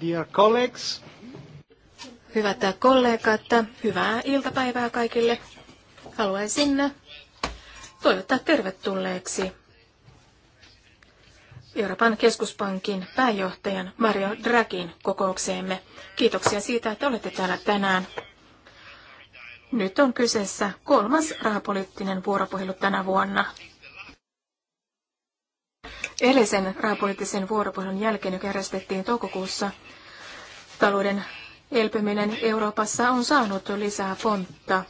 Dear colleagues. Hyvät kollegat, hyvää iltapäivää kaikille. Haluaisin toivottaa tervetulleeksi Euroopan keskuspankin pääjohtajan Mario Dragin kokoukseemme. Kiitoksia siitä, että olette täällä tänään. Nyt on kyseessä kolmas rahapoliittinen vuoropuhelu tänä vuonna. Eilisen rahapoliittisen vuoropuhelun jälkeen, joka järjestettiin toukokuussa, talouden elpyminen Euroopassa on saanut lisää pontta.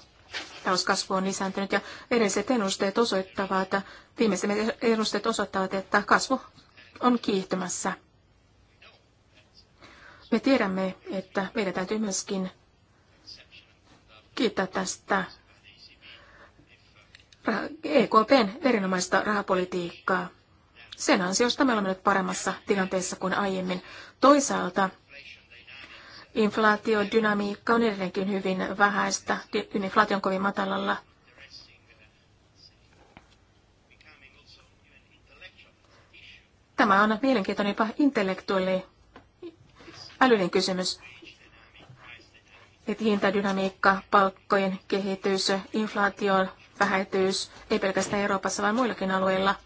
Talouskasvu on lisääntynyt ja edelliset ennusteet osoittavat, että viimeiset ennusteet osoittavat, että kasvu on kiihtymässä. Me tiedämme, että meidän täytyy myöskin kiittää tästä EKPn erinomaista rahapolitiikkaa. Sen ansiosta me olemme nyt paremmassa tilanteessa kuin aiemmin. Toisaalta inflaatiodynamiikka on edelleenkin hyvin vähäistä, inflaatio on kovin matalalla Tämä on mielenkiintoinen jopa intellektuelli älyllinen kysymys. Että hintadynamiikka, palkkojen kehitys, inflaation vähäisyys, ei pelkästään Euroopassa, vaan muillakin alueilla –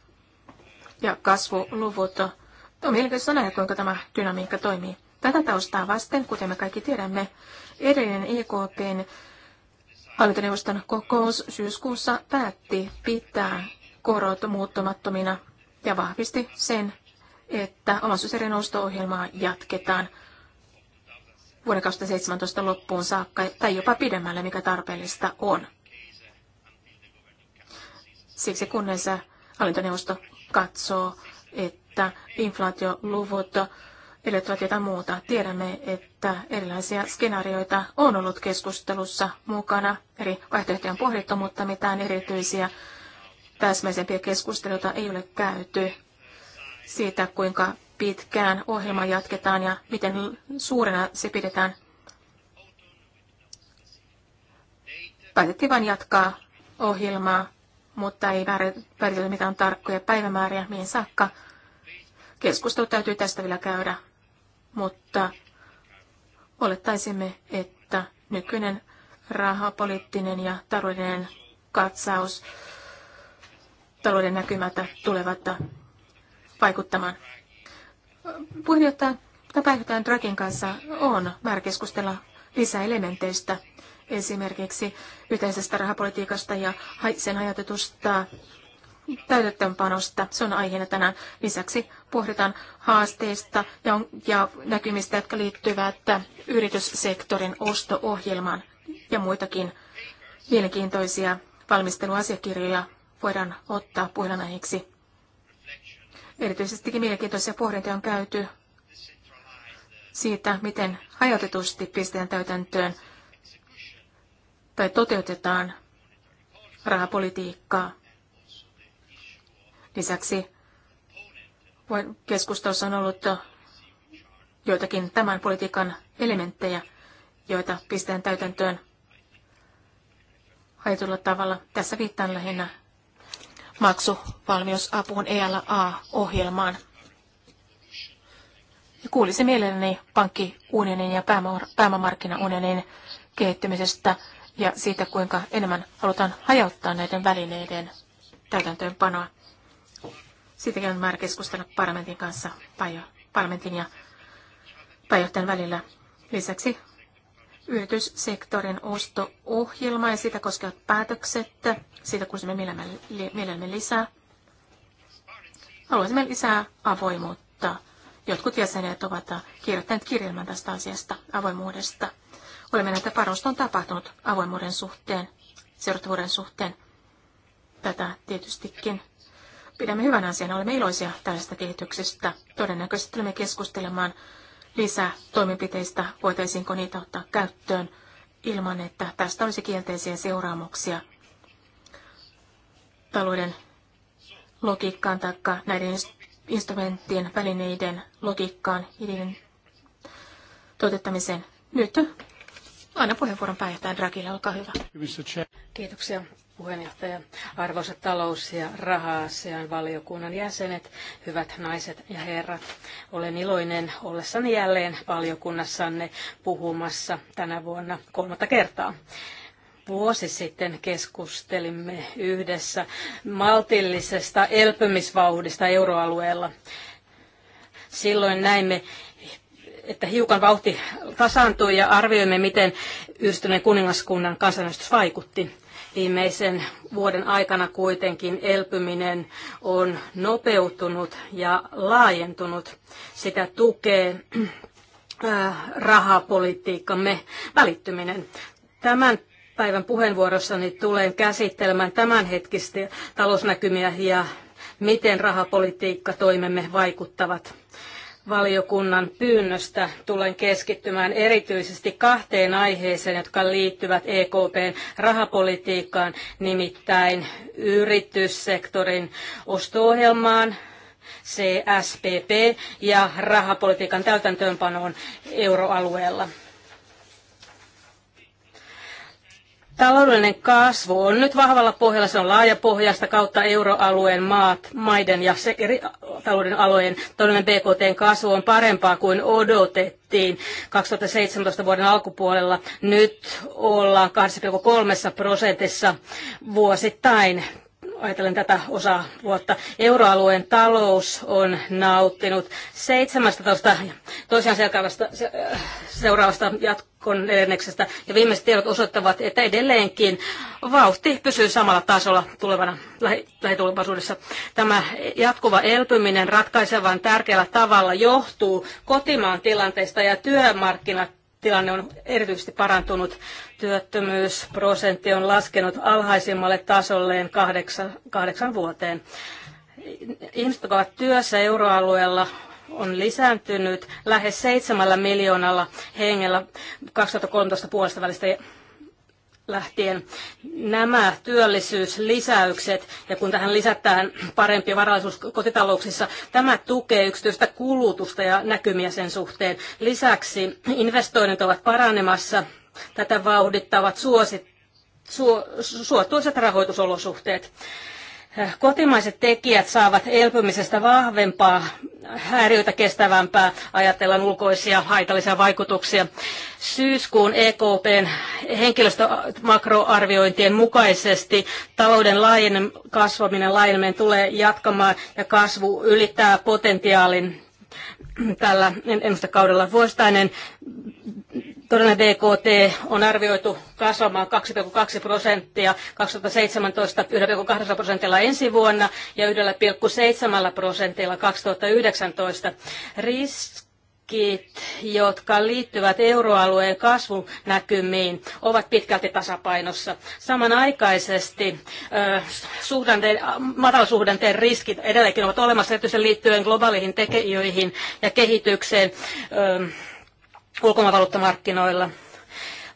ja kasvuluvut. On mielenkiintoista nähdä, kuinka tämä dynamiikka toimii. Tätä taustaa vasten, kuten me kaikki tiedämme, edellinen ekp hallintoneuvoston kokous syyskuussa päätti pitää korot muuttumattomina ja vahvisti sen, että omaisuuserien osto-ohjelmaa jatketaan vuoden 2017 loppuun saakka tai jopa pidemmälle, mikä tarpeellista on. Siksi kunnes hallintoneuvosto katsoo, että inflaatioluvut edellyttävät jotain muuta. Tiedämme, että erilaisia skenaarioita on ollut keskustelussa mukana. Eri vaihtoehtoja on pohdittu, mutta mitään erityisiä täsmäisempiä keskusteluita ei ole käyty siitä, kuinka pitkään ohjelma jatketaan ja miten suurena se pidetään. Päätettiin vain jatkaa ohjelmaa mutta ei määritellä mitään tarkkoja päivämääriä, mihin saakka. Keskustelu täytyy tästä vielä käydä, mutta olettaisimme, että nykyinen rahapoliittinen ja taloudellinen katsaus, talouden näkymätä tulevat vaikuttamaan. Puheenjohtaja, tämä päivittäin Dragin kanssa on määrä keskustella lisäelementeistä esimerkiksi yhteisestä rahapolitiikasta ja sen hajautetusta täytäntöönpanosta, Se on aiheena tänään. Lisäksi pohditaan haasteista ja, on, ja näkymistä, jotka liittyvät yrityssektorin osto-ohjelmaan ja muitakin mielenkiintoisia valmisteluasiakirjoja voidaan ottaa puheenaiheeksi. Erityisesti mielenkiintoisia pohdintoja on käyty siitä, miten hajautetusti pistetään täytäntöön tai toteutetaan rahapolitiikkaa. Lisäksi keskustelussa on ollut joitakin tämän politiikan elementtejä, joita pistetään täytäntöön haitulla tavalla. Tässä viittaan lähinnä maksuvalmiusapuun ELA-ohjelmaan. Kuulisin mielelläni pankkiunionin ja pääomamarkkinaunionin kehittymisestä ja siitä, kuinka enemmän halutaan hajauttaa näiden välineiden täytäntöönpanoa. Siitäkin on määrä keskustella parlamentin kanssa, parlamentin ja pääjohtajan välillä. Lisäksi yrityssektorin osto-ohjelma ja sitä koskevat päätökset. Siitä kuulisimme mielemme lisää. Haluaisimme lisää avoimuutta. Jotkut jäsenet ovat kirjoittaneet kirjelmän tästä asiasta, avoimuudesta. Olemme näitä parosta on tapahtunut avoimuuden suhteen, seurattavuuden suhteen. Tätä tietystikin pidämme hyvän asiana. Olemme iloisia tästä kehityksestä. Todennäköisesti tulemme keskustelemaan lisää toimenpiteistä, voitaisiinko niitä ottaa käyttöön ilman, että tästä olisi kielteisiä seuraamuksia talouden logiikkaan tai näiden instrumenttien, välineiden logiikkaan ja niiden toteuttamiseen. Nyt Anna puheenvuoron pääjohtajan Dragille, olkaa hyvä. Kiitoksia puheenjohtaja. Arvoisat talous- ja raha-asian valiokunnan jäsenet, hyvät naiset ja herrat, olen iloinen ollessani jälleen valiokunnassanne puhumassa tänä vuonna kolmatta kertaa vuosi sitten keskustelimme yhdessä maltillisesta elpymisvauhdista euroalueella. Silloin näimme että hiukan vauhti tasaantui ja arvioimme, miten yhdistyneen kuningaskunnan kansanäänestys vaikutti. Viimeisen vuoden aikana kuitenkin elpyminen on nopeutunut ja laajentunut. Sitä tukee äh, rahapolitiikkamme välittyminen. Tämän päivän puheenvuorossani tulen käsittelemään tämänhetkistä talousnäkymiä ja miten rahapolitiikka toimemme vaikuttavat valiokunnan pyynnöstä tulen keskittymään erityisesti kahteen aiheeseen, jotka liittyvät EKPn rahapolitiikkaan, nimittäin yrityssektorin osto-ohjelmaan, CSPP ja rahapolitiikan täytäntöönpanoon euroalueella. Taloudellinen kasvu on nyt vahvalla pohjalla, se on laaja pohjasta kautta euroalueen maat, maiden ja eri talouden alojen todellinen BKTn kasvu on parempaa kuin odotettiin 2017 vuoden alkupuolella. Nyt ollaan 2,3 prosentissa vuosittain ajatellen tätä osaa vuotta. Euroalueen talous on nauttinut 17 tosiaan äh, seuraavasta jatkoa neljänneksestä. Ja viimeiset tiedot osoittavat, että edelleenkin vauhti pysyy samalla tasolla tulevana lähitulevaisuudessa. Tämä jatkuva elpyminen ratkaisevan tärkeällä tavalla johtuu kotimaan tilanteesta ja työmarkkinat tilanne on erityisesti parantunut. Työttömyysprosentti on laskenut alhaisimmalle tasolleen kahdeksan, kahdeksan vuoteen. Ihmiset, jotka ovat työssä euroalueella, on lisääntynyt lähes seitsemällä miljoonalla hengellä 2013 puolesta välistä lähtien nämä työllisyyslisäykset, ja kun tähän lisätään parempi varallisuus kotitalouksissa, tämä tukee yksityistä kulutusta ja näkymiä sen suhteen. Lisäksi investoinnit ovat paranemassa, tätä vauhdittavat suosit, suo, suotuiset rahoitusolosuhteet. Äh, kotimaiset tekijät saavat elpymisestä vahvempaa, häiriöitä kestävämpää, ajatellaan ulkoisia haitallisia vaikutuksia. Syyskuun EKPn henkilöstömakroarviointien mukaisesti talouden laajenem, kasvaminen laajeneminen tulee jatkamaan ja kasvu ylittää potentiaalin tällä ennustekaudella vuosittainen Todellinen BKT on arvioitu kasvamaan 2,2 prosenttia 2017 1,8 prosentilla ensi vuonna ja 1,7 prosentilla 2019. Riskit, jotka liittyvät euroalueen kasvunäkymiin, ovat pitkälti tasapainossa. Samanaikaisesti matalasuhdanteen riskit edelleenkin ovat olemassa erityisesti liittyen globaaleihin tekijöihin ja kehitykseen. Ö, ulkomaanvaluuttamarkkinoilla.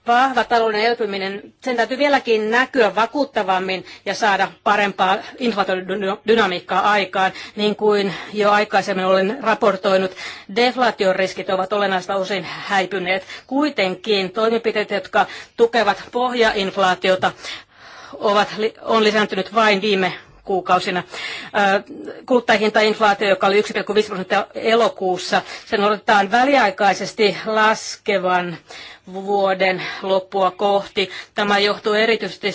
Vahva talouden elpyminen, sen täytyy vieläkin näkyä vakuuttavammin ja saada parempaa inflaatiodynamiikkaa aikaan. Niin kuin jo aikaisemmin olen raportoinut, deflaation riskit ovat olennaista osin häipyneet. Kuitenkin toimenpiteet, jotka tukevat pohjainflaatiota, ovat, on lisääntynyt vain viime kuukausina. Kuluttajahintainflaatio, joka oli 1,5 prosenttia elokuussa, sen odotetaan väliaikaisesti laskevan vuoden loppua kohti. Tämä johtuu erityisesti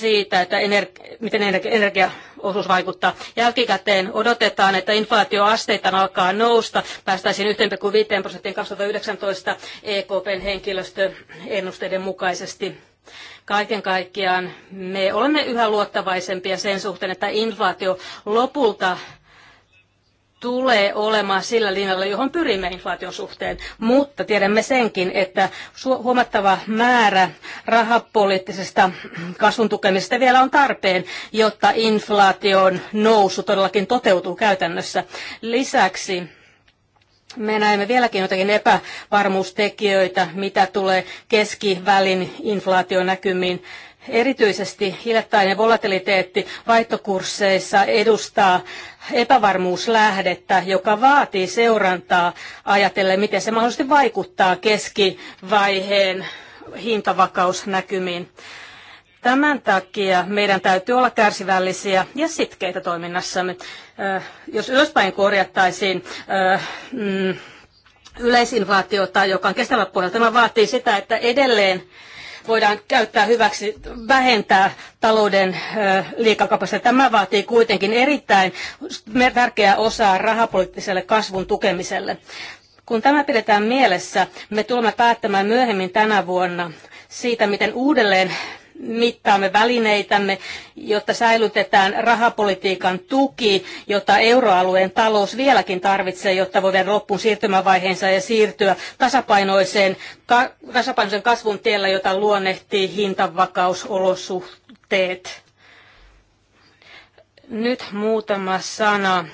siitä, että energi- miten energi- energiaosuus vaikuttaa. Jälkikäteen odotetaan, että inflaatioasteita alkaa nousta. Päästäisiin 1,5 prosenttiin 2019 EKPn henkilöstöennusteiden mukaisesti. Kaiken kaikkiaan me olemme yhä luottavaisempia sen suhteen, että inflaatio lopulta tulee olemaan sillä linjalla, johon pyrimme inflaation suhteen. Mutta tiedämme senkin, että huomattava määrä rahapoliittisesta kasvun tukemisesta vielä on tarpeen, jotta inflaation nousu todellakin toteutuu käytännössä. Lisäksi me näemme vieläkin jotakin epävarmuustekijöitä, mitä tulee keskivälin inflaationäkymiin. Erityisesti hiljattainen volatiliteetti vaihtokursseissa edustaa epävarmuuslähdettä, joka vaatii seurantaa ajatellen, miten se mahdollisesti vaikuttaa keskivaiheen hintavakausnäkymiin. Tämän takia meidän täytyy olla kärsivällisiä ja sitkeitä toiminnassamme. Äh, jos ylöspäin korjattaisiin äh, mm, yleisinflaatiota, joka on kestävä pohjalta, tämä vaatii sitä, että edelleen voidaan käyttää hyväksi, vähentää talouden äh, liikakapasiteettia. Tämä vaatii kuitenkin erittäin tärkeää osaa rahapoliittiselle kasvun tukemiselle. Kun tämä pidetään mielessä, me tulemme päättämään myöhemmin tänä vuonna siitä, miten uudelleen mittaamme välineitämme, jotta säilytetään rahapolitiikan tuki, jota euroalueen talous vieläkin tarvitsee, jotta voi viedä loppuun siirtymävaiheensa ja siirtyä tasapainoiseen, ka, tasapainoisen kasvun tiellä, jota luonnehtii hintavakausolosuhteet. Nyt muutama sana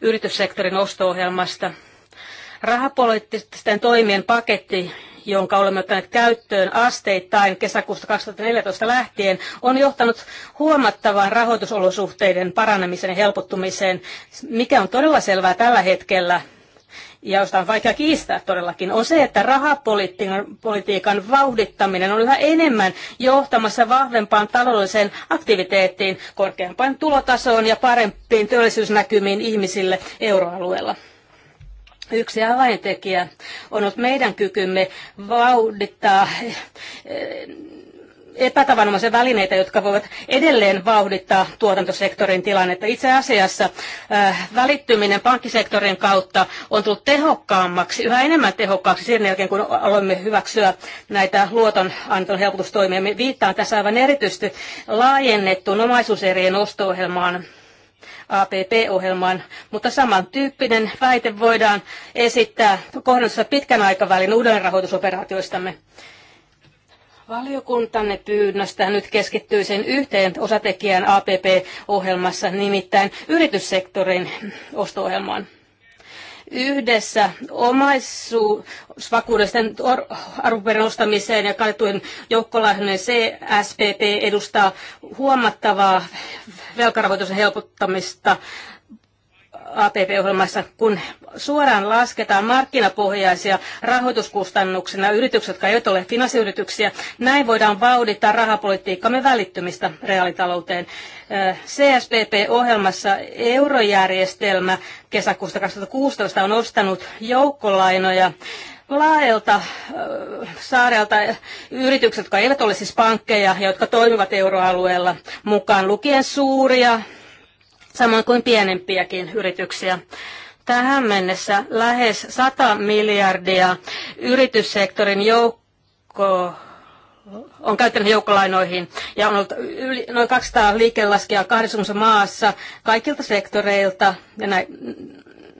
yrityssektorin osto-ohjelmasta. Rahapoliittisten toimien paketti, jonka olemme ottaneet käyttöön asteittain kesäkuusta 2014 lähtien, on johtanut huomattavaan rahoitusolosuhteiden paranemiseen ja helpottumiseen, mikä on todella selvää tällä hetkellä ja josta on vaikea kiistää todellakin, on se, että rahapolitiikan vauhdittaminen on yhä enemmän johtamassa vahvempaan taloudelliseen aktiviteettiin, korkeampaan tulotasoon ja parempiin työllisyysnäkymiin ihmisille euroalueella. Yksi avaintekijä on ollut meidän kykymme vauhdittaa eh, eh, epätavanomaisia välineitä, jotka voivat edelleen vauhdittaa tuotantosektorin tilannetta. Itse asiassa eh, välittyminen pankkisektorin kautta on tullut tehokkaammaksi, yhä enemmän tehokkaaksi sen jälkeen, kun aloimme hyväksyä näitä luotonanton helpotustoimia. Me viittaan tässä aivan erityisesti laajennettuun omaisuuserien osto-ohjelmaan APP-ohjelmaan, mutta samantyyppinen väite voidaan esittää kohdassa pitkän aikavälin uudelleenrahoitusoperaatioistamme. Valiokuntanne pyynnöstä nyt keskittyy sen yhteen osatekijään APP-ohjelmassa, nimittäin yrityssektorin osto-ohjelmaan yhdessä omaisuusvakuudellisten arvoperin ostamiseen ja katettujen joukkolainojen CSPP edustaa huomattavaa velkarahoituksen helpottamista APP-ohjelmassa, kun suoraan lasketaan markkinapohjaisia rahoituskustannuksena yritykset, jotka eivät ole finanssiyrityksiä, näin voidaan vauhdittaa rahapolitiikkamme välittymistä reaalitalouteen. Äh, CSPP-ohjelmassa eurojärjestelmä kesäkuusta 2016 on ostanut joukkolainoja laajalta äh, saarelta yritykset, jotka eivät ole siis pankkeja ja jotka toimivat euroalueella mukaan lukien suuria samoin kuin pienempiäkin yrityksiä. Tähän mennessä lähes 100 miljardia yrityssektorin joukko on käyttänyt joukkolainoihin ja on ollut yli, noin 200 liikelaskijaa 80 maassa kaikilta sektoreilta ja näin,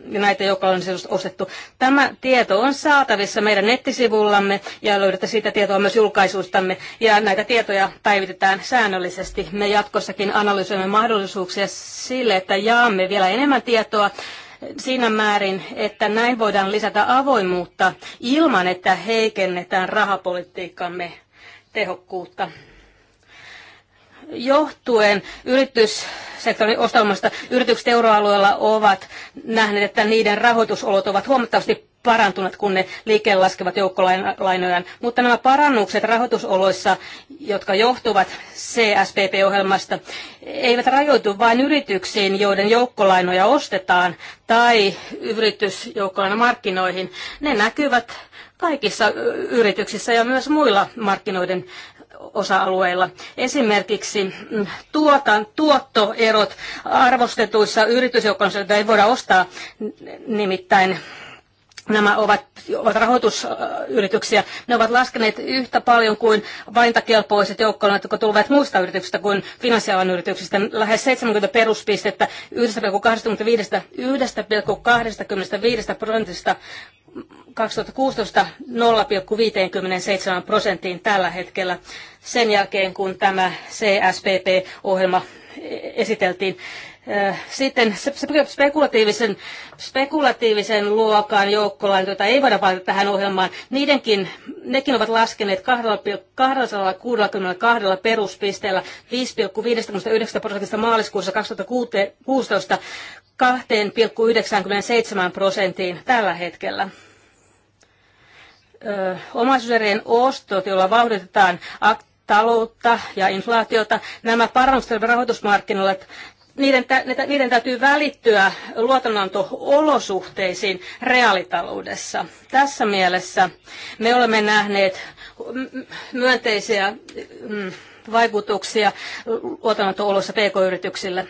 näitä, joka on siis ostettu. Tämä tieto on saatavissa meidän nettisivullamme ja löydätte siitä tietoa myös julkaisuistamme ja näitä tietoja päivitetään säännöllisesti. Me jatkossakin analysoimme mahdollisuuksia sille, että jaamme vielä enemmän tietoa siinä määrin, että näin voidaan lisätä avoimuutta ilman, että heikennetään rahapolitiikkamme tehokkuutta johtuen yrityssektorin ostelmasta yritykset euroalueella ovat nähneet, että niiden rahoitusolot ovat huomattavasti parantuneet, kun ne liikkeelle laskevat joukkolainojaan. Mutta nämä parannukset rahoitusoloissa, jotka johtuvat CSPP-ohjelmasta, eivät rajoitu vain yrityksiin, joiden joukkolainoja ostetaan, tai yritysjoukkolainamarkkinoihin. Ne näkyvät kaikissa yrityksissä ja myös muilla markkinoiden osa-alueilla. Esimerkiksi mm, tuotan, tuottoerot arvostetuissa yritysjoukkoissa, ei voida ostaa nimittäin Nämä ovat, ovat rahoitusyrityksiä. Ne ovat laskeneet yhtä paljon kuin valintakelpoiset joukkoilut, jotka tulevat muista yrityksistä kuin finanssialan yrityksistä. Lähes 70 peruspistettä 1,25 prosentista 2016 0,57 prosenttiin tällä hetkellä sen jälkeen, kun tämä CSPP-ohjelma e- esiteltiin. Äh, sitten spekulatiivisen, spekulatiivisen luokan joukkolain, joita ei voida valita tähän ohjelmaan, niidenkin, nekin ovat laskeneet 262 peruspisteellä 5,59 prosentista maaliskuussa 2016 2,97 prosenttiin tällä hetkellä omaisuuserien ostot, joilla vauhditetaan taloutta ja inflaatiota. Nämä parannukset rahoitusmarkkinoilla niiden, tä, niiden täytyy välittyä luotonanto-olosuhteisiin reaalitaloudessa. Tässä mielessä me olemme nähneet myönteisiä mm, vaikutuksia luotonanto-olossa pk-yrityksille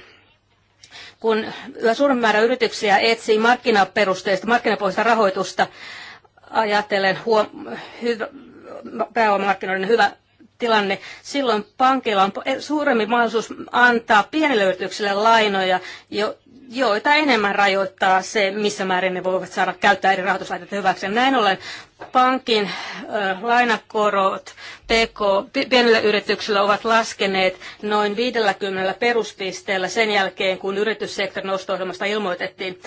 kun yhä suurempi määrä yrityksiä etsii markkinaperusteista, markkinapohjaista rahoitusta, ajatellen huom- hyvä, pääomamarkkinoiden hyvä tilanne, silloin pankilla on suurempi mahdollisuus antaa pienille yrityksille lainoja, jo, joita enemmän rajoittaa se, missä määrin ne voivat saada käyttää eri rahoituslaitteita hyväksi. Näin ollen pankin ö, lainakorot PK, pienille yrityksille ovat laskeneet noin 50 peruspisteellä sen jälkeen, kun yrityssektorin osto-ohjelmasta ilmoitettiin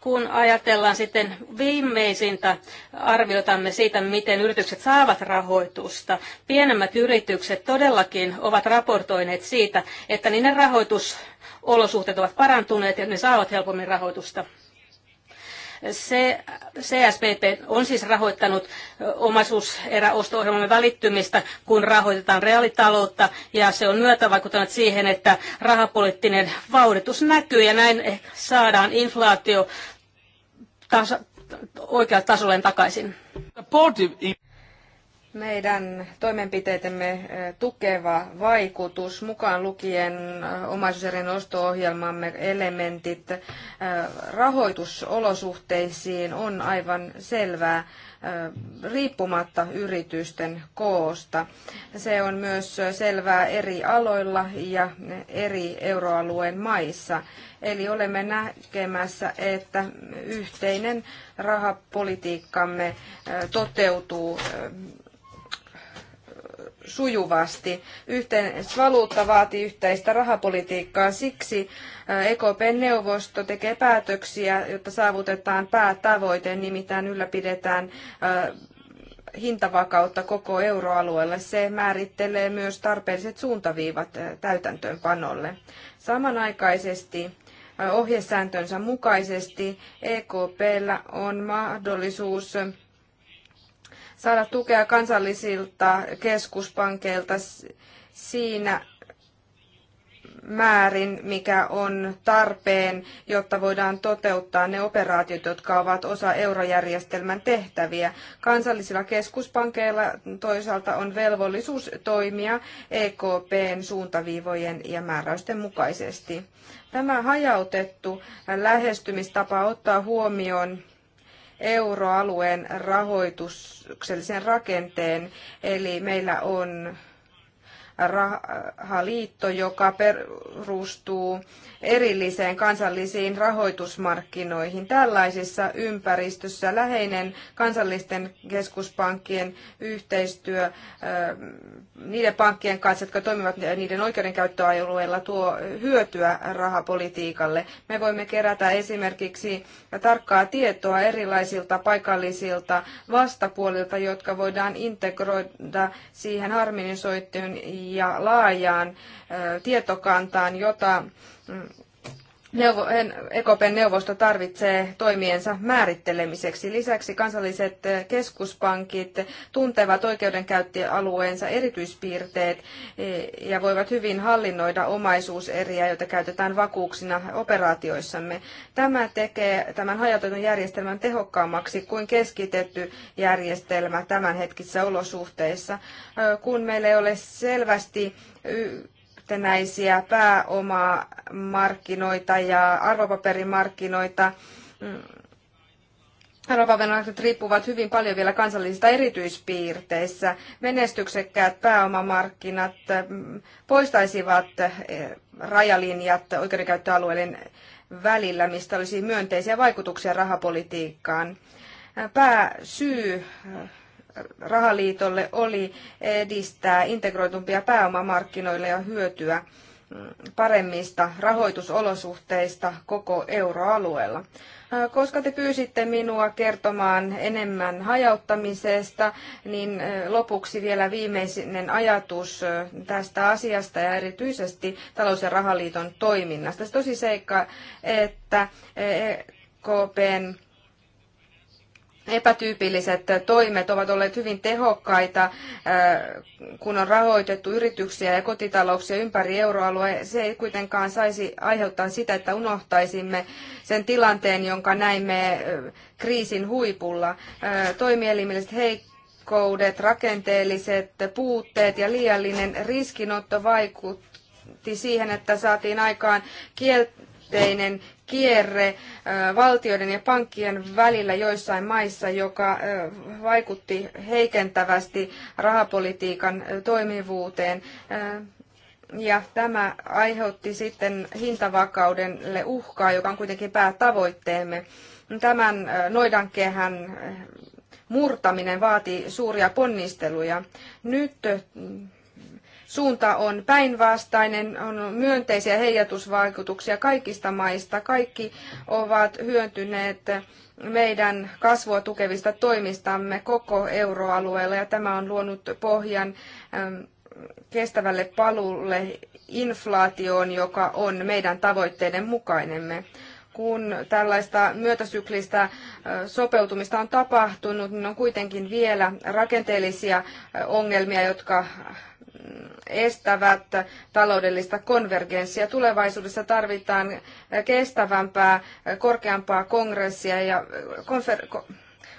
kun ajatellaan sitten viimeisintä arviotamme siitä, miten yritykset saavat rahoitusta, pienemmät yritykset todellakin ovat raportoineet siitä, että niiden rahoitusolosuhteet ovat parantuneet ja ne saavat helpommin rahoitusta. Se, CSPP on siis rahoittanut omaisuuseräosto-ohjelmamme välittymistä, kun rahoitetaan reaalitaloutta, ja se on myötävaikuttanut siihen, että rahapoliittinen vauhditus näkyy, ja näin eh, saadaan inflaatio tasa, oikealle tasolleen takaisin meidän toimenpiteitemme tukeva vaikutus, mukaan lukien omaisuuserien osto-ohjelmamme elementit rahoitusolosuhteisiin on aivan selvää riippumatta yritysten koosta. Se on myös selvää eri aloilla ja eri euroalueen maissa. Eli olemme näkemässä, että yhteinen rahapolitiikkamme toteutuu sujuvasti. valuutta vaatii yhteistä rahapolitiikkaa, siksi äh, ekp neuvosto tekee päätöksiä, jotta saavutetaan päätavoite, nimittäin ylläpidetään äh, hintavakautta koko euroalueelle. Se määrittelee myös tarpeelliset suuntaviivat äh, täytäntöönpanolle. Samanaikaisesti ohjesääntönsä mukaisesti EKPllä on mahdollisuus saada tukea kansallisilta keskuspankeilta siinä määrin, mikä on tarpeen, jotta voidaan toteuttaa ne operaatiot, jotka ovat osa eurojärjestelmän tehtäviä. Kansallisilla keskuspankeilla toisaalta on velvollisuus toimia EKPn suuntaviivojen ja määräysten mukaisesti. Tämä hajautettu lähestymistapa ottaa huomioon euroalueen rahoituksellisen rakenteen, eli meillä on rahaliitto, joka perustuu erilliseen kansallisiin rahoitusmarkkinoihin. Tällaisessa ympäristössä läheinen kansallisten keskuspankkien yhteistyö niiden pankkien kanssa, jotka toimivat niiden oikeudenkäyttöalueella, tuo hyötyä rahapolitiikalle. Me voimme kerätä esimerkiksi tarkkaa tietoa erilaisilta paikallisilta vastapuolilta, jotka voidaan integroida siihen harmonisoituun ja laajaan tietokantaan, jota mm, Neuvo, EKPn e neuvosto tarvitsee toimiensa määrittelemiseksi. Lisäksi kansalliset eh, keskuspankit tuntevat oikeudenkäyttöalueensa erityispiirteet eh, ja voivat hyvin hallinnoida omaisuuseriä, joita käytetään vakuuksina operaatioissamme. Tämä tekee tämän hajautetun järjestelmän tehokkaammaksi kuin keskitetty järjestelmä tämänhetkisissä olosuhteissa. Eh, kun meillä ei ole selvästi yhtenäisiä pääomamarkkinoita ja arvopaperimarkkinoita. Arvopaperimarkkinat riippuvat hyvin paljon vielä kansallisista erityispiirteissä. Menestyksekkäät pääomamarkkinat mm, poistaisivat eh, rajalinjat oikeudenkäyttöalueiden välillä, mistä olisi myönteisiä vaikutuksia rahapolitiikkaan. Pääsyy eh, rahaliitolle oli edistää integroitumpia pääomamarkkinoille ja hyötyä mm, paremmista rahoitusolosuhteista koko euroalueella. Koska te pyysitte minua kertomaan enemmän hajauttamisesta, niin lopuksi vielä viimeinen ajatus tästä asiasta ja erityisesti talous- ja rahaliiton toiminnasta. Se tosi seikka, että e KPn epätyypilliset toimet ovat olleet hyvin tehokkaita, äh, kun on rahoitettu yrityksiä ja kotitalouksia ympäri euroalueen. Se ei kuitenkaan saisi aiheuttaa sitä, että unohtaisimme sen tilanteen, jonka näimme äh, kriisin huipulla. Äh, toimielimelliset heikkoudet, rakenteelliset puutteet ja liiallinen riskinotto vaikutti siihen, että saatiin aikaan kielteinen kierre valtioiden ja pankkien välillä joissain maissa, joka vaikutti heikentävästi rahapolitiikan toimivuuteen. Ja tämä aiheutti sitten hintavakaudelle uhkaa, joka on kuitenkin päätavoitteemme. Tämän noidankehän murtaminen vaatii suuria ponnisteluja. Nyt suunta on päinvastainen, on myönteisiä heijatusvaikutuksia kaikista maista. Kaikki ovat hyötyneet meidän kasvua tukevista toimistamme koko euroalueella ja tämä on luonut pohjan ähm, kestävälle paluulle inflaatioon, joka on meidän tavoitteiden mukainemme kun tällaista myötäsyklistä äh, sopeutumista on tapahtunut, niin on kuitenkin vielä rakenteellisia äh, ongelmia, jotka estävät taloudellista konvergenssia. Tulevaisuudessa tarvitaan kestävämpää, korkeampaa kongressia ja konfer-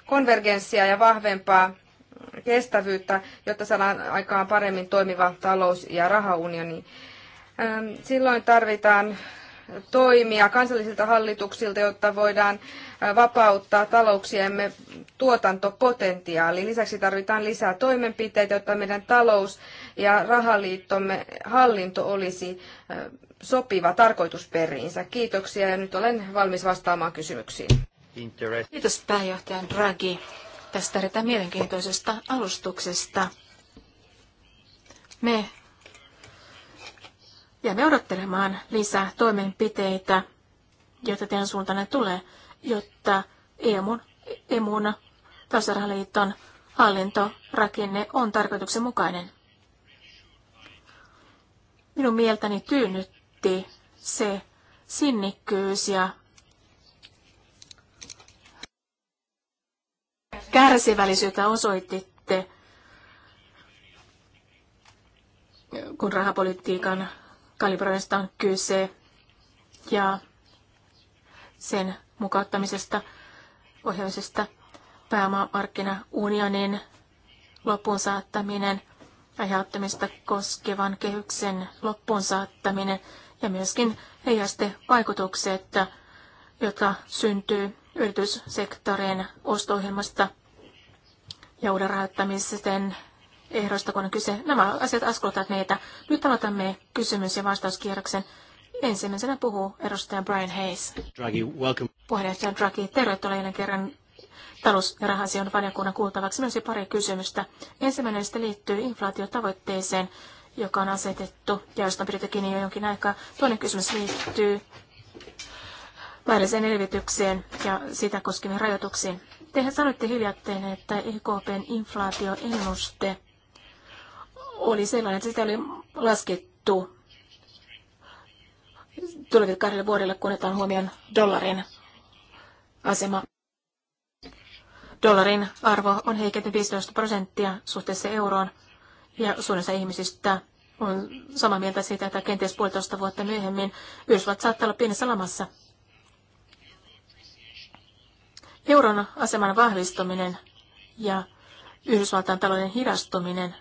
konvergenssia ja vahvempaa kestävyyttä, jotta saadaan aikaan paremmin toimiva talous- ja rahaunioni. Ähm, silloin tarvitaan toimia kansallisilta hallituksilta, jotta voidaan äh, vapauttaa talouksiemme tuotantopotentiaali. Lisäksi tarvitaan lisää toimenpiteitä, jotta meidän talous ja rahaliittomme hallinto olisi sopiva tarkoitusperiinsä. Kiitoksia ja nyt olen valmis vastaamaan kysymyksiin. Kiitos pääjohtajan Draghi tästä erittäin mielenkiintoisesta alustuksesta. Me jäämme odottelemaan lisää toimenpiteitä, joita teidän suuntanne tulee, jotta EMUn, EMUn tasarahaliiton hallintorakenne on tarkoituksenmukainen. Minun mieltäni tyynytti se sinnikkyys ja kärsivällisyyttä osoititte, kun rahapolitiikan kalibroinnista on kyse ja sen mukauttamisesta, ohjaamisesta pääomamarkkinaunionin loppuun saattaminen aiheuttamista koskevan kehyksen loppuun saattaminen ja myöskin heijastevaikutukset, jotka syntyy yrityssektorin osto-ohjelmasta ja uuden rahoittamisen ehdoista, kun on kyse. Nämä asiat askoltavat meitä. Nyt aloitamme kysymys- ja vastauskierroksen. Ensimmäisenä puhuu edustaja Brian Hayes. Draghi, welcome. Puheenjohtaja Draghi, tervetuloa jälleen kerran talous- ja rahasion valiokunnan kuultavaksi myös pari kysymystä. Ensimmäinen liittyy inflaatiotavoitteeseen, joka on asetettu ja josta on pidetty kiinni jo jonkin aikaa. Toinen kysymys liittyy määrälliseen elvytykseen ja sitä koskeviin rajoituksiin. Tehän sanoitte hiljattain, että EKPn inflaatioennuste oli sellainen, että sitä oli laskettu tuleville kahdelle vuodelle, kun otetaan huomioon dollarin asema. Dollarin arvo on heikentynyt 15 prosenttia suhteessa euroon ja suurin osa ihmisistä on samaa mieltä siitä, että kenties puolitoista vuotta myöhemmin Yhdysvallat saattaa olla pienessä lamassa. Euron aseman vahvistuminen ja Yhdysvaltain talouden hidastuminen,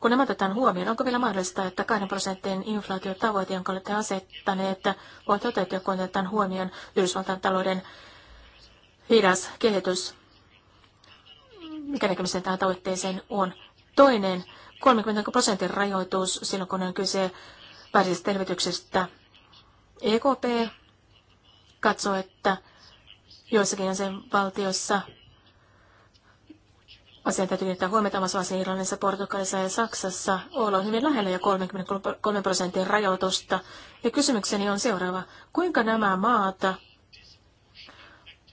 kun nämä otetaan huomioon, onko vielä mahdollista, että 2 prosentin inflaatiotavoite, jonka olette asettaneet, että voi toteutua, kun otetaan huomioon Yhdysvaltain talouden hidas kehitys? mikä näkemyksen tähän tavoitteeseen on? Toinen, 30 prosentin rajoitus silloin, kun on kyse välisestä elvytyksestä. EKP katsoo, että joissakin jäsenvaltiossa asian täytyy kiinnittää huomiota omassa asiassa Irlannissa, Portugalissa ja Saksassa on hyvin lähellä jo 33 prosentin rajoitusta. Ja kysymykseni on seuraava. Kuinka nämä maat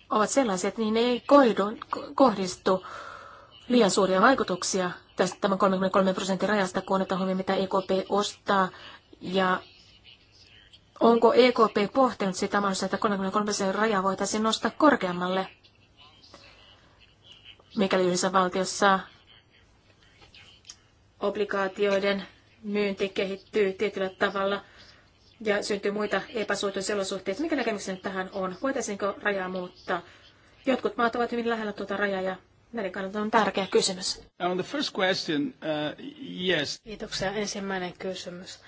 ovat sellaisia, että niin ei kohdistu, kohdistu liian suuria vaikutuksia tästä tämän 33 prosentin rajasta, kun otetaan huomioon, mitä EKP ostaa. Ja onko EKP pohtinut sitä mahdollista, että 33 prosentin raja voitaisiin nostaa korkeammalle, mikäli yhdessä valtiossa obligaatioiden myynti kehittyy tietyllä tavalla ja syntyy muita epäsuotuisia olosuhteita. Mikä näkemyksen tähän on? Voitaisiinko rajaa muuttaa? Jotkut maat ovat hyvin lähellä tuota rajaa ja meidän kannalta on tärkeä kysymys. On the first question, uh, yes. Kiitoksia. Ensimmäinen kysymys.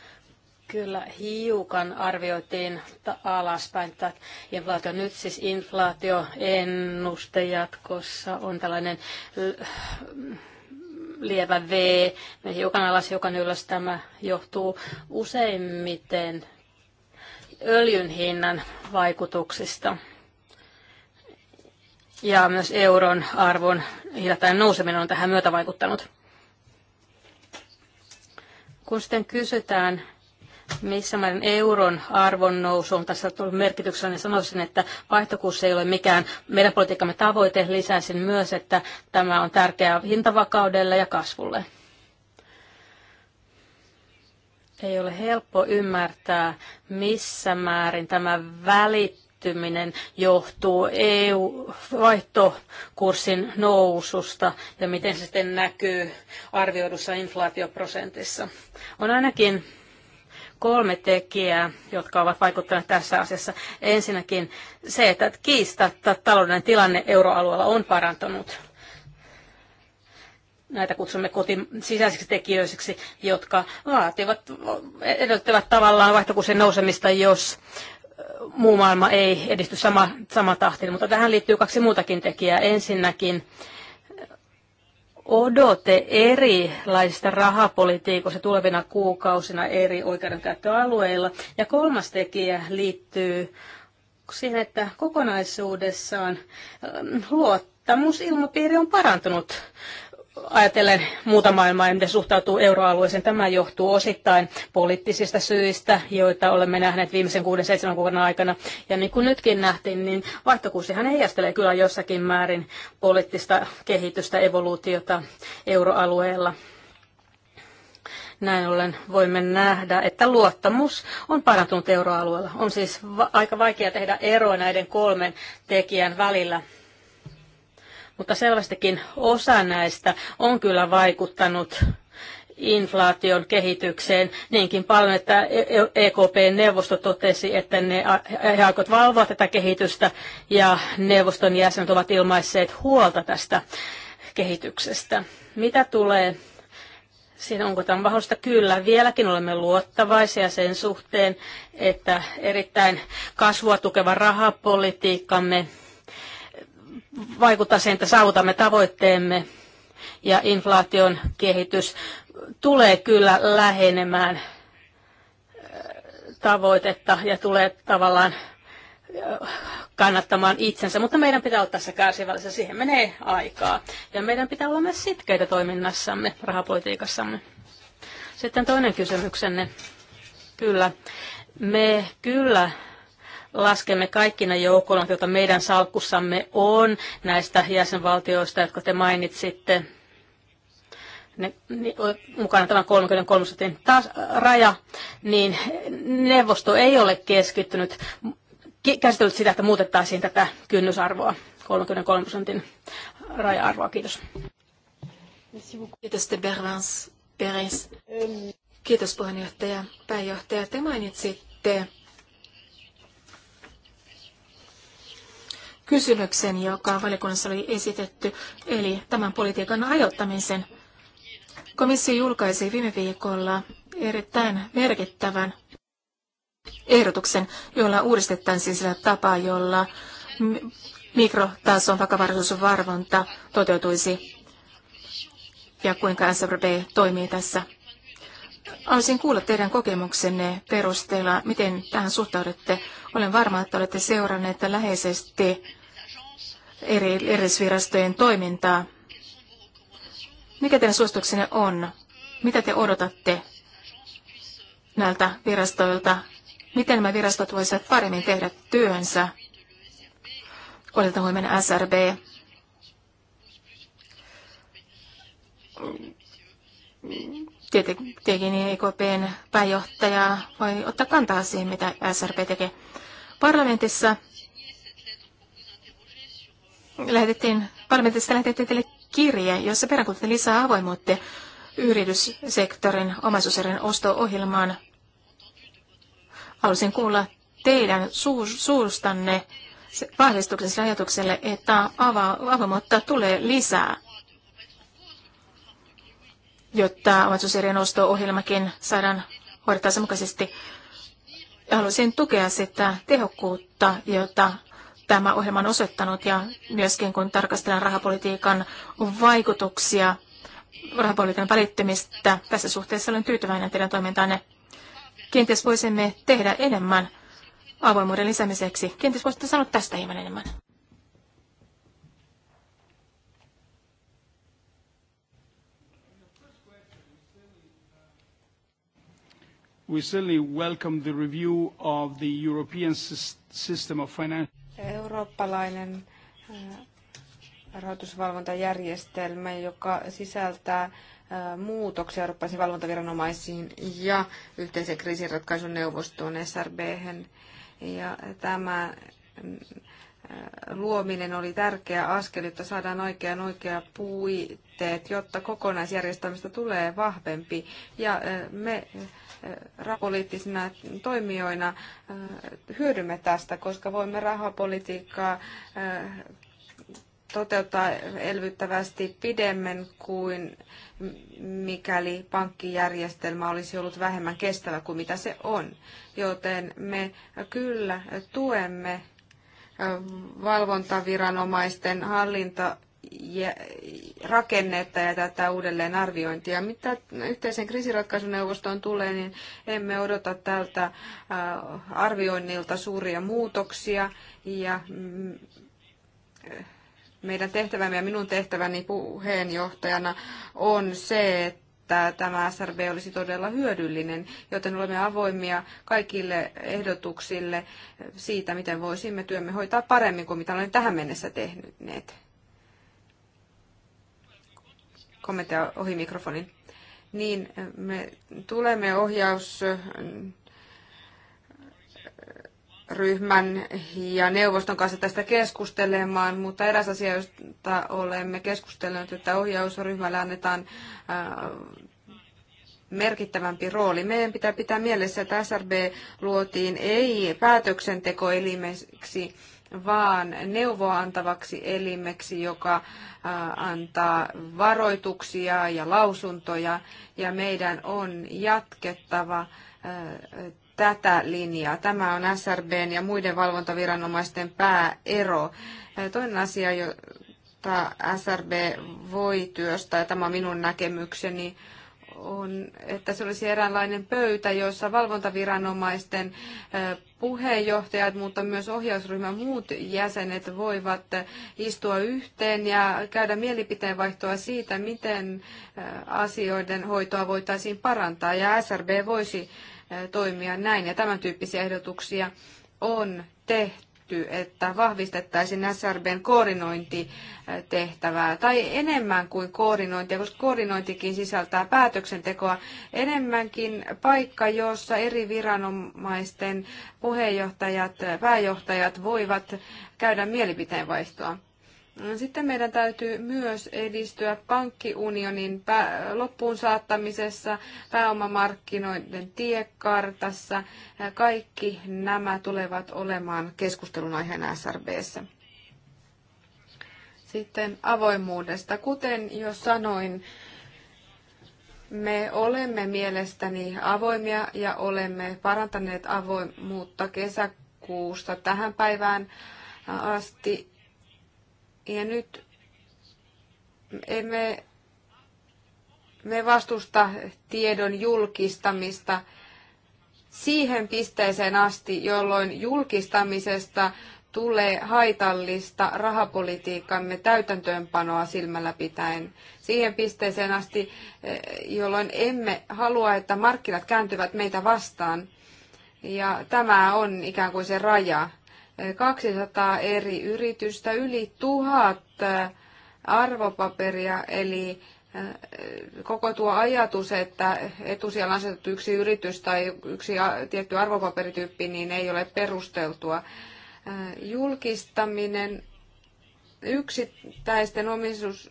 Kyllä hiukan arvioitiin alaspäin että inflaatio. Nyt siis inflaatioennuste jatkossa on tällainen lievä V, me hiukan alas, hiukan ylös. Tämä johtuu useimmiten öljyn hinnan vaikutuksista ja myös euron arvon hiljattain nouseminen on tähän vaikuttanut. Kun sitten kysytään, missä määrin euron arvon nousu on tässä tullut merkityksellä, niin sanoisin, että vaihtokurssi ei ole mikään meidän politiikkamme tavoite. Lisäisin myös, että tämä on tärkeää hintavakaudelle ja kasvulle. Ei ole helppo ymmärtää, missä määrin tämä välittää pettyminen johtuu EU-vaihtokurssin noususta ja miten se sitten näkyy arvioidussa inflaatioprosentissa. On ainakin kolme tekijää, jotka ovat vaikuttaneet tässä asiassa. Ensinnäkin se, että kiistatta talouden tilanne euroalueella on parantunut. Näitä kutsumme kotin sisäisiksi tekijöiksi, jotka vaativat, edellyttävät tavallaan vaihtokurssin nousemista, jos muu maailma ei edisty sama, sama tahti. mutta tähän liittyy kaksi muutakin tekijää. Ensinnäkin odote erilaisista rahapolitiikoista tulevina kuukausina eri oikeudenkäyttöalueilla. Ja kolmas tekijä liittyy siihen, että kokonaisuudessaan ähm, luottamusilmapiiri on parantunut ajatellen muuta maailmaa ja miten suhtautuu euroalueeseen. Tämä johtuu osittain poliittisista syistä, joita olemme nähneet viimeisen kuuden seitsemän kuukauden aikana. Ja niin kuin nytkin nähtiin, niin vaihtokurssihan heijastelee kyllä jossakin määrin poliittista kehitystä, evoluutiota euroalueella. Näin ollen voimme nähdä, että luottamus on parantunut euroalueella. On siis va- aika vaikea tehdä eroa näiden kolmen tekijän välillä mutta selvästikin osa näistä on kyllä vaikuttanut inflaation kehitykseen niinkin paljon, että EKP-neuvosto e- e totesi, että ne, he aikovat valvoa tätä kehitystä ja neuvoston jäsenet ovat ilmaisseet huolta tästä kehityksestä. Mitä tulee siinä onko tämä mahdollista? Kyllä, vieläkin olemme luottavaisia sen suhteen, että erittäin kasvua tukeva rahapolitiikkamme vaikuttaa siihen, että saavutamme tavoitteemme ja inflaation kehitys tulee kyllä lähenemään äh, tavoitetta ja tulee tavallaan äh, kannattamaan itsensä, mutta meidän pitää olla tässä kärsivällisessä, siihen menee aikaa. Ja meidän pitää olla myös sitkeitä toiminnassamme, rahapolitiikassamme. Sitten toinen kysymyksenne. Kyllä, me kyllä laskemme kaikki ne joukolla, joita meidän salkussamme on näistä jäsenvaltioista, jotka te mainitsitte, ne, ne, mukana tämä 33 prosentin raja, niin neuvosto ei ole keskittynyt, käsitellyt sitä, että muutettaisiin tätä kynnysarvoa, 33 prosentin raja-arvoa. Kiitos. Kiitos, Kiitos puheenjohtaja, pääjohtaja. Te mainitsitte kysymyksen, joka valiokunnassa oli esitetty, eli tämän politiikan ajoittamisen. Komissio julkaisi viime viikolla erittäin merkittävän ehdotuksen, jolla uudistetaan siis sillä tapaa, jolla mikrotason vakavaraisuusvarvonta toteutuisi ja kuinka SRB toimii tässä. Haluaisin kuulla teidän kokemuksenne perusteella, miten tähän suhtaudutte. Olen varma, että olette seuranneet läheisesti eri, erillisvirastojen toimintaa. Mikä teidän suosituksenne on? Mitä te odotatte näiltä virastoilta? Miten nämä virastot voisivat paremmin tehdä työnsä? Otetaan huomenna SRB. Tietenkin EKPn e pääjohtaja voi ottaa kantaa siihen, mitä SRB tekee. Parlamentissa lähetettiin, parlamentista lähetettiin teille kirje, jossa peräänkuulutettiin lisää avoimuutta yrityssektorin omaisuuserien osto-ohjelmaan. Haluaisin kuulla teidän suustanne vahvistuksen ajatukselle, että avoimuutta tulee lisää, jotta omaisuuserien osto-ohjelmakin saadaan hoidettaa mukaisesti. Haluaisin tukea sitä tehokkuutta, jota tämä ohjelma on osoittanut ja myöskin kun tarkastellaan rahapolitiikan vaikutuksia, rahapolitiikan välittymistä. Tässä suhteessa olen tyytyväinen teidän toimintaanne. Kenties voisimme tehdä enemmän avoimuuden lisäämiseksi. Kenties voisitte sanoa tästä hieman enemmän. We certainly welcome the review of the European system of financial eurooppalainen äh, rahoitusvalvontajärjestelmä, joka sisältää äh, muutoksia eurooppalaisiin valvontaviranomaisiin ja yhteisen kriisinratkaisun neuvostoon SRB. -hän. Ja tämä äh, luominen oli tärkeä askel, jotta saadaan oikean oikea puitteet, jotta kokonaisjärjestelmästä tulee vahvempi. Ja me rahapoliittisina toimijoina hyödymme tästä, koska voimme rahapolitiikkaa toteuttaa elvyttävästi pidemmän kuin mikäli pankkijärjestelmä olisi ollut vähemmän kestävä kuin mitä se on. Joten me kyllä tuemme valvontaviranomaisten hallinta rakennetta ja tätä uudelleen arviointia. Mitä yhteisen kriisiratkaisuneuvostoon tulee, niin emme odota tältä arvioinnilta suuria muutoksia ja mm, meidän tehtävämme ja minun tehtäväni puheenjohtajana on se, että että tämä SRB olisi todella hyödyllinen, joten olemme avoimia kaikille ehdotuksille siitä, miten voisimme työmme hoitaa paremmin kuin mitä olemme tähän mennessä tehneet kommentteja ohi mikrofonin. Niin, me tulemme ohjausryhmän ja neuvoston kanssa tästä keskustelemaan, mutta eräs asia, josta olemme keskustelleet, että ohjausryhmälle annetaan äh, merkittävämpi rooli. Meidän pitää pitää mielessä, että SRB luotiin ei päätöksentekoelimeksi, vaan neuvoa antavaksi elimeksi, joka äh, antaa varoituksia ja lausuntoja, ja meidän on jatkettava äh, tätä linjaa. Tämä on SRBn ja muiden valvontaviranomaisten pääero. Äh, toinen asia, jota SRB voi työstää, ja tämä on minun näkemykseni, on, että se olisi eräänlainen pöytä, jossa valvontaviranomaisten puheenjohtajat, mutta myös ohjausryhmän muut jäsenet voivat istua yhteen ja käydä mielipiteenvaihtoa siitä, miten asioiden hoitoa voitaisiin parantaa. Ja SRB voisi toimia näin ja tämän tyyppisiä ehdotuksia on tehty tehty, että vahvistettaisiin SRBn koordinointitehtävää tai enemmän kuin koordinointia, koska koordinointikin sisältää päätöksentekoa, enemmänkin paikka, jossa eri viranomaisten puheenjohtajat, pääjohtajat voivat käydä mielipiteenvaihtoa. Sitten meidän täytyy myös edistyä pankkiunionin loppuun saattamisessa, pääomamarkkinoiden tiekartassa. Kaikki nämä tulevat olemaan keskustelun aiheena SRBssä. Sitten avoimuudesta. Kuten jo sanoin, me olemme mielestäni avoimia ja olemme parantaneet avoimuutta kesäkuusta tähän päivään asti ja nyt emme me vastusta tiedon julkistamista siihen pisteeseen asti, jolloin julkistamisesta tulee haitallista rahapolitiikkamme täytäntöönpanoa silmällä pitäen. Siihen pisteeseen asti, eh, jolloin emme halua, että markkinat kääntyvät meitä vastaan. Ja tämä on ikään kuin se raja. 200 eri yritystä, yli tuhat äh, arvopaperia, eli äh, koko tuo ajatus, että etusijalla asetettu yksi yritys tai yksi äh, tietty arvopaperityyppi, niin ei ole perusteltua. Julkistaminen, yksittäisten omistus,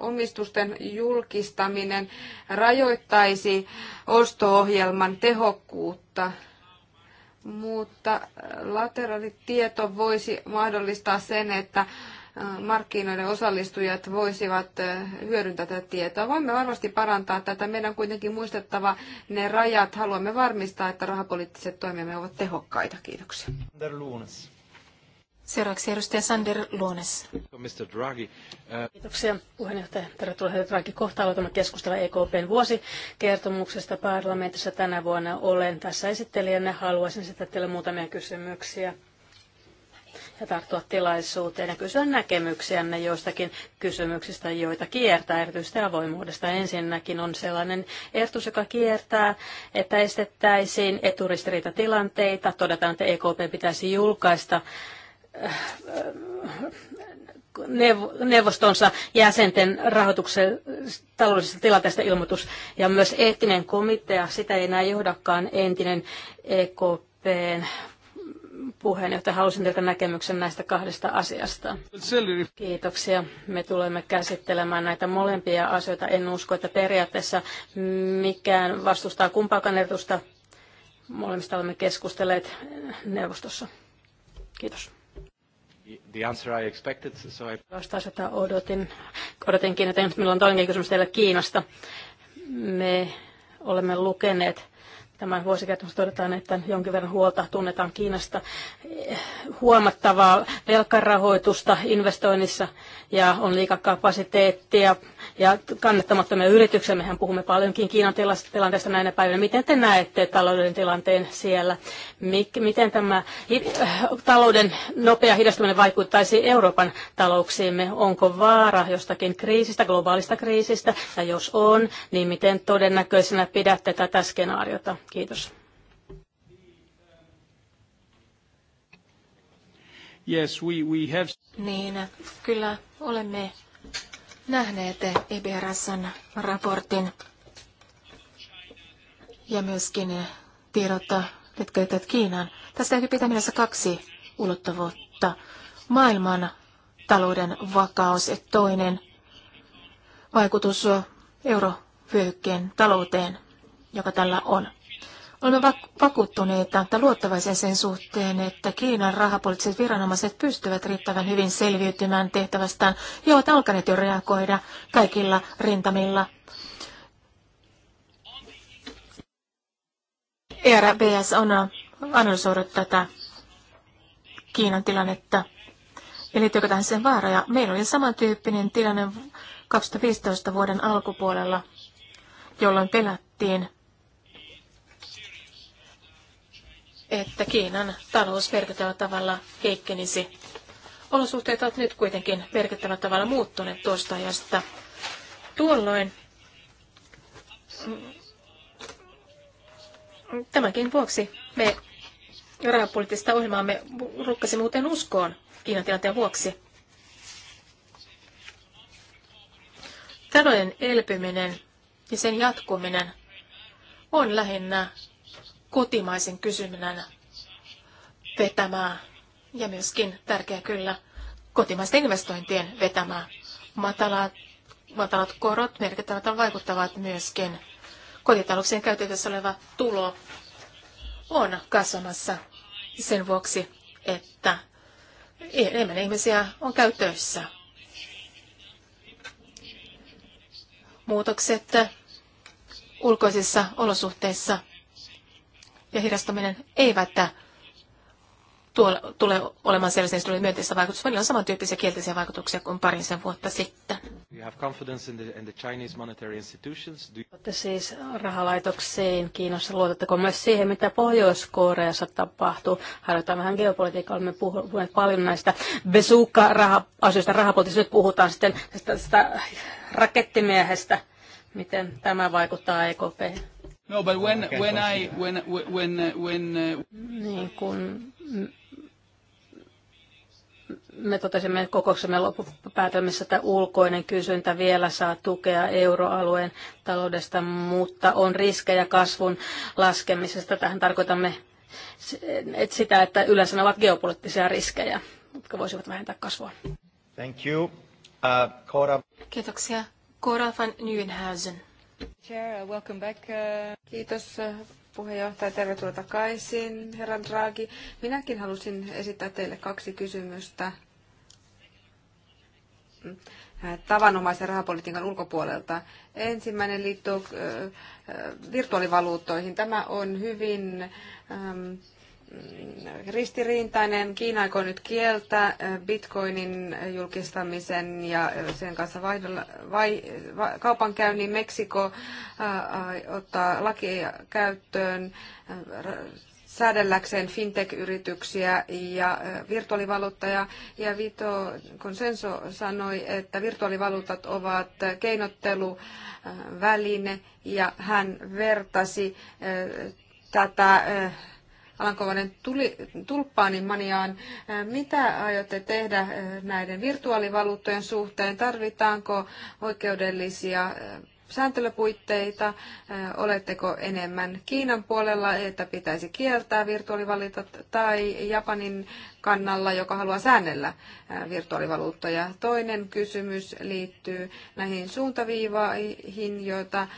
omistusten julkistaminen rajoittaisi osto-ohjelman tehokkuutta mutta äh, lateralitieto voisi mahdollistaa sen, että äh, markkinoiden osallistujat voisivat äh, hyödyntää tätä tietoa. Voimme varmasti parantaa tätä. Meidän on kuitenkin muistettava ne rajat. Haluamme varmistaa, että rahapoliittiset toimemme ovat tehokkaita. Kiitoksia. Seuraavaksi edustaja Sander Luones. Draghi, äh, Kiitoksia puheenjohtaja. Tervetuloa herra Draghi. Kohta aloitamme keskustella EKPn vuosikertomuksesta parlamentissa tänä vuonna. Olen tässä esittelijänä. Haluaisin esittää teille muutamia kysymyksiä ja tarttua tilaisuuteen ja kysyä näkemyksiänne joistakin kysymyksistä, joita kiertää, erityisesti avoimuudesta. Ensinnäkin on sellainen ehdotus, joka kiertää, että estettäisiin eturistiriitatilanteita. Todetaan, että EKP pitäisi julkaista neuvostonsa jäsenten rahoituksen taloudellisesta tilanteesta ilmoitus ja myös eettinen komitea, sitä ei enää johdakaan entinen EKPn puheenjohtaja. Halusin teiltä näkemyksen näistä kahdesta asiasta. Kiitoksia. Me tulemme käsittelemään näitä molempia asioita. En usko, että periaatteessa mikään vastustaa kumpaakaan ehdotusta. Molemmista olemme keskustelleet neuvostossa. Kiitos. The answer I expected, so I... Vastaus, jota odotin. Odotinkin, että minulla on toinenkin kysymys teille Kiinasta. Me olemme lukeneet Tämän vuosikertomus todetaan, että jonkin verran huolta tunnetaan Kiinasta huomattavaa velkarahoitusta investoinnissa ja on liikakapasiteettia ja kannattamattomia yrityksiä. Mehän puhumme paljonkin Kiinan tilanteesta näinä päivinä. Miten te näette talouden tilanteen siellä? Miten tämä talouden nopea hidastuminen vaikuttaisi Euroopan talouksiimme? Onko vaara jostakin kriisistä, globaalista kriisistä? Ja jos on, niin miten todennäköisenä pidätte tätä skenaariota? Kiitos. Yes, we, we have... Niin, kyllä olemme nähneet EBRSn raportin ja myöskin tiedot, jotka liittyvät Kiinaan. Tästä täytyy pitää mielessä kaksi ulottuvuutta. Maailman talouden vakaus ja toinen vaikutus eurovyöhykkeen talouteen, joka tällä on. Olemme vakuuttuneita että luottavaisia sen suhteen, että Kiinan rahapoliittiset viranomaiset pystyvät riittävän hyvin selviytymään tehtävästään ja ovat alkaneet jo reagoida kaikilla rintamilla. ERBS on äh, analysoinut tätä Kiinan tilannetta ja liittyykö tähän sen vaara. Ja meillä oli samantyyppinen tilanne 2015 vuoden alkupuolella, jolloin pelättiin että Kiinan talous merkittävällä tavalla heikkenisi. Olosuhteet ovat nyt kuitenkin merkittävällä tavalla muuttuneet tuosta ajasta. Tuolloin tämänkin vuoksi me rahapoliittista ohjelmaamme rukkasi muuten uskoon Kiinan tilanteen vuoksi. Talouden elpyminen ja sen jatkuminen on lähinnä kotimaisen kysynnän vetämää ja myöskin tärkeä kyllä kotimaisten investointien vetämää. Matalat, matalat korot merkittävät vaikuttavat myöskin kotitalouksien käytettävissä oleva tulo on kasvamassa sen vuoksi, että enemmän ihmisiä on käytössä. Muutokset ulkoisissa olosuhteissa ja hidastaminen eivät tule olemaan sellaisen instrumentin myönteistä vaikutusta. niillä on samantyyppisiä kielteisiä vaikutuksia kuin parin sen vuotta sitten. You have confidence in the, in the Chinese monetary institutions. Do you... Siis rahalaitokseen Kiinassa luotatteko myös siihen, mitä Pohjois-Koreassa tapahtuu. Harjoitetaan vähän geopolitiikkaa, olemme puhuneet paljon näistä besuukka asioista rahapolitiikasta. Nyt puhutaan sitten tästä, tästä rakettimiehestä, miten tämä vaikuttaa EKP. No, but when, when I, uh, when, when, uh, when, Niin kun me totesimme kokouksemme loppupäätelmissä, että ulkoinen kysyntä vielä saa tukea euroalueen taloudesta, mutta on riskejä kasvun laskemisesta. Tähän tarkoitamme että sitä, että yleensä ne ovat geopoliittisia riskejä, jotka voisivat vähentää kasvua. Thank you. Uh, Cora. Kiitoksia. Cora van Nieuwenhuizen. Chair, uh, welcome back. Uh, Kiitos uh, puheenjohtaja, tervetuloa takaisin, herra Draghi. Minäkin halusin esittää teille kaksi kysymystä mm, äh, tavanomaisen rahapolitiikan ulkopuolelta. Ensimmäinen liittyy äh, äh, virtuaalivaluuttoihin. Tämä on hyvin ähm, ristiriintainen. Kiina aikoo nyt kieltää eh, bitcoinin julkistamisen ja eh, sen kanssa vaihdolla, vai, va, kaupankäynnin. Meksiko ää, eh, ottaa lakia käyttöön säädelläkseen fintech-yrityksiä ja virtuaalivaluutta. Ja Vito Consenso sanoi, että virtuaalivaluutat ovat keinotteluväline ja hän vertasi tätä Alankovainen tulppaani maniaan. Mitä aiotte tehdä näiden virtuaalivaluuttojen suhteen? Tarvitaanko oikeudellisia sääntelypuitteita? Oletteko enemmän Kiinan puolella, että pitäisi kieltää virtuaalivaluutat, tai Japanin kannalla, joka haluaa säännellä virtuaalivaluuttoja? Toinen kysymys liittyy näihin suuntaviivaihin, joita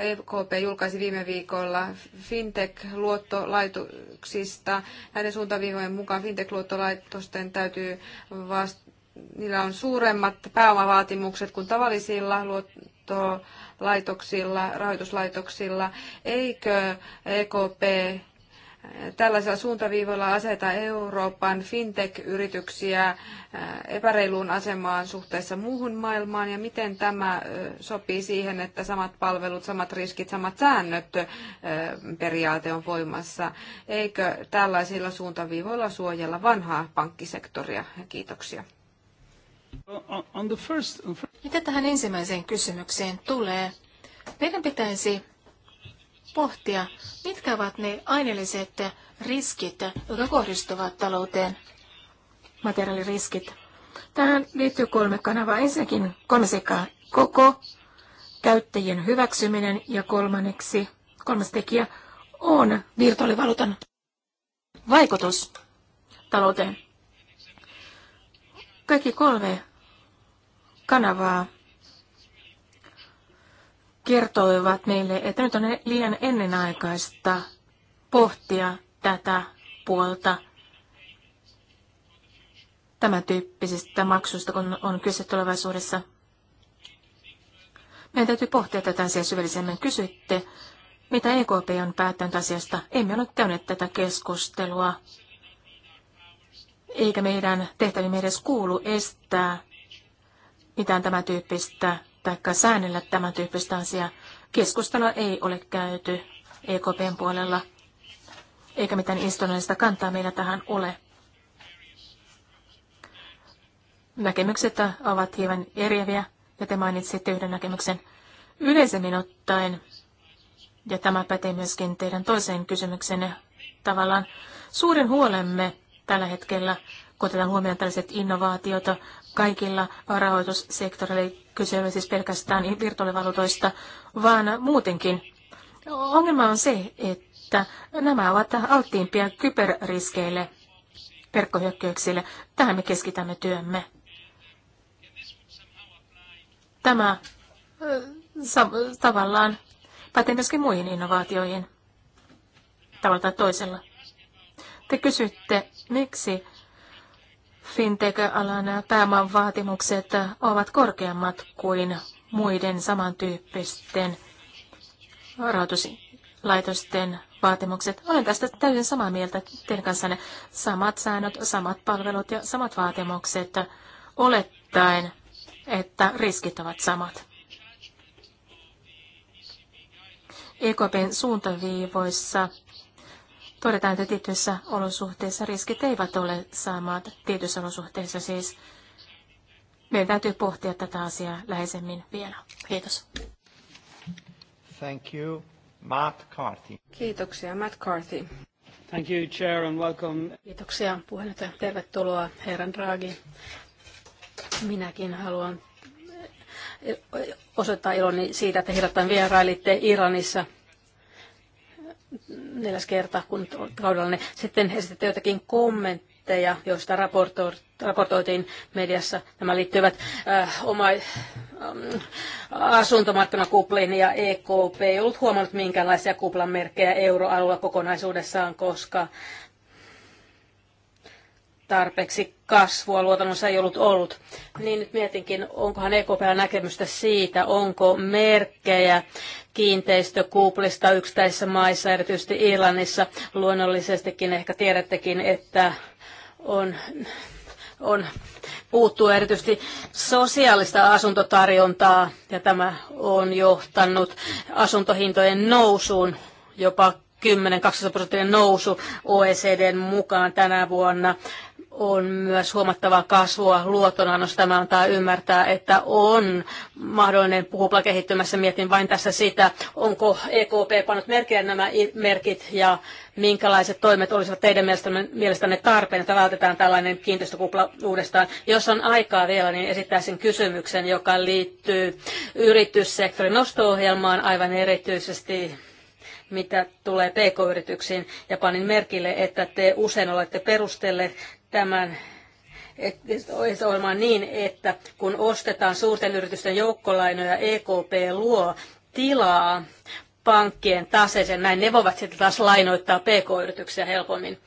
EKP julkaisi viime viikolla fintech-luottolaitoksista. Näiden suuntaviivojen mukaan fintech-luottolaitosten täytyy vastata niillä on suuremmat pääomavaatimukset kuin tavallisilla luottolaitoksilla, rahoituslaitoksilla. Eikö EKP tällaisella suuntaviivoilla aseta Euroopan fintech-yrityksiä äh, epäreiluun asemaan suhteessa muuhun maailmaan ja miten tämä äh, sopii siihen, että samat palvelut, samat riskit, samat säännöt äh, periaate on voimassa. Eikö tällaisilla suuntaviivoilla suojella vanhaa pankkisektoria? Kiitoksia. Mitä tähän ensimmäiseen kysymykseen tulee? Meidän pitäisi pohtia, mitkä ovat ne aineelliset riskit, jotka kohdistuvat talouteen, materiaaliriskit. Tähän liittyy kolme kanavaa. Ensinnäkin kolme sekaa koko, käyttäjien hyväksyminen ja kolmanneksi, kolmas tekijä on virtuaalivaluutan vaikutus talouteen. Kaikki kolme kanavaa kertoivat meille, että nyt on liian ennenaikaista pohtia tätä puolta tämän tyyppisistä maksuista, kun on kyse tulevaisuudessa. Meidän täytyy pohtia tätä asiaa syvällisemmin. Kysytte, mitä EKP on päättänyt asiasta. Emme ole käyneet tätä keskustelua eikä meidän tehtävimme edes kuulu estää mitään tämän tyyppistä tai säännellä tämän tyyppistä asiaa. Keskustelua ei ole käyty EKPn puolella, eikä mitään instituutioista kantaa meillä tähän ole. Näkemykset ovat hieman eriäviä, ja te mainitsitte yhden näkemyksen yleisemmin ottaen, ja tämä pätee myöskin teidän toiseen kysymyksenne tavallaan. Suurin huolemme tällä hetkellä, kun otetaan huomioon tällaiset innovaatiot kaikilla rahoitussektoreilla, kyse ei ole siis pelkästään virtuaalivaluutoista, vaan muutenkin. Ongelma on se, että nämä ovat alttiimpia kyberriskeille, verkkohyökkäyksille. Tähän me keskitämme työmme. Tämä tavallaan pätee myöskin muihin innovaatioihin tavalla tai toisella. Te kysytte, miksi fintech-alan pääoman vaatimukset ovat korkeammat kuin muiden samantyyppisten rahoituslaitosten vaatimukset. Olen tästä täysin samaa mieltä teidän kanssanne. Samat säännöt, samat palvelut ja samat vaatimukset olettaen, että riskit ovat samat. EKPn suuntaviivoissa todetaan, että tietyissä olosuhteissa riskit eivät ole saamat, tietyissä olosuhteissa siis. Meidän täytyy pohtia tätä asiaa läheisemmin vielä. Kiitos. Thank you. Matt Carthy. Kiitoksia, Matt Carthy. Thank you, Chair, and welcome. Kiitoksia puheenjohtaja. Tervetuloa, herran Draghi. Minäkin haluan eh, osoittaa iloni siitä, että hirrattain vierailitte Iranissa neljäs kerta, kun kaudellanne sitten esitettiin jotakin kommentteja, joista raportoitiin mediassa. Nämä liittyvät äh, oma, äh, asuntomarkkinakupliin ja EKP ei ollut huomannut minkäänlaisia kuplan merkkejä euroalueella kokonaisuudessaan, koska tarpeeksi kasvua luotannossa ei ollut ollut. Niin nyt mietinkin, onkohan EKP näkemystä siitä, onko merkkejä kiinteistökuuplista yksittäisissä maissa, erityisesti Irlannissa. Luonnollisestikin ehkä tiedättekin, että on, on puuttuu erityisesti sosiaalista asuntotarjontaa ja tämä on johtanut asuntohintojen nousuun jopa 10-12 prosentin nousu OECDn mukaan tänä vuonna on myös huomattavaa kasvua luotonannossa. Tämä antaa ymmärtää, että on mahdollinen puhupla kehittymässä. Mietin vain tässä sitä, onko EKP pannut merkille nämä merkit ja minkälaiset toimet olisivat teidän mielestänne, mielestänne tarpeen, että vältetään tällainen kiinteistökupla uudestaan. Jos on aikaa vielä, niin esittäisin kysymyksen, joka liittyy yrityssektorin nosto-ohjelmaan aivan erityisesti mitä tulee pk-yrityksiin, ja panin merkille, että te usein olette perustelleet tämän ohjelmaan niin, että kun ostetaan suurten yritysten joukkolainoja, EKP luo tilaa pankkien taseeseen, näin ne voivat sitten taas lainoittaa pk-yrityksiä helpommin.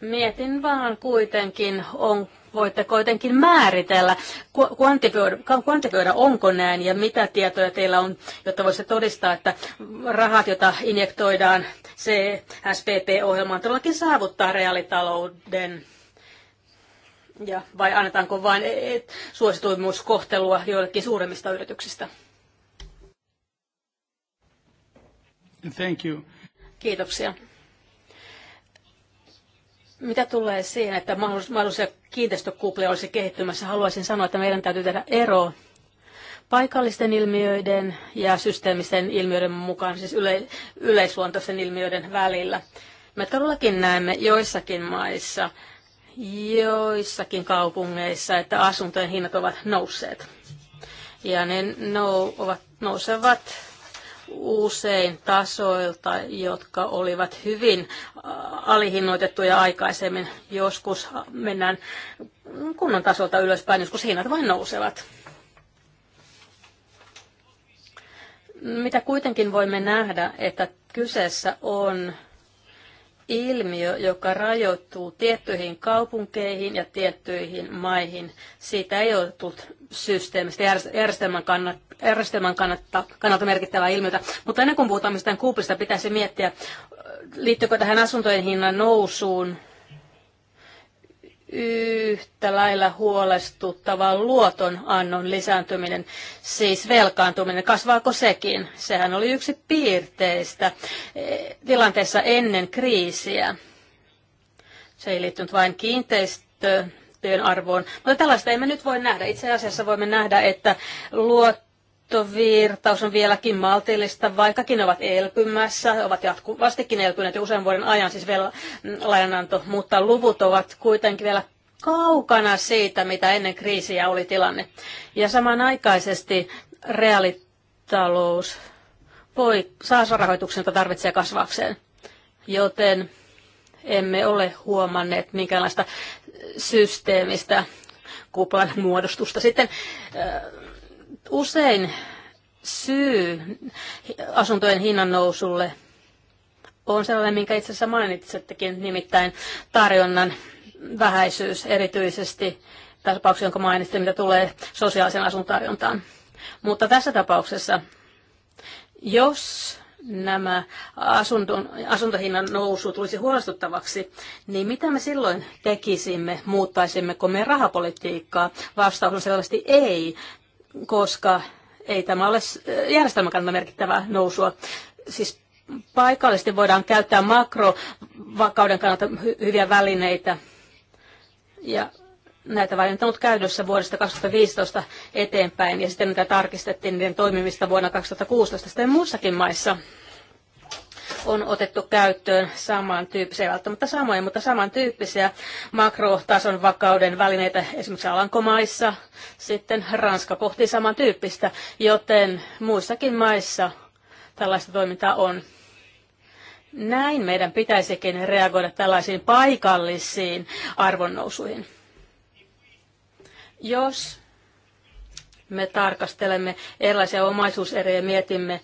Mietin vaan kuitenkin, on, voitte kuitenkin määritellä, kvantifioida, onko näin ja mitä tietoja teillä on, jotta voisitte todistaa, että rahat, joita injektoidaan CSPP-ohjelmaan, todellakin saavuttaa reaalitalouden ja vai annetaanko vain e, e, suosituimuuskohtelua joillekin suuremmista yrityksistä? Thank you. Kiitoksia. Mitä tulee siihen, että mahdollisia kiinteistökuplia olisi kehittymässä, haluaisin sanoa, että meidän täytyy tehdä ero paikallisten ilmiöiden ja systeemisten ilmiöiden mukaan, siis yle, yleisluontoisten ilmiöiden välillä. Me todellakin näemme joissakin maissa joissakin kaupungeissa, että asuntojen hinnat ovat nousseet. Ja ne nou, ovat, nousevat usein tasoilta, jotka olivat hyvin alihinnoitettuja aikaisemmin. Joskus mennään kunnon tasolta ylöspäin, joskus hinnat vain nousevat. Mitä kuitenkin voimme nähdä, että kyseessä on ilmiö, joka rajoittuu tiettyihin kaupunkeihin ja tiettyihin maihin. Siitä ei ole tullut systeemistä järjestelmän, kannat, järjestelmän kannatta, kannalta merkittävää ilmiötä. Mutta ennen kuin puhutaan mistään kuupista, pitäisi miettiä, liittyykö tähän asuntojen hinnan nousuun yhtä lailla luoton luotonannon lisääntyminen, siis velkaantuminen. Kasvaako sekin? Sehän oli yksi piirteistä eh, tilanteessa ennen kriisiä. Se ei liittynyt vain kiinteistöön, arvoon. Mutta tällaista emme nyt voi nähdä. Itse asiassa voimme nähdä, että luot Muuttovirtaus on vieläkin maltillista, vaikkakin ovat elpymässä, ovat jatkuvastikin elpyneet jo usean vuoden ajan, siis vielä mm, lainanto, mutta luvut ovat kuitenkin vielä kaukana siitä, mitä ennen kriisiä oli tilanne. Ja samanaikaisesti reaalitalous voi saada rahoituksen, jota tarvitsee kasvaakseen. Joten emme ole huomanneet minkäänlaista systeemistä kuplan muodostusta. Sitten äh, Usein syy asuntojen hinnan nousulle on sellainen, minkä itse asiassa mainitsettekin, nimittäin tarjonnan vähäisyys erityisesti tapauksessa, jonka mainitsin, mitä tulee sosiaalisen asuntarjontaan. Mutta tässä tapauksessa, jos nämä asunton, asuntohinnan nousu tulisi huolestuttavaksi, niin mitä me silloin tekisimme? Muuttaisimmeko me rahapolitiikkaa? Vastaus on selvästi ei koska ei tämä ole järjestelmän kannalta merkittävää nousua. Siis paikallisesti voidaan käyttää makrovakauden kannalta hyviä välineitä. Ja näitä välineitä on käytössä vuodesta 2015 eteenpäin ja sitten mitä tarkistettiin niiden toimimista vuonna 2016 sitten muissakin maissa on otettu käyttöön samantyyppisiä, ei välttämättä samoja, mutta samantyyppisiä makrotason vakauden välineitä esimerkiksi Alankomaissa, sitten Ranska pohtii samantyyppistä, joten muissakin maissa tällaista toimintaa on. Näin meidän pitäisikin reagoida tällaisiin paikallisiin arvonnousuihin. Jos me tarkastelemme erilaisia omaisuuseriä ja mietimme,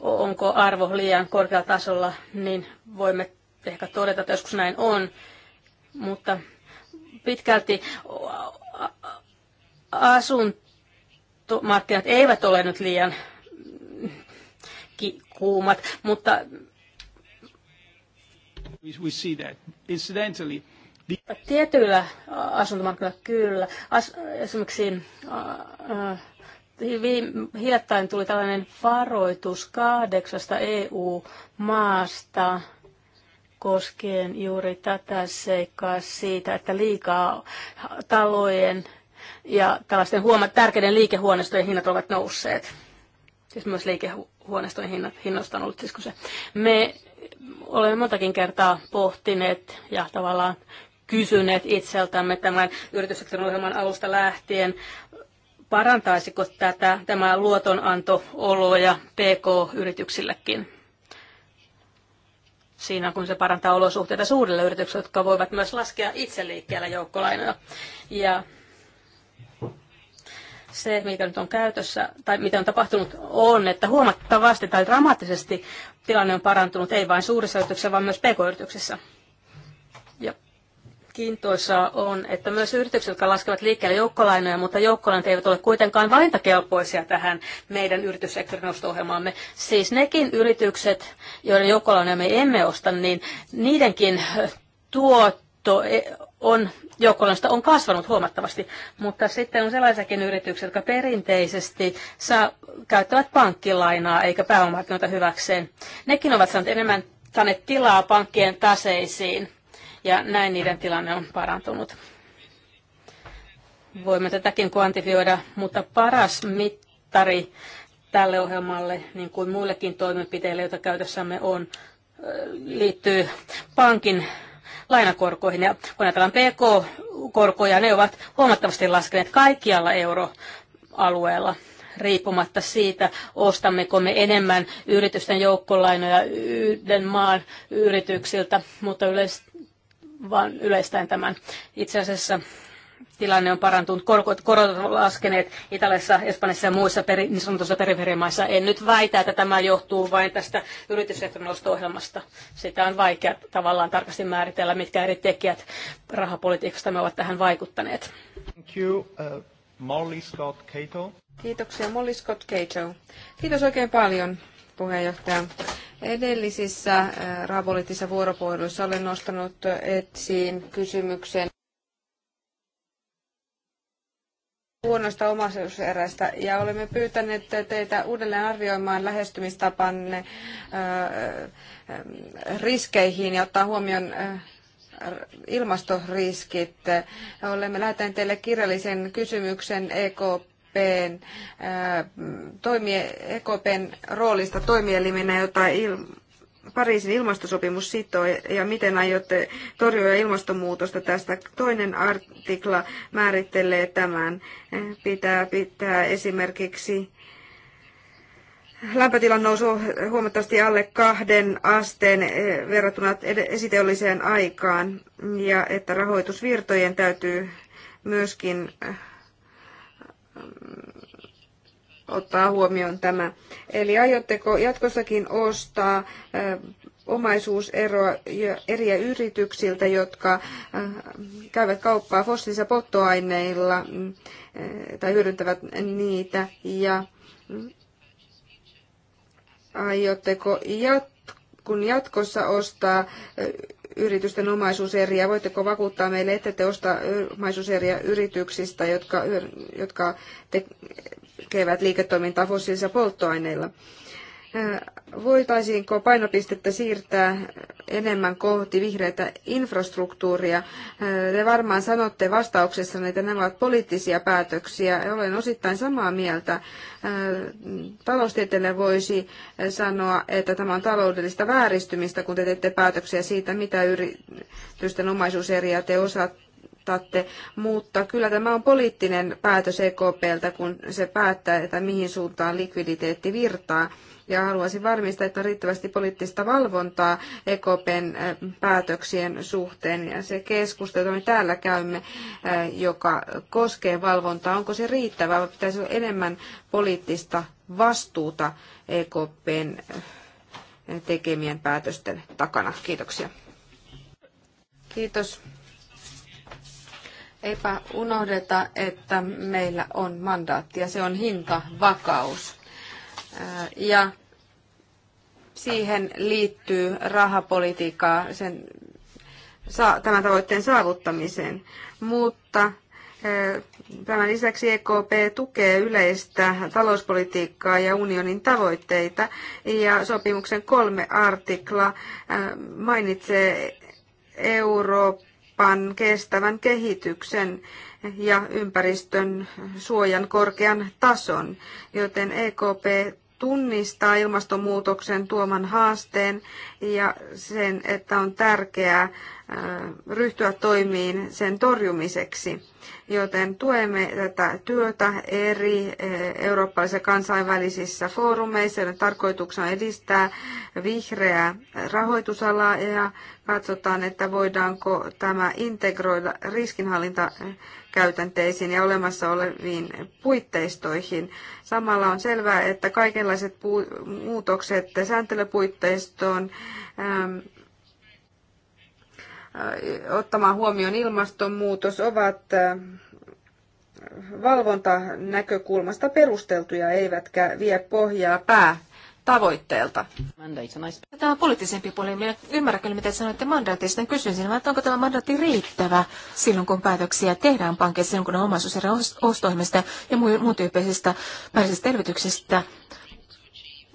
onko arvo liian korkealla tasolla, niin voimme ehkä todeta, että joskus näin on. Mutta pitkälti asuntomarkkinat eivät ole nyt liian kuumat, mutta we see that. Incidentally, the... Tietyillä asuntomarkkinoilla kyllä. As, esimerkiksi uh, uh, hiljattain tuli tällainen varoitus kahdeksasta EU-maasta koskien juuri tätä seikkaa siitä, että liikaa talojen ja tällaisten huoma- tärkeiden liikehuoneistojen hinnat ovat nousseet. Siis myös liikehuoneistojen hinnat, hinnoista on ollut siis se. Me olemme montakin kertaa pohtineet ja tavallaan kysyneet itseltämme tämän yrityssektorin ohjelman alusta lähtien, parantaisiko tätä, tämä luotonanto-oloja PK-yrityksillekin? Siinä kun se parantaa olosuhteita suurille yrityksille, jotka voivat myös laskea itse liikkeellä joukkolainoja. Ja se, mikä nyt on käytössä, tai mitä on tapahtunut, on, että huomattavasti tai dramaattisesti tilanne on parantunut ei vain suurissa yrityksissä, vaan myös pk-yrityksissä kiintoisaa on, että myös yritykset, jotka laskevat liikkeelle joukkolainoja, mutta joukkolainat eivät ole kuitenkaan valintakelpoisia tähän meidän yrityssektorin osto-ohjelmaamme. Siis nekin yritykset, joiden joukkolainoja me emme osta, niin niidenkin äh, tuotto e, on joukkolainoista on kasvanut huomattavasti, mutta sitten on sellaisiakin yrityksiä, jotka perinteisesti saa, käyttävät pankkilainaa eikä pääomamarkkinoita hyväkseen. Nekin ovat saaneet enemmän tänne tilaa pankkien taseisiin ja näin niiden tilanne on parantunut. Voimme tätäkin kvantifioida, mutta paras mittari tälle ohjelmalle, niin kuin muillekin toimenpiteille, joita käytössämme on, liittyy pankin lainakorkoihin. Ja kun ajatellaan PK-korkoja, ne ovat huomattavasti laskeneet kaikkialla euroalueella riippumatta siitä, ostammeko me enemmän yritysten joukkolainoja yhden maan yrityksiltä, mutta yleisesti vaan yleistäen tämän. Itse asiassa tilanne on parantunut, korot, korot ovat laskeneet Italiassa, Espanjassa ja muissa peri, niin sanotuissa periferimaissa. En nyt väitä, että tämä johtuu vain tästä yrityssektorin osto-ohjelmasta. Sitä on vaikea tavallaan tarkasti määritellä, mitkä eri tekijät rahapolitiikasta me ovat tähän vaikuttaneet. Thank you, uh, Molly Scott Cato. Kiitoksia Molly Scott Cato. Kiitos oikein paljon puheenjohtaja. Edellisissä äh, rahapoliittisissa vuoropuheluissa olen nostanut etsiin kysymyksen huonoista omaisuuserästä ja olemme pyytäneet teitä uudelleen arvioimaan lähestymistapanne äh, ähm, riskeihin ja ottaa huomioon äh, ilmastoriskit. Olemme lähettäneet teille kirjallisen kysymyksen EKP EKPn, toimie, EKPn roolista toimielimenä, jota il, Pariisin ilmastosopimus sitoo ja miten aiotte torjua ilmastonmuutosta tästä. Toinen artikla määrittelee tämän. E, pitää pitää esimerkiksi lämpötilan nousu huomattavasti alle kahden asteen e, verrattuna esiteolliseen aikaan ja että rahoitusvirtojen täytyy myöskin ottaa huomioon tämä. Eli aiotteko jatkossakin ostaa omaisuuseroa eriä yrityksiltä, jotka käyvät kauppaa fossiilisilla polttoaineilla mm, tai hyödyntävät niitä ja mm, aiotteko jat- kun jatkossa ostaa yritysten omaisuuseriä. Voitteko vakuuttaa meille, että te osta omaisuuseriä yrityksistä, jotka, jotka tekevät liiketoimintaa fossiilisilla polttoaineilla? Voitaisiinko painopistettä siirtää enemmän kohti vihreitä infrastruktuuria? Te varmaan sanotte vastauksessanne, että nämä ovat poliittisia päätöksiä. Olen osittain samaa mieltä. Taloustieteilijä voisi sanoa, että tämä on taloudellista vääristymistä, kun te teette päätöksiä siitä, mitä yritysten omaisuuseriä te osaatte mutta kyllä tämä on poliittinen päätös EKPltä, kun se päättää, että mihin suuntaan likviditeetti virtaa ja haluaisin varmistaa, että on riittävästi poliittista valvontaa EKPn päätöksien suhteen ja se keskustelu, jota me täällä käymme, joka koskee valvontaa, onko se riittävää vai pitäisikö enemmän poliittista vastuuta EKPn tekemien päätösten takana. Kiitoksia. Kiitos. Eipä unohdeta, että meillä on mandaatti ja se on hinta, vakaus ja siihen liittyy rahapolitiikkaa sen, tämän tavoitteen saavuttamiseen. Mutta Tämän lisäksi EKP tukee yleistä talouspolitiikkaa ja unionin tavoitteita ja sopimuksen kolme artikla mainitsee Euroopan kestävän kehityksen ja ympäristön suojan korkean tason, joten EKP tunnistaa ilmastonmuutoksen tuoman haasteen ja sen, että on tärkeää Äh, ryhtyä toimiin sen torjumiseksi. Joten tuemme tätä työtä eri äh, eurooppalaisissa kansainvälisissä foorumeissa, joiden tarkoituksena on edistää vihreää rahoitusalaa ja katsotaan, että voidaanko tämä integroida riskinhallintakäytänteisiin ja olemassa oleviin puitteistoihin. Samalla on selvää, että kaikenlaiset muutokset sääntelypuitteistoon ähm, ottamaan huomioon ilmastonmuutos ovat valvontanäkökulmasta perusteltuja eivätkä vie pohjaa pää tavoitteelta. Tämä on poliittisempi puoli. Minä ymmärrän kyllä, mitä sanoitte mandaatista. Kysyisin, että onko tämä mandaatti riittävä silloin, kun päätöksiä tehdään pankkeissa, silloin kun on omaisuus- ja ostoimista ja muun tyyppisistä päällisistä elvytyksistä.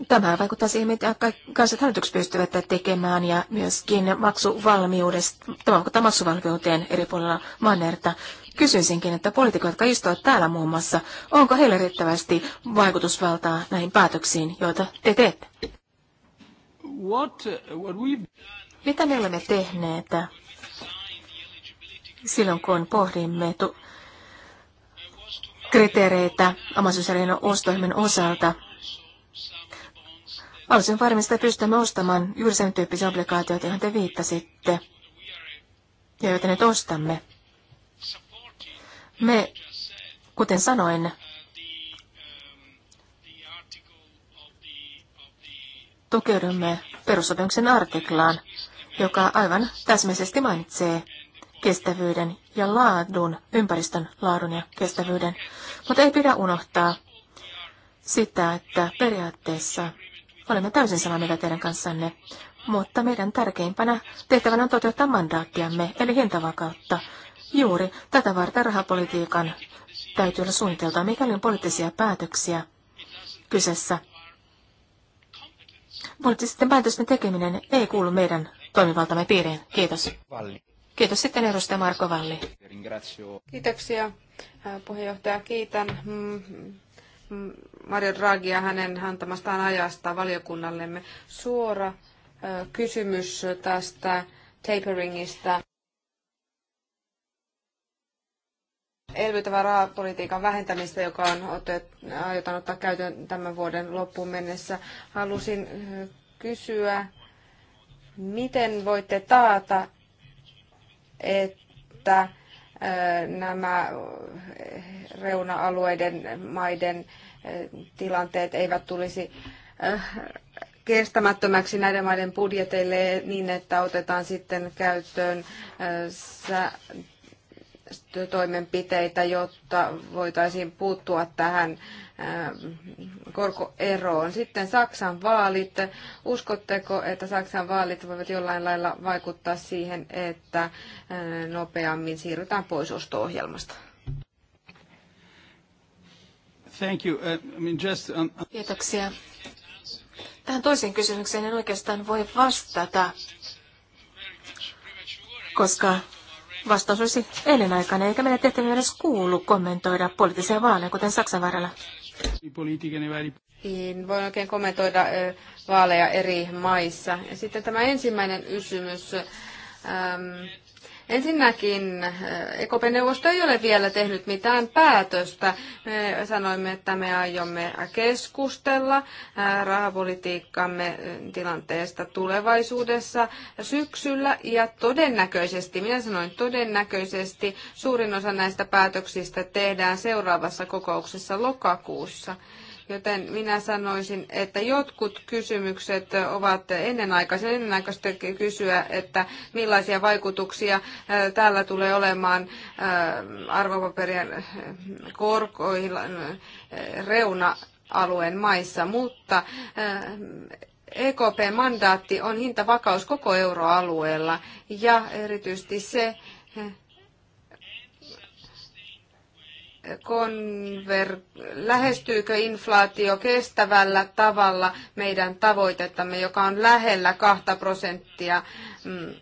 Tämä vaikuttaa siihen, mitä kansalliset hallitukset pystyvät tekemään ja myöskin maksuvalmiudesta, tämä maksuvalmiuteen eri puolilla mannerta. Kysyisinkin, että poliitikot, jotka istuvat täällä muun muassa, onko heillä riittävästi vaikutusvaltaa näihin päätöksiin, joita te teette? What, what mitä me olemme tehneet silloin, kun pohdimme kriteereitä omaisuusjärjestelmän ostoimen osalta? Haluaisin varmistaa, että pystymme ostamaan juuri sen tyyppisiä obligaatioita, joihin te viittasitte, ja joita nyt ostamme. Me, kuten sanoin, tukeudumme perussopimuksen artiklaan, joka aivan täsmäisesti mainitsee kestävyyden ja laadun, ympäristön laadun ja kestävyyden. Mutta ei pidä unohtaa sitä, että periaatteessa Olemme täysin samaa mieltä teidän kanssanne, mutta meidän tärkeimpänä tehtävänä on toteuttaa mandaattiamme, eli hintavakautta. Juuri tätä varten rahapolitiikan täytyy olla suunniteltua, mikäli on poliittisia päätöksiä kyseessä. Poliittisten päätösten tekeminen ei kuulu meidän toimivaltamme piiriin. Kiitos. Kiitos sitten edustaja Marko Valli. Kiitoksia puheenjohtaja. Kiitän mm, Mario ja hänen antamastaan ajasta valiokunnallemme. Suora kysymys tästä taperingista. elvytävän rahapolitiikan vähentämistä, joka on otet, aiotaan ottaa käytön tämän vuoden loppuun mennessä. Halusin kysyä, miten voitte taata, että nämä reuna-alueiden maiden tilanteet eivät tulisi äh, kestämättömäksi näiden maiden budjeteille niin, että otetaan sitten käyttöön äh, toimenpiteitä, jotta voitaisiin puuttua tähän äh, korkoeroon. Sitten Saksan vaalit. Uskotteko, että Saksan vaalit voivat jollain lailla vaikuttaa siihen, että nopeammin siirrytään pois osto-ohjelmasta? Thank you. Uh, I mean just on... Kiitoksia. Tähän toiseen kysymykseen en oikeastaan voi vastata, koska vastaus olisi elinaikainen, eikä meidän tehtävä edes kuulu kommentoida poliittisia vaaleja, kuten Saksan varrella. Niin, voin oikein kommentoida vaaleja eri maissa. Ja sitten tämä ensimmäinen kysymys. Ähm, Ensinnäkin EKP-neuvosto eh, ei ole vielä tehnyt mitään päätöstä. Me sanoimme, että me aiomme keskustella eh, rahapolitiikkamme eh, tilanteesta tulevaisuudessa syksyllä ja todennäköisesti, minä sanoin todennäköisesti, suurin osa näistä päätöksistä tehdään seuraavassa kokouksessa lokakuussa. Joten minä sanoisin, että jotkut kysymykset ovat ennenaikaisia. Ennenaikaista kysyä, että millaisia vaikutuksia tällä tulee olemaan arvopaperien korkoihin reuna-alueen maissa, mutta EKP-mandaatti on hintavakaus koko euroalueella ja erityisesti se, konver- lähestyykö inflaatio kestävällä tavalla meidän tavoitettamme, joka on lähellä kahta prosenttia. Mm,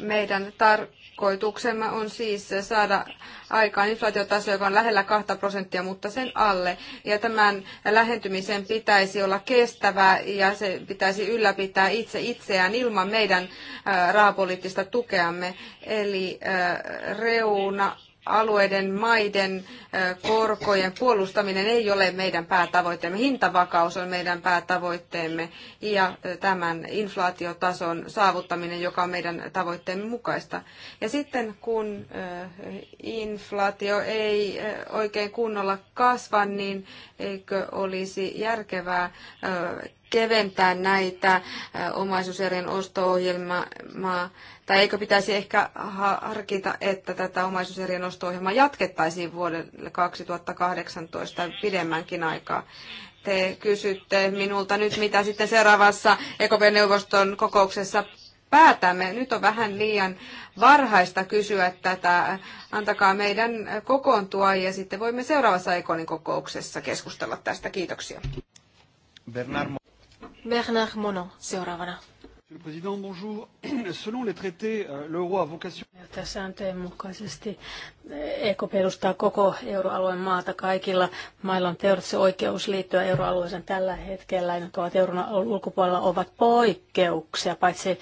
meidän tarkoituksemme on siis saada aikaan inflaatiotaso, joka on lähellä kahta prosenttia, mutta sen alle. Ja tämän lähentymisen pitäisi olla kestävää ja se pitäisi ylläpitää itse itseään ilman meidän rahapoliittista tukeamme. Eli reuna alueiden, maiden korkojen puolustaminen ei ole meidän päätavoitteemme. Hintavakaus on meidän päätavoitteemme ja tämän inflaatiotason saavuttaminen, joka on meidän tavoitteemme mukaista. Ja sitten kun inflaatio ei oikein kunnolla kasva, niin eikö olisi järkevää keventää näitä omaisuuserien osto-ohjelmaa, tai eikö pitäisi ehkä harkita, että tätä omaisuuserien osto-ohjelmaa jatkettaisiin vuodelle 2018 pidemmänkin aikaa? Te kysytte minulta nyt, mitä sitten seuraavassa EKP-neuvoston kokouksessa päätämme. Nyt on vähän liian varhaista kysyä tätä. Antakaa meidän kokoontua ja sitten voimme seuraavassa Ekonin kokouksessa keskustella tästä. Kiitoksia. Bernard Bernard Monon seuraavana. Monsieur le Président, bonjour. Selon les traités, euh, l'euro a vocation... Sääntöjen mukaisesti EKO eh, perustaa koko euroalueen maata kaikilla. Mailla on teoreettisesti oikeus liittyä euroalueeseen tällä hetkellä. Ne, jotka ovat euron ulkopuolella, ovat poikkeuksia, paitsi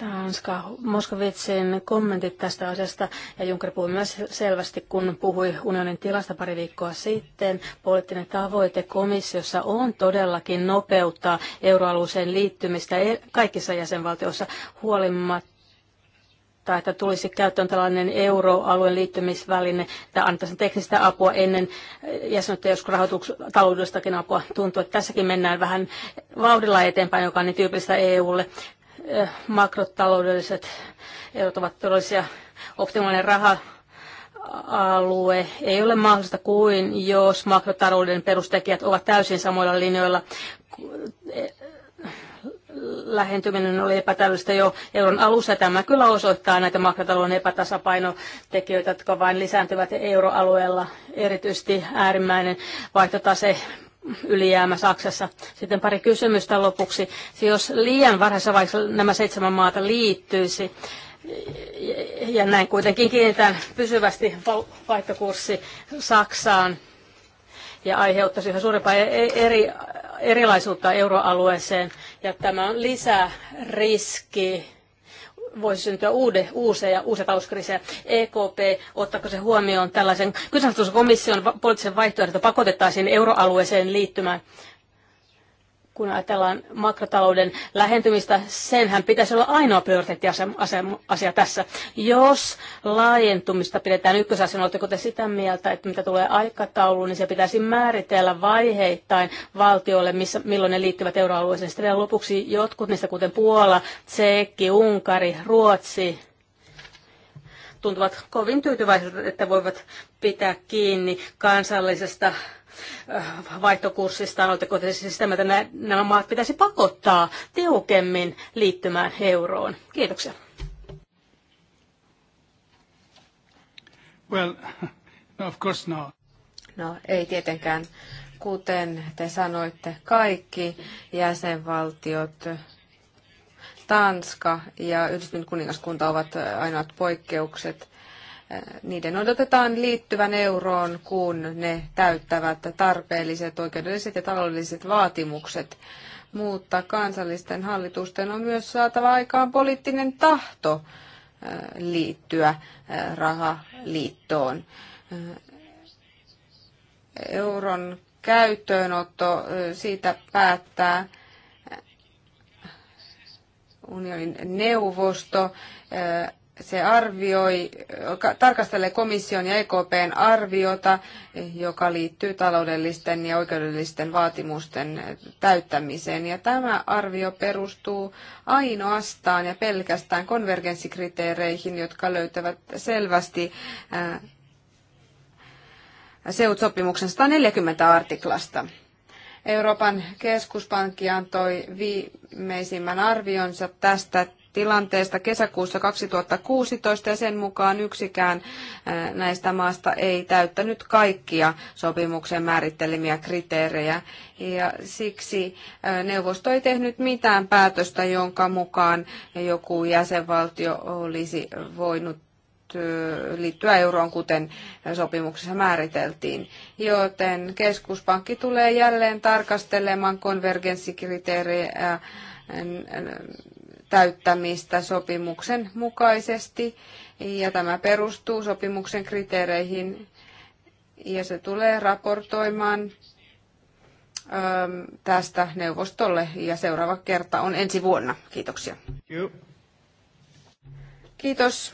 Tanska Moskovitsin kommentit tästä asiasta ja Juncker puhui myös selvästi, kun puhui unionin tilasta pari viikkoa sitten. Poliittinen tavoite komissiossa on todellakin nopeuttaa euroalueeseen liittymistä e- kaikissa jäsenvaltioissa huolimatta että tulisi käyttöön tällainen euroalueen liittymisväline, että antaisi teknistä apua ennen jäsenyyttä, jos taloudellistakin apua tuntuu, että tässäkin mennään vähän vauhdilla eteenpäin, joka on niin tyypillistä EUlle. Eh, makrotaloudelliset erot ovat todellisia. Optimaalinen raha alue ei ole mahdollista kuin, jos makrotalouden perustekijät ovat täysin samoilla linjoilla. Eh, lähentyminen oli epätäydellistä jo euron alussa. Tämä kyllä osoittaa näitä makrotalouden epätasapainotekijöitä, jotka vain lisääntyvät euroalueella. Erityisesti äärimmäinen vaihtotase ylijäämä Saksassa. Sitten pari kysymystä lopuksi. Jos liian varhaisessa vaiheessa nämä seitsemän maata liittyisi, ja näin kuitenkin kiinnitään pysyvästi vaihtokurssi Saksaan ja aiheuttaisi yhä suurempaa e- e- eri, erilaisuutta euroalueeseen. Ja tämä on lisäriski voisi syntyä uude, uusia ja uusia talouskriisejä. EKP, ottaako se huomioon tällaisen kysymyskomission poliittisen vaihtoehdon, pakotettaisiin euroalueeseen liittymään? kun ajatellaan makrotalouden lähentymistä, senhän pitäisi olla ainoa prioriteettiasia tässä. Jos laajentumista pidetään ykkösasiana, oletteko te sitä mieltä, että mitä tulee aikatauluun, niin se pitäisi määritellä vaiheittain valtioille, missä, milloin ne liittyvät euroalueeseen. Sitten lopuksi jotkut niistä, kuten Puola, Tsekki, Unkari, Ruotsi, tuntuvat kovin tyytyväisiltä, että voivat pitää kiinni kansallisesta vaihtokurssista, oletteko te siis niin sitä, että nämä maat pitäisi pakottaa tiukemmin liittymään euroon? Kiitoksia. Well, no of course not. No ei tietenkään. Kuten te sanoitte, kaikki jäsenvaltiot, Tanska ja Yhdistynyt kuningaskunta ovat ainoat poikkeukset niiden odotetaan liittyvän euroon, kun ne täyttävät tarpeelliset oikeudelliset ja taloudelliset vaatimukset. Mutta kansallisten hallitusten on myös saatava aikaan poliittinen tahto äh, liittyä äh, rahaliittoon. Äh, euron käyttöönotto, siitä päättää unionin neuvosto se arvioi, tarkastelee komission ja EKPn arviota, joka liittyy taloudellisten ja oikeudellisten vaatimusten täyttämiseen. Ja tämä arvio perustuu ainoastaan ja pelkästään konvergenssikriteereihin, jotka löytävät selvästi äh, SEUT-sopimuksen 140 artiklasta. Euroopan keskuspankki antoi viimeisimmän arvionsa tästä tilanteesta kesäkuussa 2016 ja sen mukaan yksikään näistä maista ei täyttänyt kaikkia sopimuksen määrittelemiä kriteerejä. Ja siksi neuvosto ei tehnyt mitään päätöstä, jonka mukaan joku jäsenvaltio olisi voinut liittyä euroon, kuten sopimuksessa määriteltiin. Joten keskuspankki tulee jälleen tarkastelemaan konvergenssikriteerejä täyttämistä sopimuksen mukaisesti ja tämä perustuu sopimuksen kriteereihin ja se tulee raportoimaan ähm, tästä neuvostolle ja seuraava kerta on ensi vuonna. Kiitoksia. Kiitos.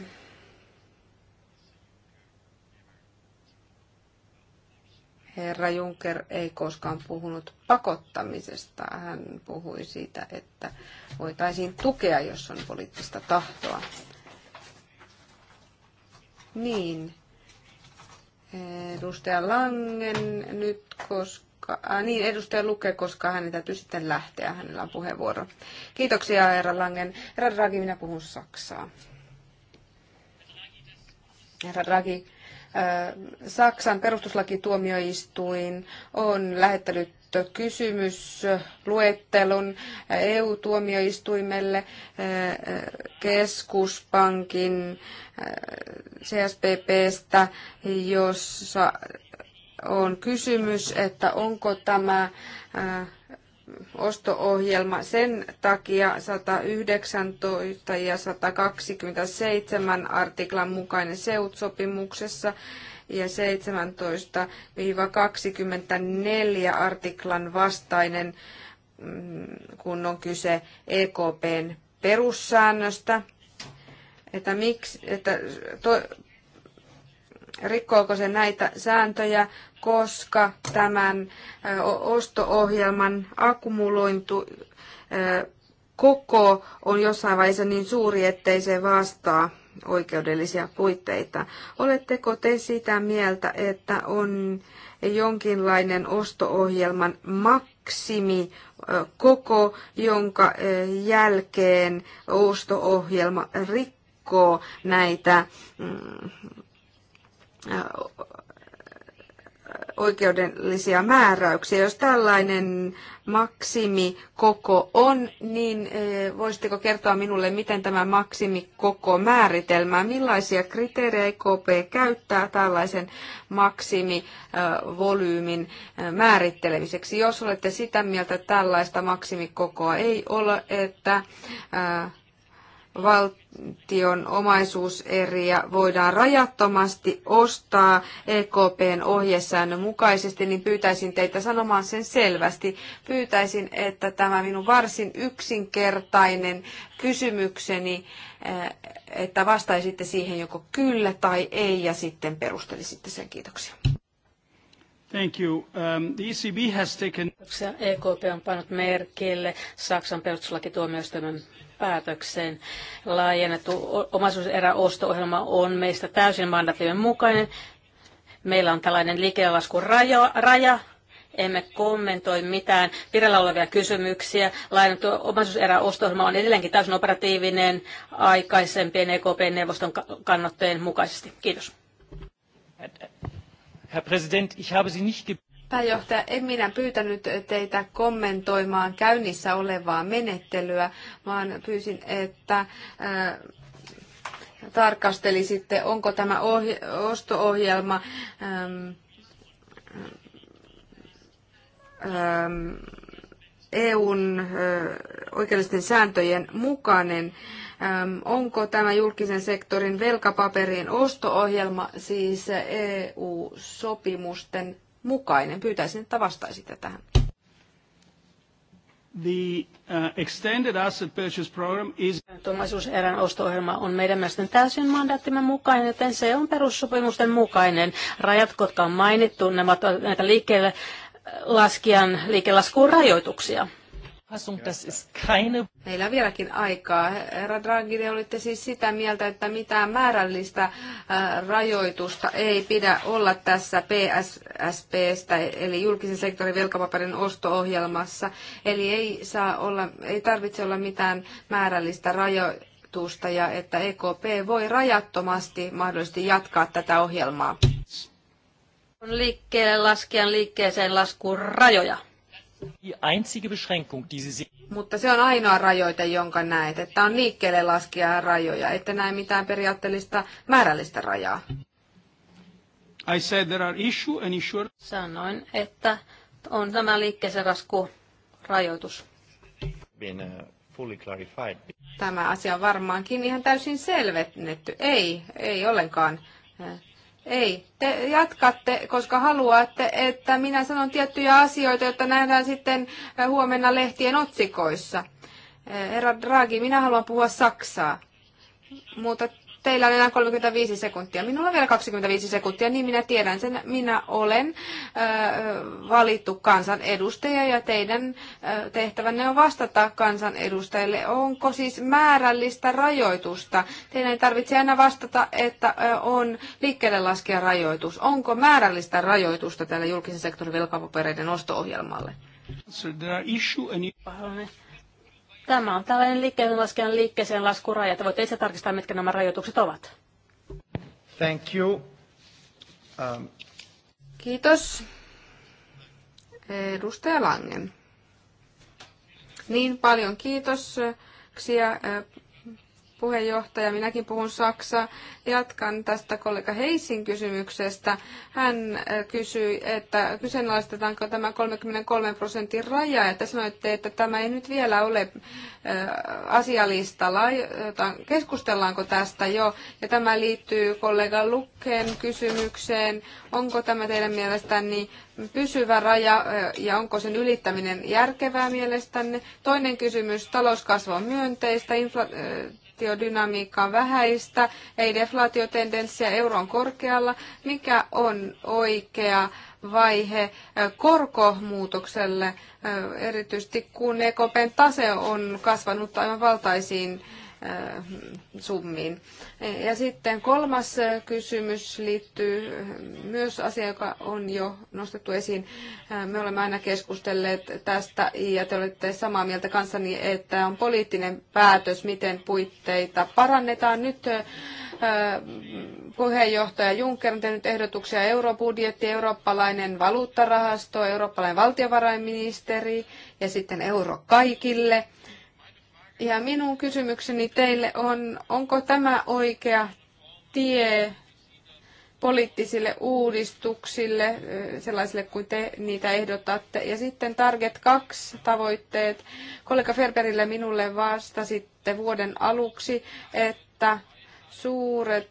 Herra Juncker ei koskaan puhunut pakottamisesta. Hän puhui siitä, että voitaisiin tukea, jos on poliittista tahtoa. Niin. Edustaja Langen nyt, koska... Äh, niin, edustaja Luke, koska hänen täytyy sitten lähteä. Hänellä on puheenvuoro. Kiitoksia, herra Langen. Herra Draghi, minä puhun saksaa. Herra Draghi, Saksan perustuslakituomioistuin on lähettänyt kysymysluettelun EU-tuomioistuimelle, keskuspankin CSPPstä, jossa on kysymys, että onko tämä osto-ohjelma. Sen takia 119 ja 127 artiklan mukainen SEUT-sopimuksessa ja 17-24 artiklan vastainen, mm, kun on kyse EKPn perussäännöstä, että, miksi, että to, rikkooko se näitä sääntöjä, koska tämän osto-ohjelman akkumulointu koko on jossain vaiheessa niin suuri, ettei se vastaa oikeudellisia puitteita. Oletteko te sitä mieltä, että on jonkinlainen osto-ohjelman maksimi koko, jonka jälkeen osto-ohjelma rikkoo näitä mm, oikeudellisia määräyksiä. Jos tällainen maksimikoko on, niin voisitteko kertoa minulle, miten tämä maksimikoko määritelmää, millaisia kriteerejä IKP e käyttää tällaisen maksimivolyymin määrittelemiseksi? Jos olette sitä mieltä, että tällaista maksimikokoa ei ole, että valtion omaisuuseriä voidaan rajattomasti ostaa EKPn ohjesäännön mukaisesti, niin pyytäisin teitä sanomaan sen selvästi. Pyytäisin, että tämä minun varsin yksinkertainen kysymykseni, eh, että vastaisitte siihen joko kyllä tai ei ja sitten perustelisitte sen. Kiitoksia. Thank you. Um, the ECB has taken... EKP on pannut merkille Saksan perustuslakituomioistuimen päätökseen. Laajennettu osto ohjelma on meistä täysin mandatiiven mukainen. Meillä on tällainen liikelaskun raja, raja emme kommentoi mitään vireillä olevia kysymyksiä. Lainattu omaisuuserä ostohjelma on edelleenkin täysin operatiivinen aikaisempien EKP-neuvoston kannattajien mukaisesti. Kiitos. Herr Präsident, ich habe Sie nicht Pääjohtaja, en minä pyytänyt teitä kommentoimaan käynnissä olevaa menettelyä, vaan pyysin, että äh, tarkastelisitte, onko tämä ohje- osto-ohjelma ähm, ähm, EUn äh, oikeudellisten sääntöjen mukainen. Ähm, onko tämä julkisen sektorin velkapaperien osto-ohjelma siis äh, EU-sopimusten mukainen. Pyytäisin, että vastaisitte tähän. The uh, extended asset purchase program is... Tuomaisuuserän osto-ohjelma on meidän mielestä täysin mandaattimme mukainen, joten se on perussopimusten mukainen. Rajat, jotka on mainittu, nämä ovat näitä liikkeelle äh, laskijan liikelaskuun rajoituksia. Meillä on vieläkin aikaa. Herra Draghi, te olitte siis sitä mieltä, että mitään määrällistä äh, rajoitusta ei pidä olla tässä PSSP, eli julkisen sektorin velkapaperin osto-ohjelmassa. Eli ei, saa olla, ei tarvitse olla mitään määrällistä rajoitusta ja että EKP voi rajattomasti mahdollisesti jatkaa tätä ohjelmaa. On liikkeelle laskijan liikkeeseen laskuun rajoja. Mutta se on ainoa rajoite, jonka näet, että on liikkeelle laskea rajoja, että näe mitään periaatteellista määrällistä rajaa. I said there are issue and issue... Sanoin, että on tämä liikkeeseen lasku rajoitus. Been, uh, fully clarified. Tämä asia on varmaankin ihan täysin selvennetty. Ei, ei ollenkaan. Ei, te jatkatte, koska haluatte, että minä sanon tiettyjä asioita, jotta nähdään sitten eh, huomenna lehtien otsikoissa. Eh, herra Draghi, minä haluan puhua Saksaa, mutta teillä on enää 35 sekuntia. Minulla on vielä 25 sekuntia, niin minä tiedän sen. Minä olen äh, valittu kansanedustaja ja teidän äh, tehtävänne on vastata kansanedustajille. Onko siis määrällistä rajoitusta? Teidän ei tarvitse aina vastata, että äh, on liikkeelle laskea rajoitus. Onko määrällistä rajoitusta tällä julkisen sektorin velkapapereiden osto-ohjelmalle? So there are issue and... Tämä on tällainen liikkeenlaskijan liikkeeseen laskuraja. Te voitte itse tarkistaa, mitkä nämä rajoitukset ovat. Thank you. Um. Kiitos. Edustaja Langen. Niin paljon kiitos kiitoksia puheenjohtaja, minäkin puhun Saksaa. Jatkan tästä kollega Heisin kysymyksestä. Hän äh, kysyi, että kyseenalaistetaanko tämä 33 prosentin raja, ja te sanoitte, että tämä ei nyt vielä ole äh, asialistalla. Keskustellaanko tästä jo? Ja tämä liittyy kollega Lukken kysymykseen. Onko tämä teidän mielestänne pysyvä raja äh, ja onko sen ylittäminen järkevää mielestänne? Toinen kysymys, talouskasvu on myönteistä, infla- inflaatiodynamiikka on vähäistä, ei deflaatiotendenssiä, euro on korkealla. Mikä on oikea vaihe korkomuutokselle, erityisesti kun EKPn tase on kasvanut aivan valtaisiin Äh, summiin. Ja sitten kolmas äh, kysymys liittyy äh, myös asia, joka on jo nostettu esiin. Me olemme aina keskustelleet tästä ja te olette samaa mieltä kanssani, että on poliittinen päätös, miten puitteita parannetaan. Nyt puheenjohtaja Juncker on tehnyt ehdotuksia eurobudjetti, eurooppalainen valuuttarahasto, eurooppalainen valtiovarainministeri ja sitten euro kaikille. Ja minun kysymykseni teille on, onko tämä oikea tie poliittisille uudistuksille, sellaisille kuin te niitä ehdotatte. Ja sitten Target 2 tavoitteet. Kollega Ferberille minulle vastasitte vuoden aluksi, että suuret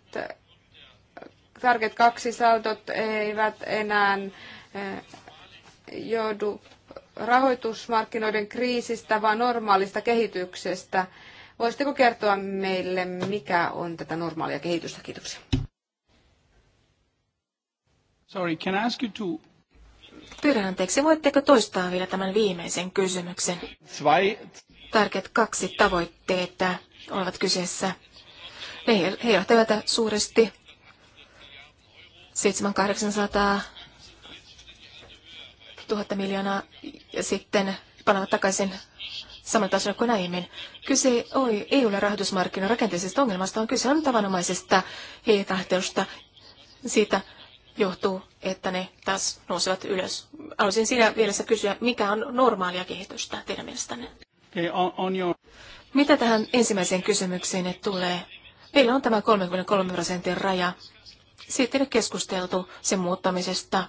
Target 2 saldot eivät enää joudu rahoitusmarkkinoiden kriisistä, vaan normaalista kehityksestä. Voisitteko kertoa meille, mikä on tätä normaalia kehitystä? Kiitoksia. Sorry, can I ask you to... Pyydän anteeksi, voitteko toistaa vielä tämän viimeisen kysymyksen? Zwei. kaksi tavoitteita ovat kyseessä. Ne heijastavat suuresti 700-800 tuhatta miljoonaa ja sitten palaavat takaisin saman tasolla kuin aiemmin. Kyse oi, ei ole rahoitusmarkkinoiden rakenteellisesta ongelmasta, on kyse on tavanomaisesta heitahtelusta. Siitä johtuu, että ne taas nousevat ylös. Haluaisin siinä mielessä kysyä, mikä on normaalia kehitystä teidän mielestänne? Okay, on, on jo. Mitä tähän ensimmäiseen kysymykseen tulee? Meillä on tämä 33 prosentin raja. Siitä ei ole keskusteltu sen muuttamisesta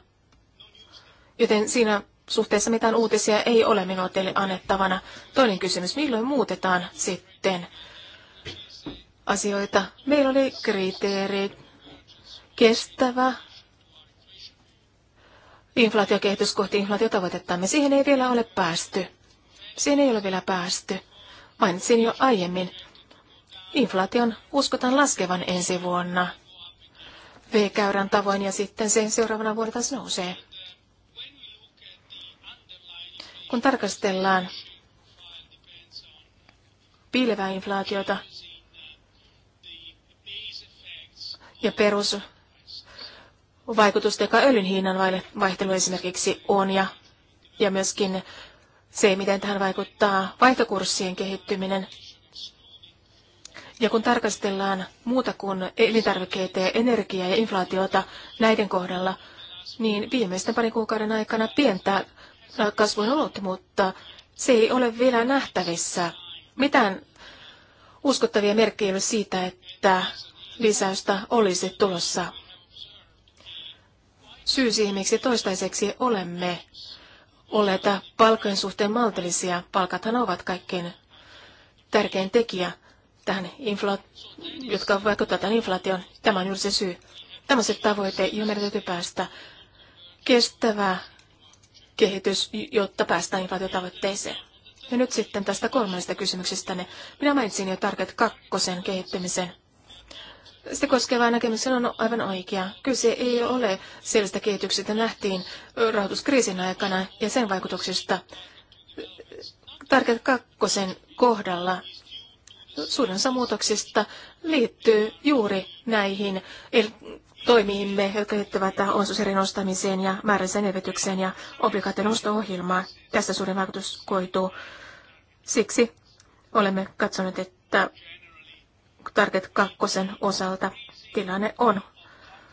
Joten siinä suhteessa mitään uutisia ei ole minua teille annettavana. Toinen kysymys, milloin muutetaan sitten asioita? Meillä oli kriteeri kestävä inflaatiokehitys kohti inflaatiotavoitettamme. Siihen ei vielä ole päästy. Siihen ei ole vielä päästy. Mainitsin jo aiemmin. Inflaation uskotaan laskevan ensi vuonna. V-käyrän tavoin ja sitten sen seuraavana vuonna taas nousee. Kun tarkastellaan piilevää inflaatiota ja vaikutusta, joka öljyn hinnan vaihtelu esimerkiksi on, ja, ja myöskin se, miten tähän vaikuttaa vaihtokurssien kehittyminen. Ja kun tarkastellaan muuta kuin elintarvikkeita ja energiaa ja inflaatiota näiden kohdalla, niin viimeisten parin kuukauden aikana pientä Äh, kasvu on mutta se ei ole vielä nähtävissä. Mitään uskottavia merkkejä ole siitä, että lisäystä olisi tulossa. Syy siihen, miksi toistaiseksi olemme olleet palkojen suhteen maltillisia, palkathan ovat kaikkein tärkein tekijä tähän infla- jotka vaikuttavat tämän inflaation. Tämä on juuri se syy. Tämä on se tavoite, johon meidän täytyy päästä. Kestävä kehitys, jotta päästään inflaatiotavoitteeseen. Ja nyt sitten tästä kolmannesta kysymyksestä. Minä mainitsin jo tarkat kakkosen kehittymisen. Sitä koskeva näkemys on aivan oikea. Kyse ei ole sellaista kehityksestä nähtiin rahoituskriisin aikana ja sen vaikutuksista. Tarkat kakkosen kohdalla suurin muutoksista liittyy juuri näihin toimiimme, jotka liittyvät osuuserien ostamiseen ja määrällisen elvytykseen ja obligaation osto-ohjelmaan. Tässä suurin vaikutus koituu. Siksi olemme katsoneet, että Target 2 osalta tilanne on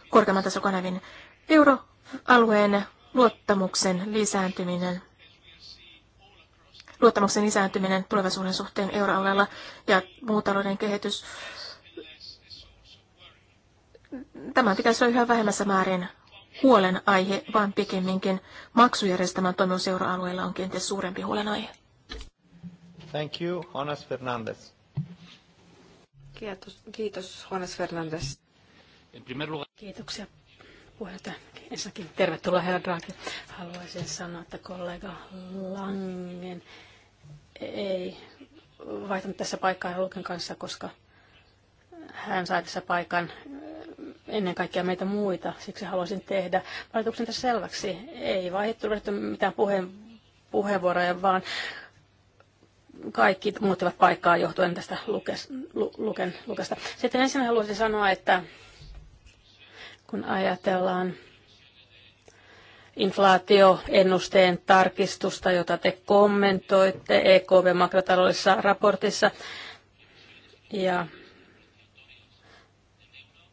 korkeamman tasokanavin euroalueen luottamuksen lisääntyminen luottamuksen lisääntyminen tulevaisuuden suhteen euroalueella ja muu talouden kehitys tämä pitäisi olla yhä vähemmässä määrin huolenaihe, vaan pikemminkin maksujärjestelmän seura-alueella on kenties suurempi huolenaihe. Thank you, Jonas Fernandez. Kiitos, kiitos Jonas Fernandez. Kiitoksia puheenjohtaja. Ensinnäkin tervetuloa herra Draghi. Haluaisin sanoa, että kollega Langen ei vaihtanut tässä paikkaa Hulken kanssa, koska hän sai tässä paikan ennen kaikkea meitä muita, siksi haluaisin tehdä valituksen tässä selväksi. Ei vaihdettu mitään puheen, puheenvuoroja, vaan kaikki muuttivat paikkaa johtuen tästä lukes, lu, luken, lukesta. Sitten ensin haluaisin sanoa, että kun ajatellaan inflaatioennusteen tarkistusta, jota te kommentoitte EKV makrotaloudessa raportissa, ja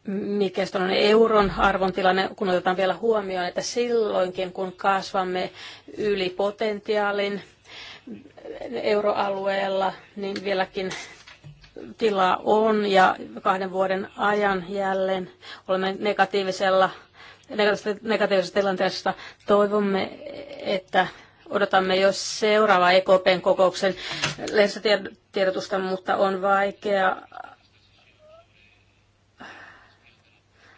mikä on euron arvon tilanne, kun otetaan vielä huomioon, että silloinkin kun kasvamme yli potentiaalin euroalueella, niin vieläkin tilaa on ja kahden vuoden ajan jälleen olemme negatiivisella negatiivisessa tilanteessa. Toivomme, että odotamme jo seuraava EKPn kokouksen lehdistötiedotusta, mutta on vaikea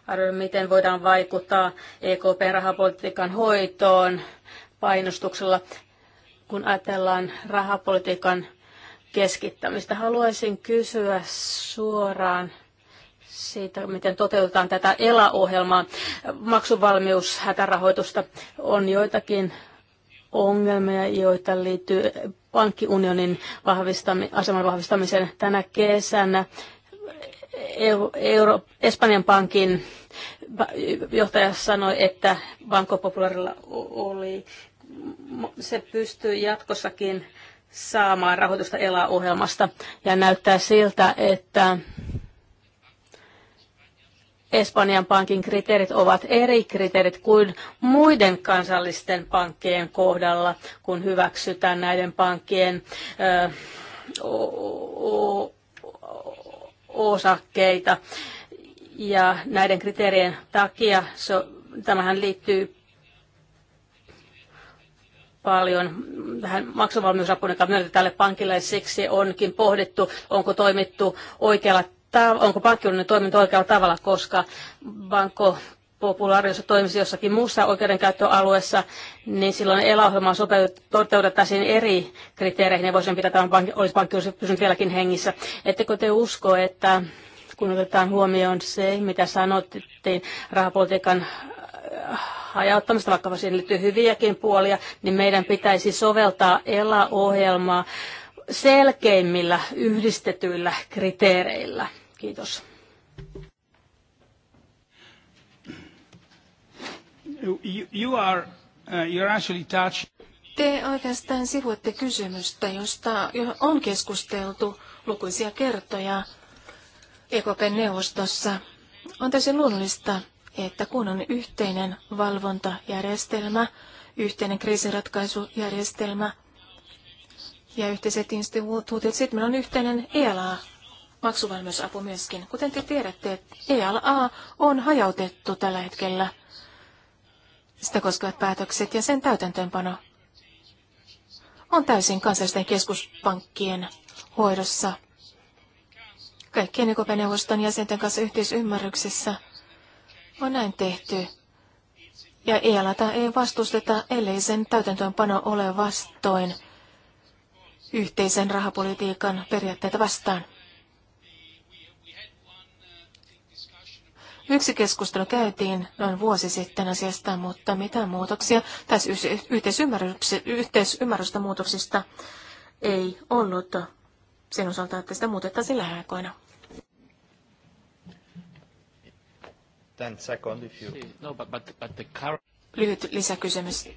arvioida, miten voidaan vaikuttaa ekp rahapolitiikan hoitoon painostuksella, kun ajatellaan rahapolitiikan keskittämistä. Haluaisin kysyä suoraan siitä, miten toteutetaan tätä ELA-ohjelmaa. Maksuvalmius hätärahoitusta on joitakin ongelmia, joita liittyy pankkiunionin vahvistami, aseman vahvistamiseen tänä kesänä. Euro, Euro, Espanjan pankin johtaja sanoi, että Banco Popularilla oli, se pystyy jatkossakin saamaan rahoitusta ELA-ohjelmasta ja näyttää siltä, että Espanjan pankin kriteerit ovat eri kriteerit kuin muiden kansallisten pankkien kohdalla, kun hyväksytään näiden pankkien ö, o, o, osakkeita. Ja näiden kriteerien takia so, tämähän liittyy paljon tähän maksuvalmiusapuun, joka myönnetään tälle pankille, ja siksi onkin pohdittu, onko toimittu oikealla onko pankkiunionin toiminut oikealla tavalla, koska banko populaarisuus toimisi jossakin muussa oikeudenkäyttöalueessa, niin silloin ELA-ohjelma toteutettaisiin eri kriteereihin ja voisi pitää tämän pankki, olisi pankki olisi pysynyt vieläkin hengissä. Ettekö te usko, että kun otetaan huomioon se, mitä sanottiin rahapolitiikan äh, hajauttamista, vaikka siihen liittyy hyviäkin puolia, niin meidän pitäisi soveltaa ELA-ohjelmaa selkeimmillä yhdistetyillä kriteereillä. Kiitos. Uh, te oikeastaan sivuatte kysymystä, josta on keskusteltu lukuisia kertoja EKPn neuvostossa. On täysin luonnollista, että kun on yhteinen valvontajärjestelmä, yhteinen kriisiratkaisujärjestelmä ja yhteiset instituutit, sitten meillä on yhteinen ELA, maksuvalmiusapu myöskin. Kuten te tiedätte, ELA on hajautettu tällä hetkellä – sitä koskevat päätökset ja sen täytäntöönpano on täysin kansallisten keskuspankkien hoidossa. Kaikkien EKP-neuvoston jäsenten kanssa yhteisymmärryksessä on näin tehty. Ja ELAta ei vastusteta, ellei sen täytäntöönpano ole vastoin yhteisen rahapolitiikan periaatteita vastaan. Yksi keskustelu käytiin noin vuosi sitten asiasta, mutta mitään muutoksia tai siis yhteisymmärrystä muutoksista ei ollut sen osalta, että sitä muutettaisiin lähiaikoina. No, Lyhyt lisäkysymys.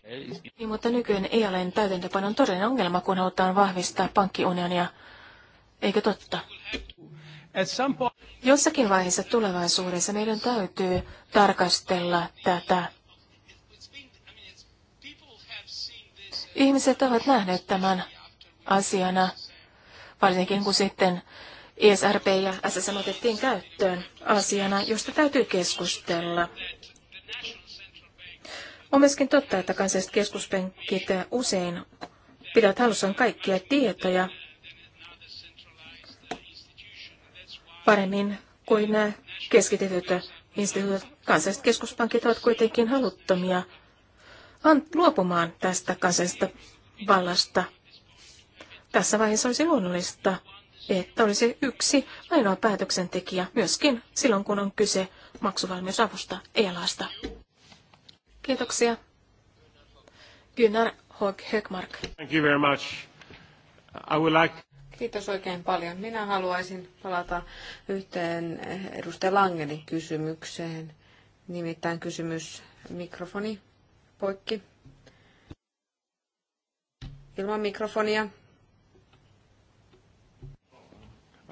Niin, mutta nykyinen ole täytäntöpanon todellinen ongelma, kun halutaan vahvistaa pankkiunionia. Eikö totta? Jossakin vaiheessa tulevaisuudessa meidän täytyy tarkastella tätä. Ihmiset ovat nähneet tämän asiana, varsinkin kun sitten ISRP e ja SSM otettiin käyttöön asiana, josta täytyy keskustella. On myöskin totta, että kansalliset keskuspenkit usein pitävät halussaan kaikkia tietoja, paremmin kuin nämä keskitetyt instituutiot. Kansalliset keskuspankit ovat kuitenkin haluttomia luopumaan tästä kansallisesta vallasta. Tässä vaiheessa olisi luonnollista, että olisi yksi ainoa päätöksentekijä myöskin silloin, kun on kyse maksuvalmiusavusta ELAsta. Kiitoksia. Gunnar Högmark. Thank you very much. I would like... Kiitos oikein paljon. Minä haluaisin palata yhteen edustaja langeni kysymykseen. Nimittäin kysymys mikrofoni poikki. Ilman mikrofonia.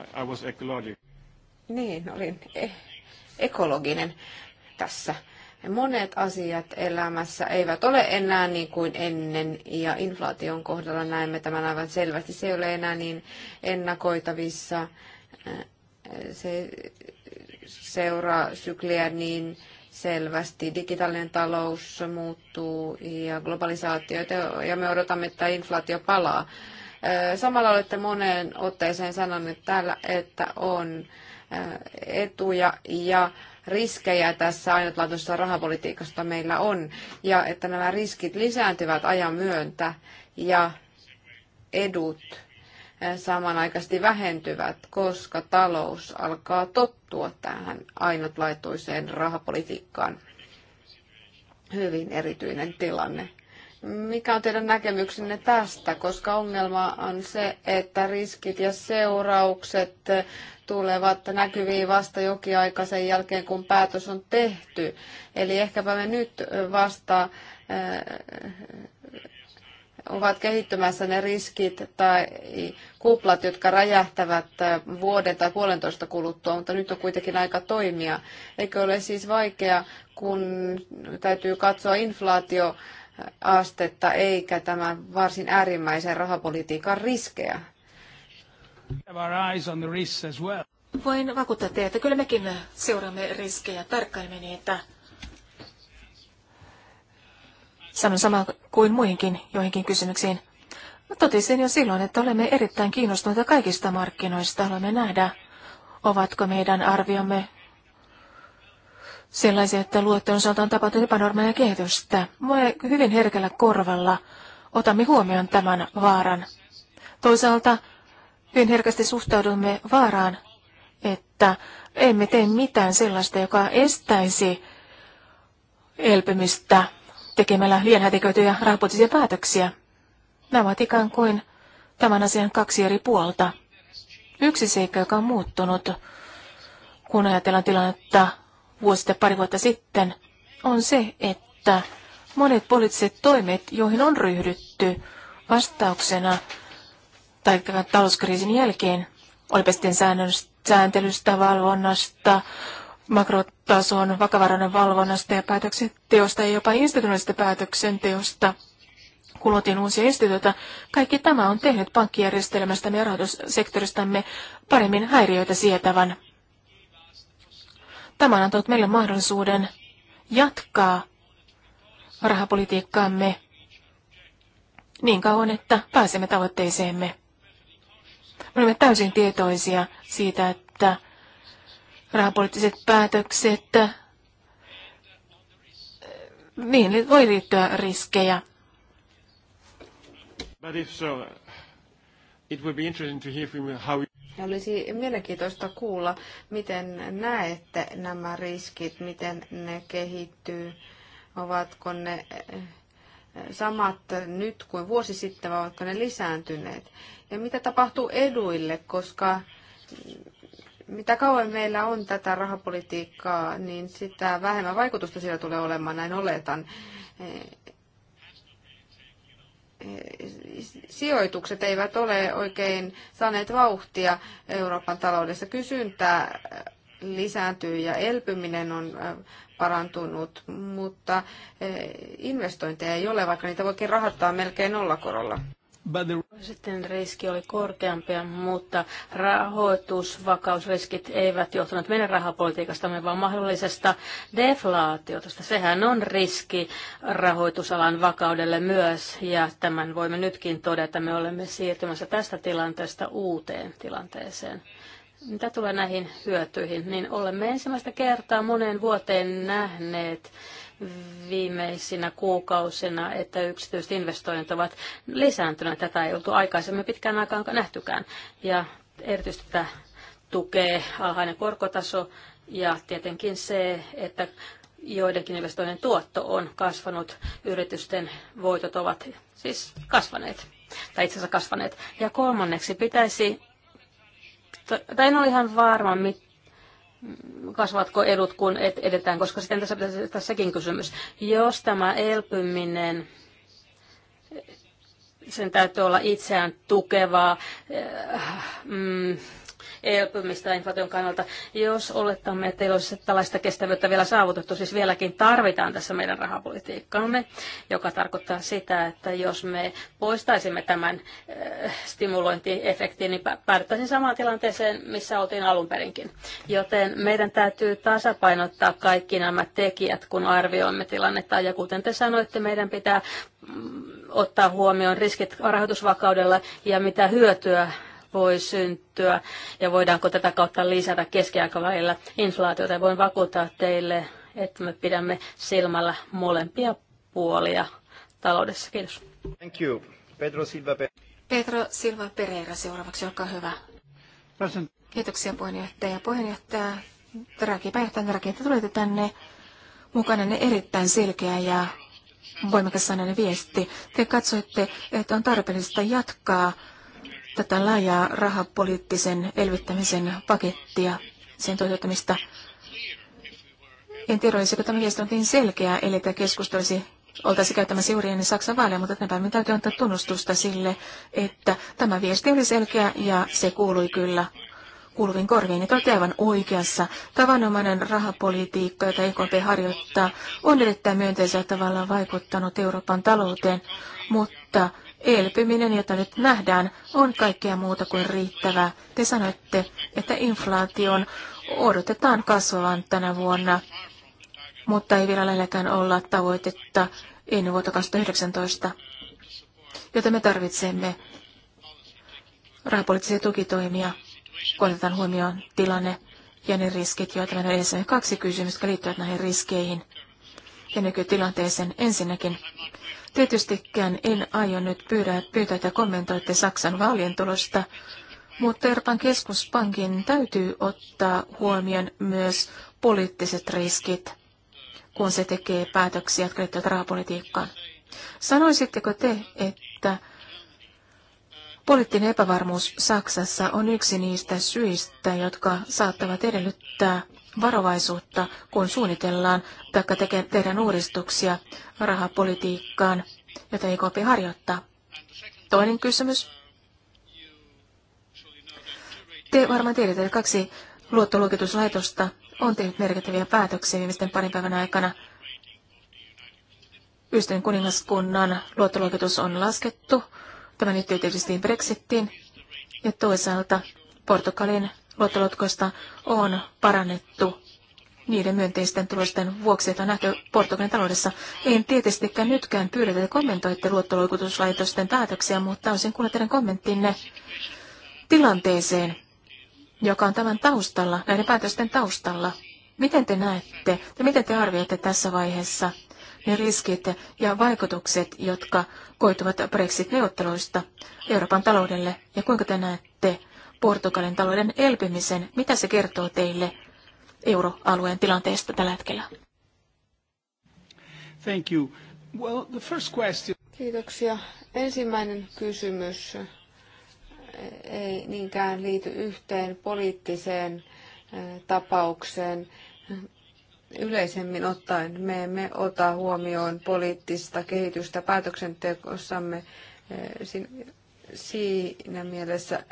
I was Niin, olin e- ekologinen tässä. Monet asiat elämässä eivät ole enää niin kuin ennen ja inflaation kohdalla näemme tämän aivan selvästi. Se ei ole enää niin ennakoitavissa. Äh, se seuraa sykliä niin selvästi. Digitaalinen talous muuttuu ja globalisaatio, ja me odotamme, että inflaatio palaa. Äh, samalla olette moneen otteeseen sanoneet täällä, että on äh, etuja ja riskejä tässä ainutlaatuisessa rahapolitiikasta meillä on, ja että nämä riskit lisääntyvät ajan myöntä ja edut eh, samanaikaisesti vähentyvät, koska talous alkaa tottua tähän ainutlaatuiseen rahapolitiikkaan. Hyvin erityinen tilanne. Mikä on teidän näkemyksenne tästä, koska ongelma on se, että riskit ja seuraukset tulevat näkyviin vasta jokin aika sen jälkeen, kun päätös on tehty. Eli ehkäpä me nyt vasta äh, ovat kehittymässä ne riskit tai kuplat, jotka räjähtävät äh, vuoden tai puolentoista kuluttua, mutta nyt on kuitenkin aika toimia. Eikö ole siis vaikea, kun täytyy katsoa inflaatio astetta eikä tämän varsin äärimmäisen rahapolitiikan riskejä. Voin vakuuttaa teitä, että kyllä mekin seuraamme riskejä, tarkkaimmin niitä. Sanon sama kuin muihinkin joihinkin kysymyksiin. Totisin jo silloin, että olemme erittäin kiinnostuneita kaikista markkinoista. Haluamme nähdä, ovatko meidän arviomme sellaisia, että luottojen osalta on epänormaalia kehitystä. Me hyvin herkällä korvalla otamme huomioon tämän vaaran. Toisaalta hyvin herkästi suhtaudumme vaaraan, että emme tee mitään sellaista, joka estäisi elpymistä tekemällä lienhätiköityjä raporttisia päätöksiä. Nämä ovat ikään kuin tämän asian kaksi eri puolta. Yksi seikka, joka on muuttunut, kun ajatellaan tilannetta vuosi tai pari vuotta sitten, on se, että monet poliittiset toimet, joihin on ryhdytty vastauksena tai talouskriisin jälkeen, olipa sitten sääntelystä, valvonnasta, makrotason vakavarainen valvonnasta ja päätöksenteosta ja jopa institutionaalista päätöksenteosta, kulotin uusia instituutioita. Kaikki tämä on tehnyt pankkijärjestelmästämme ja rahoitussektoristamme paremmin häiriöitä sietävän Tämä on antanut meille mahdollisuuden jatkaa rahapolitiikkaamme niin kauan, että pääsemme tavoitteeseemme. Me olemme täysin tietoisia siitä, että rahapoliittiset päätökset, niin voi liittyä riskejä. But if so, it would be interesting to hear from you how olisi mielenkiintoista kuulla, miten näette nämä riskit, miten ne kehittyy, ovatko ne eh, samat nyt kuin vuosi sitten, vai ovatko ne lisääntyneet? Ja mitä tapahtuu eduille, koska mitä kauan meillä on tätä rahapolitiikkaa, niin sitä vähemmän vaikutusta sillä tulee olemaan, näin oletan. Eh, sijoitukset eivät ole oikein saaneet vauhtia Euroopan taloudessa. Kysyntää lisääntyy ja elpyminen on parantunut, mutta investointeja ei ole, vaikka niitä voikin rahoittaa melkein nollakorolla. Sitten riski oli korkeampia, mutta rahoitusvakausriskit eivät johtuneet meidän rahapolitiikastamme, vaan mahdollisesta deflaatiota. Sehän on riski rahoitusalan vakaudelle myös, ja tämän voimme nytkin todeta. Me olemme siirtymässä tästä tilanteesta uuteen tilanteeseen. Mitä tulee näihin hyötyihin, niin olemme ensimmäistä kertaa moneen vuoteen nähneet viimeisinä kuukausina, että yksityiset investoinnit ovat lisääntyneet. Tätä ei oltu aikaisemmin pitkään aikaan nähtykään. Ja erityisesti tämä tukee alhainen korkotaso ja tietenkin se, että joidenkin investoinnin tuotto on kasvanut, yritysten voitot ovat siis kasvaneet, tai itse asiassa kasvaneet. Ja kolmanneksi pitäisi, tai en ole ihan varma, mit, kasvatko edut, kun edetään, koska sitten tässä pitäisi tässäkin kysymys. Jos tämä elpyminen, sen täytyy olla itseään tukevaa, eh, mm, elpymistä inflaation kannalta. Jos olettamme, että ei olisi tällaista kestävyyttä vielä saavutettu, siis vieläkin tarvitaan tässä meidän rahapolitiikkaamme, joka tarkoittaa sitä, että jos me poistaisimme tämän äh, eh, stimulointiefektiin, niin päädyttäisiin samaan tilanteeseen, missä oltiin alun perinkin. Joten meidän täytyy tasapainottaa kaikki nämä tekijät, kun arvioimme tilannetta. Ja kuten te sanoitte, meidän pitää mm, ottaa huomioon riskit rahoitusvakaudella ja mitä hyötyä voi syntyä ja voidaanko tätä kautta lisätä keskiaikavälillä inflaatiota. Voin vakuuttaa teille, että me pidämme silmällä molempia puolia taloudessa. Kiitos. Thank you. Pedro Silva, Pe- Pedro Silva Pereira seuraavaksi, olkaa hyvä. Present. Kiitoksia puheenjohtaja. Puheenjohtaja Draghi, pääjohtaja Draghi, että tulette tänne mukana ne erittäin selkeä ja voimakas sanainen viesti. Te katsoitte, että on tarpeellista jatkaa tätä laajaa rahapoliittisen elvyttämisen pakettia, sen toteuttamista. En tiedä, olisiko tämä viesti on niin selkeä, eli tämä keskustelu olisi oltaisiin käyttämässä juuri ennen Saksan vaaleja, mutta tänä päivänä täytyy antaa tunnustusta sille, että tämä viesti oli selkeä ja se kuului kyllä kuuluvin korviin. Ja olette aivan oikeassa. Tavanomainen rahapolitiikka, jota EKP harjoittaa, on erittäin myönteisellä tavalla vaikuttanut Euroopan talouteen, mutta Elpyminen, jota nyt nähdään, on kaikkea muuta kuin riittävää. Te sanoitte, että inflaation odotetaan kasvavan tänä vuonna, mutta ei vielä lähelläkään olla tavoitetta ennen vuotta 2019, joten me tarvitsemme rahapoliittisia tukitoimia, kun otetaan huomioon tilanne ja ne riskit, joita meillä on edessä. Kaksi kysymystä liittyvät näihin riskeihin ja nykytilanteeseen. Ensinnäkin, Tietystikään en aio nyt pyydä, pyytää, että kommentoitte Saksan vaalien tulosta, mutta Euroopan keskuspankin täytyy ottaa huomioon myös poliittiset riskit, kun se tekee päätöksiä, jotka liittyvät rahapolitiikkaan. Sanoisitteko te, että poliittinen epävarmuus Saksassa on yksi niistä syistä, jotka saattavat edellyttää varovaisuutta, kun suunnitellaan tai teke, tehdään uudistuksia rahapolitiikkaan, jota EKP harjoittaa. Toinen kysymys. Te varmaan tiedätte, että kaksi luottoluokituslaitosta on tehnyt merkittäviä päätöksiä viimeisten parin päivän aikana. Yhdistyneen kuningaskunnan luottoluokitus on laskettu. Tämä nyt tietysti Brexittiin ja toisaalta Portugalin luottolotkoista on parannettu niiden myönteisten tulosten vuoksi, joita on nähty Portugalin taloudessa. En tietystikään nytkään pyydä, että kommentoitte luottoluokituslaitosten päätöksiä, mutta olisin kuulla teidän kommenttinne tilanteeseen, joka on tämän taustalla, näiden päätösten taustalla. Miten te näette ja miten te arvioitte tässä vaiheessa ne riskit ja vaikutukset, jotka koituvat Brexit-neuvotteluista Euroopan taloudelle ja kuinka te näette Portugalin talouden elpymisen. Mitä se kertoo teille euroalueen tilanteesta tällä hetkellä? Thank you. Well, the first question... Kiitoksia. Ensimmäinen kysymys ei niinkään liity yhteen poliittiseen eh, tapaukseen. Yleisemmin ottaen me emme ota huomioon poliittista kehitystä päätöksentekossamme eh, siinä mielessä,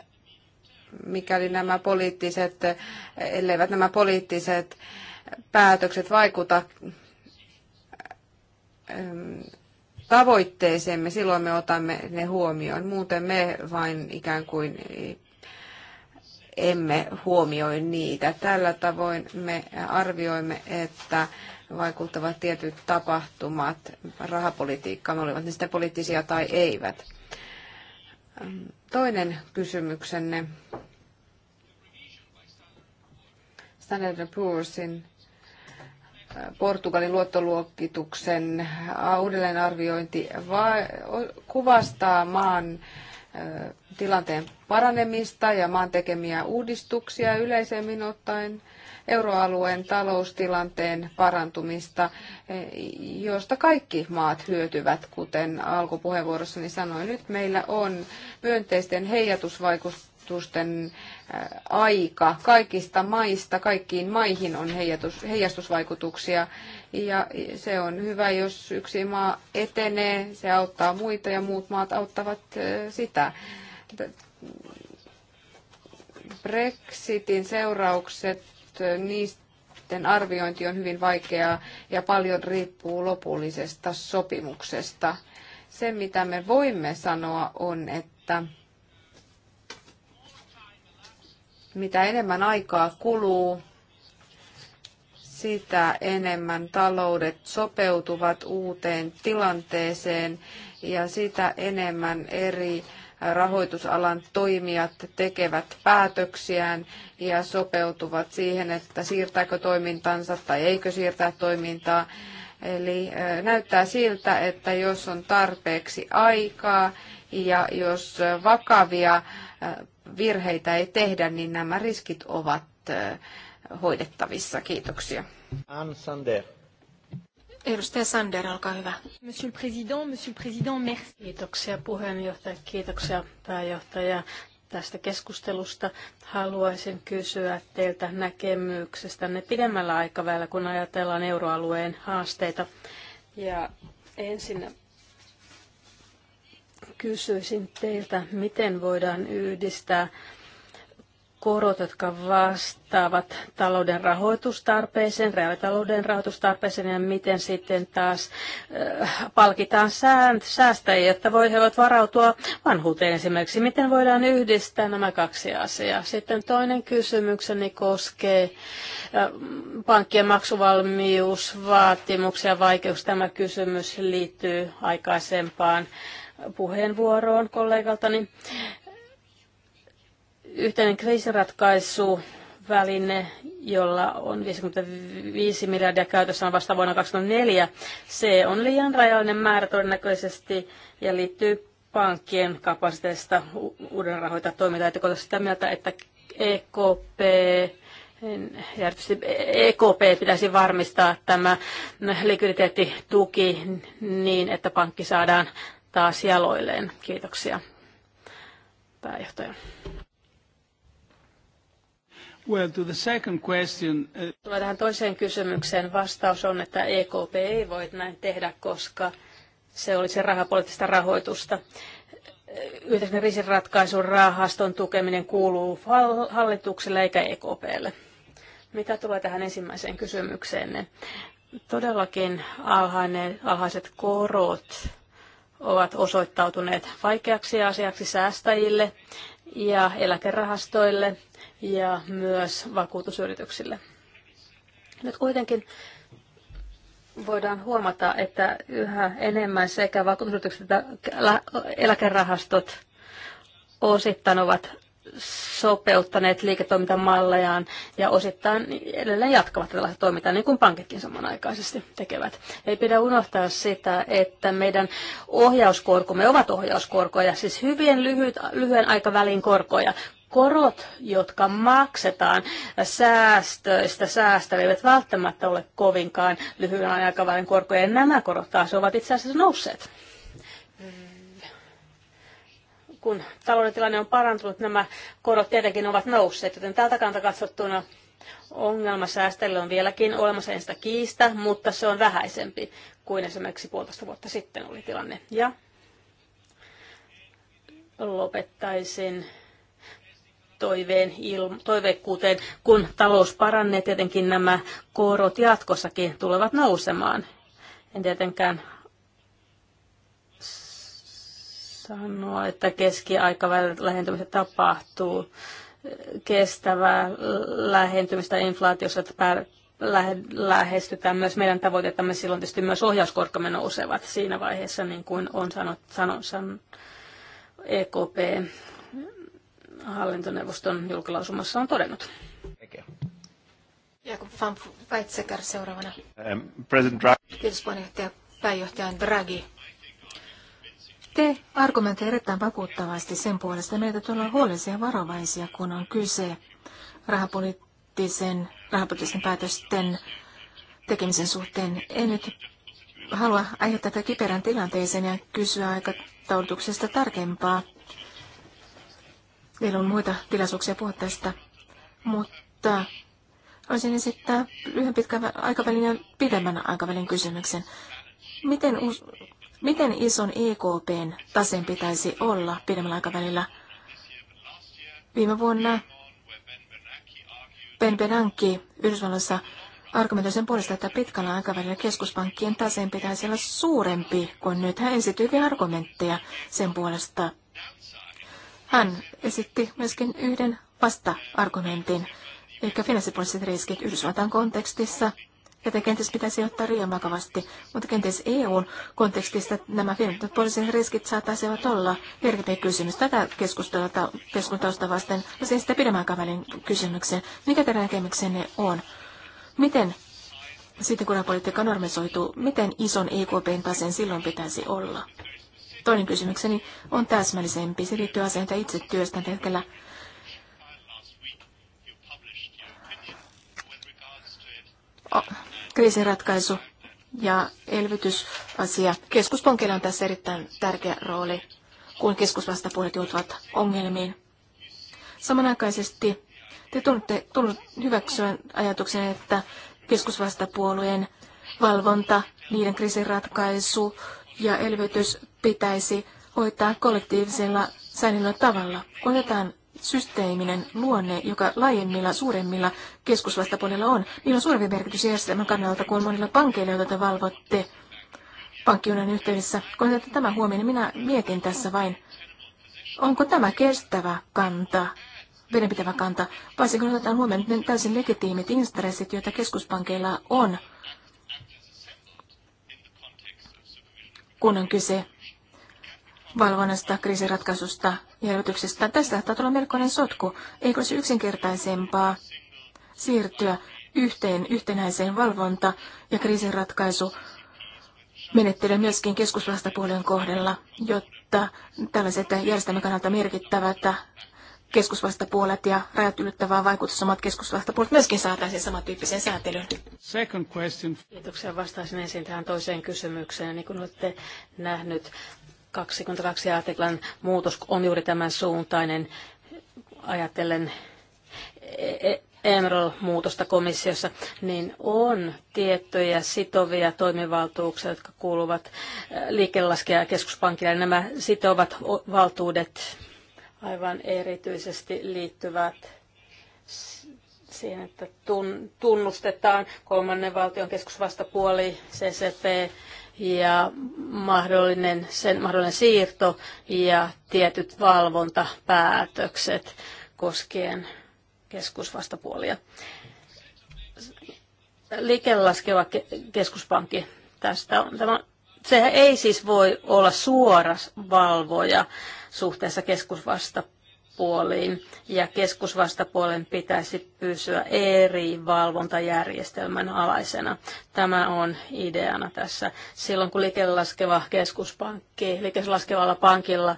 mikäli nämä poliittiset, elleivät nämä poliittiset päätökset vaikuta ähm, tavoitteeseemme, silloin me otamme ne huomioon. Muuten me vain ikään kuin emme huomioi niitä. Tällä tavoin me arvioimme, että vaikuttavat tietyt tapahtumat rahapolitiikkaan olivat ne sitten poliittisia tai eivät. Toinen kysymyksenne Standard Poor'sin Portugalin luottoluokituksen uudelleenarviointi kuvastaa maan tilanteen paranemista ja maan tekemiä uudistuksia yleisemmin ottaen euroalueen taloustilanteen parantumista, e, josta kaikki maat hyötyvät, kuten alkupuheenvuorossani sanoin. Nyt meillä on myönteisten heijastusvaikutusten e, aika. Kaikista maista, kaikkiin maihin on heijastusvaikutuksia ja se on hyvä, jos yksi maa etenee, se auttaa muita ja muut maat auttavat e, sitä. Brexitin seuraukset Eh, niiden arviointi on hyvin vaikeaa ja paljon riippuu lopullisesta sopimuksesta. Se, mitä me voimme sanoa, on, että mitä enemmän aikaa kuluu, sitä enemmän taloudet sopeutuvat uuteen tilanteeseen ja sitä enemmän eri rahoitusalan toimijat tekevät päätöksiään ja sopeutuvat siihen, että siirtääkö toimintansa tai eikö siirtää toimintaa. Eli näyttää siltä, että jos on tarpeeksi aikaa ja jos vakavia virheitä ei tehdä, niin nämä riskit ovat hoidettavissa. Kiitoksia. Edustaja Sander, olkaa hyvä. Monsieur le Président, Monsieur le Président, merci. Kiitoksia puheenjohtaja, kiitoksia pääjohtaja tästä keskustelusta. Haluaisin kysyä teiltä näkemyksestänne pidemmällä aikavälillä, kun ajatellaan euroalueen haasteita. Ja ensin kysyisin teiltä, miten voidaan yhdistää korot, jotka vastaavat talouden rahoitustarpeeseen, reaalitalouden rahoitustarpeeseen ja miten sitten taas äh, palkitaan säästäjiä, jotta voi, he voivat varautua vanhuuteen esimerkiksi. Miten voidaan yhdistää nämä kaksi asiaa? Sitten toinen kysymykseni koskee äh, pankkien maksuvalmiusvaatimuksia vaikeus. Tämä kysymys liittyy aikaisempaan puheenvuoroon kollegaltani yhteinen kriisiratkaisu väline, jolla on 55 miljardia käytössä vasta vuonna 2004. Se on liian rajallinen määrä todennäköisesti ja liittyy pankkien kapasiteetista uuden rahoittaa toimintaa. Ettekö ole sitä mieltä, että EKP, EKP e pitäisi varmistaa tämä likviditeettituki niin, että pankki saadaan taas jaloilleen. Kiitoksia pääjohtaja. Well, to the second question, uh... Tähän toiseen kysymykseen vastaus on, että EKP ei voi näin tehdä, koska se olisi rahapoliittista rahoitusta. Yhteisen riisiratkaisun rahaston tukeminen kuuluu hallitukselle eikä EKPlle. Mitä tulee tähän ensimmäiseen kysymykseenne? Todellakin alhainen, alhaiset korot ovat osoittautuneet vaikeaksi asiaksi säästäjille ja eläkerahastoille – ja myös vakuutusyrityksille. Nyt kuitenkin voidaan huomata, että yhä enemmän sekä vakuutusyritykset että eläkerahastot osittain ovat sopeuttaneet liiketoimintamallejaan ja osittain edelleen jatkavat tällaista toimintaa, niin kuin pankitkin samanaikaisesti tekevät. Ei pidä unohtaa sitä, että meidän ohjauskorkomme ovat ohjauskorkoja, siis hyvien lyhyt, lyhyen aikavälin korkoja korot, jotka maksetaan säästöistä säästävät, eivät välttämättä ole kovinkaan lyhyen aikavälin korkoja. nämä korot taas ovat itse asiassa nousseet. Kun talouden tilanne on parantunut, nämä korot tietenkin ovat nousseet, joten tältä kanta katsottuna ongelma säästelyllä on vieläkin olemassa, en sitä kiistä, mutta se on vähäisempi kuin esimerkiksi puolitoista vuotta sitten oli tilanne. Ja lopettaisin toiveen, ilma, toiveikkuuteen, kun talous parannee tietenkin nämä korot jatkossakin tulevat nousemaan. En tietenkään sanoa, että keskiaikavälillä lähentymistä tapahtuu kestävää lähentymistä inflaatiossa, että lähestytään myös meidän tavoitettamme. Silloin tietysti myös ohjauskorkamme nousevat siinä vaiheessa, niin kuin on sanottu sanon, san, EKP hallintoneuvoston julkilausumassa on todennut. Jakob van Weizsäcker seuraavana. Um, pääjohtaja Draghi. Te argumenteja erittäin vakuuttavasti sen puolesta, meitä tulee huolellisia ja varovaisia, kun on kyse rahapoliittisen, rahapoliittisen päätösten tekemisen suhteen. En nyt halua aiheuttaa tätä kiperän tilanteeseen ja kysyä aikataulutuksesta tarkempaa. Meillä on muita tilaisuuksia puhua tästä, mutta olisin esittää lyhyen pitkän aikavälin ja pidemmän aikavälin kysymyksen. Miten, miten ison EKPn taseen pitäisi olla pidemmällä aikavälillä? Viime vuonna Ben Bernanke Yhdysvalloissa argumentoi sen puolesta, että pitkällä aikavälillä keskuspankkien taseen pitäisi olla suurempi kuin nyt. Hän esitti argumentteja sen puolesta. Hän esitti myöskin yhden vasta-argumentin, eli finanssipoliittiset riskit Yhdysvaltain kontekstissa, jota kenties pitäisi ottaa riemakavasti, mutta kenties EUn kontekstista nämä finanssipoliittiset riskit saattaisivat olla merkittävä kysymys. Tätä keskustelua keskustelusta vasten, ja no sen siis sitä pidemmän aikavälin kysymykseen. mikä teidän näkemyksenne on? Miten sitten kun politiikka normisoituu, miten ison EKPn tasen silloin pitäisi olla? Toinen kysymykseni on täsmällisempi. Se liittyy asiaan, jota itse työstän hetkellä. kriisinratkaisu ja elvytysasia. Keskuspankilla on tässä erittäin tärkeä rooli, kun keskusvastapuolet joutuvat ongelmiin. Samanaikaisesti te tunnette, tunnette hyväksyä ajatuksen, että keskusvastapuolueen valvonta, niiden kriisinratkaisu, ratkaisu, ja elvytys pitäisi hoitaa kollektiivisella säännöllä tavalla. Otetaan systeeminen luonne, joka laajemmilla, suuremmilla keskusvastapuolilla on, niillä on suurempi merkitys järjestelmän kannalta kuin monilla pankeilla, joita te valvotte pankkiunan yhteydessä. Kun otetaan tämä huomioon, minä mietin tässä vain, onko tämä kestävä kanta, vedenpitävä kanta, varsinkin kun otetaan huomioon ne täysin legitiimit intressit, joita keskuspankeilla on kun on kyse valvonnasta, kriisiratkaisusta ja elvytyksestä. Tässä saattaa tulla melkoinen sotku. Eikö olisi yksinkertaisempaa siirtyä yhteen yhtenäiseen valvonta- ja kriisinratkaisu menettelyyn myöskin keskusvastapuolen kohdalla, jotta tällaiset järjestelmän kannalta merkittävät keskusvastapuolet ja rajat ylittävää vaikutus samat keskusvastapuolet myöskin saataisiin samantyyppiseen sääntelyyn. Second question. Kiitoksia. Vastaisin ensin tähän toiseen kysymykseen. Niin kuin olette nähnyt, 22 artiklan muutos on juuri tämän suuntainen ajatellen Emerald-muutosta komissiossa, niin on tiettyjä sitovia toimivaltuuksia, jotka kuuluvat liikelaskija ja keskuspankille. Nämä sitovat valtuudet aivan erityisesti liittyvät siihen, että tunnustetaan kolmannen valtion keskusvastapuoli, CCP, ja mahdollinen, sen mahdollinen siirto ja tietyt valvontapäätökset koskien keskusvastapuolia. Liikelaskeva keskuspankki. Tästä on, tämä sehän ei siis voi olla suoras valvoja suhteessa keskusvastapuoliin, ja keskusvastapuolen pitäisi pysyä eri valvontajärjestelmän alaisena. Tämä on ideana tässä. Silloin kun liikelaskeva keskuspankki, liikelaskevalla pankilla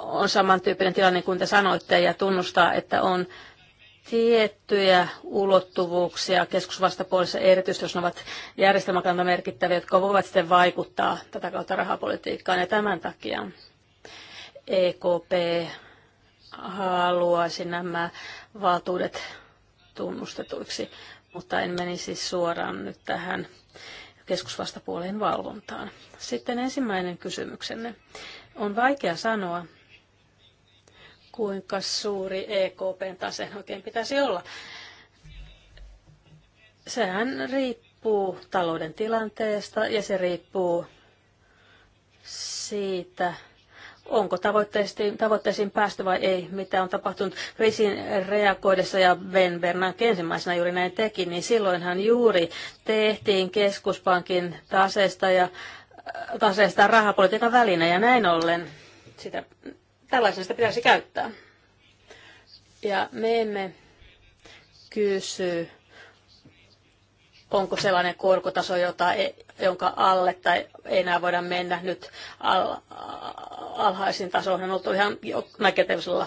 on samantyyppinen tilanne kuin te sanoitte, ja tunnustaa, että on tiettyjä ulottuvuuksia keskusvastapuolissa, erityisesti jos ne ovat järjestelmäkanta merkittäviä, jotka voivat sitten vaikuttaa tätä kautta rahapolitiikkaan. Ja tämän takia EKP haluaisi nämä valtuudet tunnustetuiksi, mutta en menisi suoraan nyt tähän keskusvastapuolen valvontaan. Sitten ensimmäinen kysymyksenne. On vaikea sanoa, kuinka suuri EKPn tase oikein pitäisi olla. Sehän riippuu talouden tilanteesta ja se riippuu siitä, onko tavoitteisiin, tavoitteisiin päästy vai ei, mitä on tapahtunut kriisin reagoidessa ja Ben Bernanke ensimmäisenä juuri näin teki, niin silloinhan juuri tehtiin keskuspankin taseesta ja taseesta rahapolitiikan väline ja näin ollen sitä tällaisen sitä pitäisi käyttää. Ja me emme kysy, onko sellainen korkotaso, jota ei, jonka alle tai ei enää voida mennä. Nyt al, alhaisin tasoon. on ollut ihan mäketevisellä,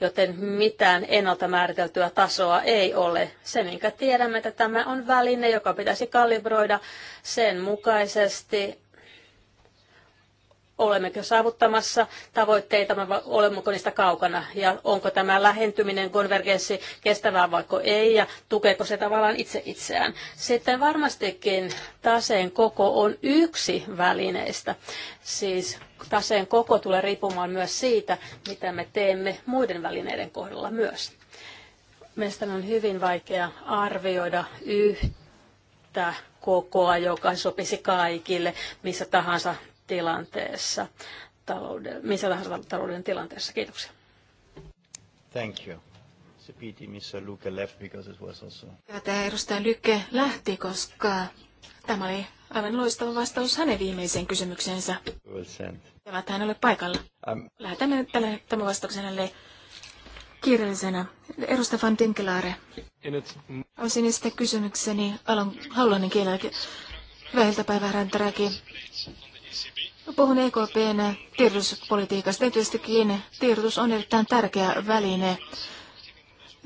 joten mitään ennalta määriteltyä tasoa ei ole. Se, minkä tiedämme, että tämä on väline, joka pitäisi kalibroida sen mukaisesti, olemmeko saavuttamassa tavoitteita, olemmeko niistä kaukana ja onko tämä lähentyminen, konvergenssi kestävää vai ei ja tukeeko se tavallaan itse itseään. Sitten varmastikin taseen koko on yksi välineistä. Siis taseen koko tulee riippumaan myös siitä, mitä me teemme muiden välineiden kohdalla myös. Meistä on hyvin vaikea arvioida yhtä kokoa, joka sopisi kaikille missä tahansa tilanteessa, talouden, missä tahansa talouden tilanteessa. Kiitoksia. Thank you. Se piti, missä Lykke left because it was also... Tämä edustaja Lykke lähti, koska tämä oli aivan loistava vastaus hänen viimeiseen kysymykseensä. Tämä, että hän ole paikalla. Um, Lähetämme tälle, tämän vastauksen hänelle kirjallisena. Edustaja Van Dinkelaare. Olisin esittää kysymykseni Alon Hallonen kielellä. Hyvää iltapäivää, Räntäräki. Puhun EKPn tiedotuspolitiikasta. Tietystikin tiedotus on erittäin tärkeä väline.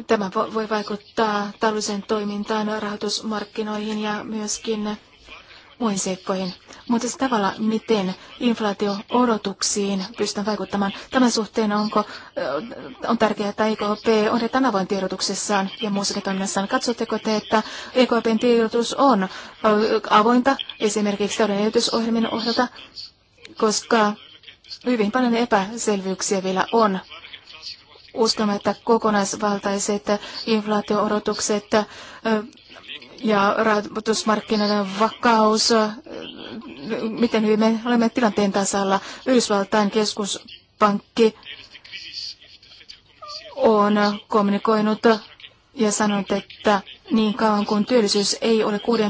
Tämä voi vaikuttaa taloudelliseen toimintaan, rahoitusmarkkinoihin ja myöskin muihin seikkoihin. Mutta se tavalla, miten inflaatio-odotuksiin pystytään vaikuttamaan, tämän suhteen onko, on tärkeää, että EKP on tämän avoin tiedotuksessaan ja muussakin toiminnassaan. Katsotteko te, että EKPn tiedotus on avointa esimerkiksi teidän ohjelmien ohjelta? koska hyvin paljon epäselvyyksiä vielä on. Uskomme, että kokonaisvaltaiset inflaatioodotukset ja rahoitusmarkkinoiden vakaus, miten hyvin me olemme tilanteen tasalla. Yhdysvaltain keskuspankki on kommunikoinut ja sanonut, että niin kauan kuin työllisyys ei ole 6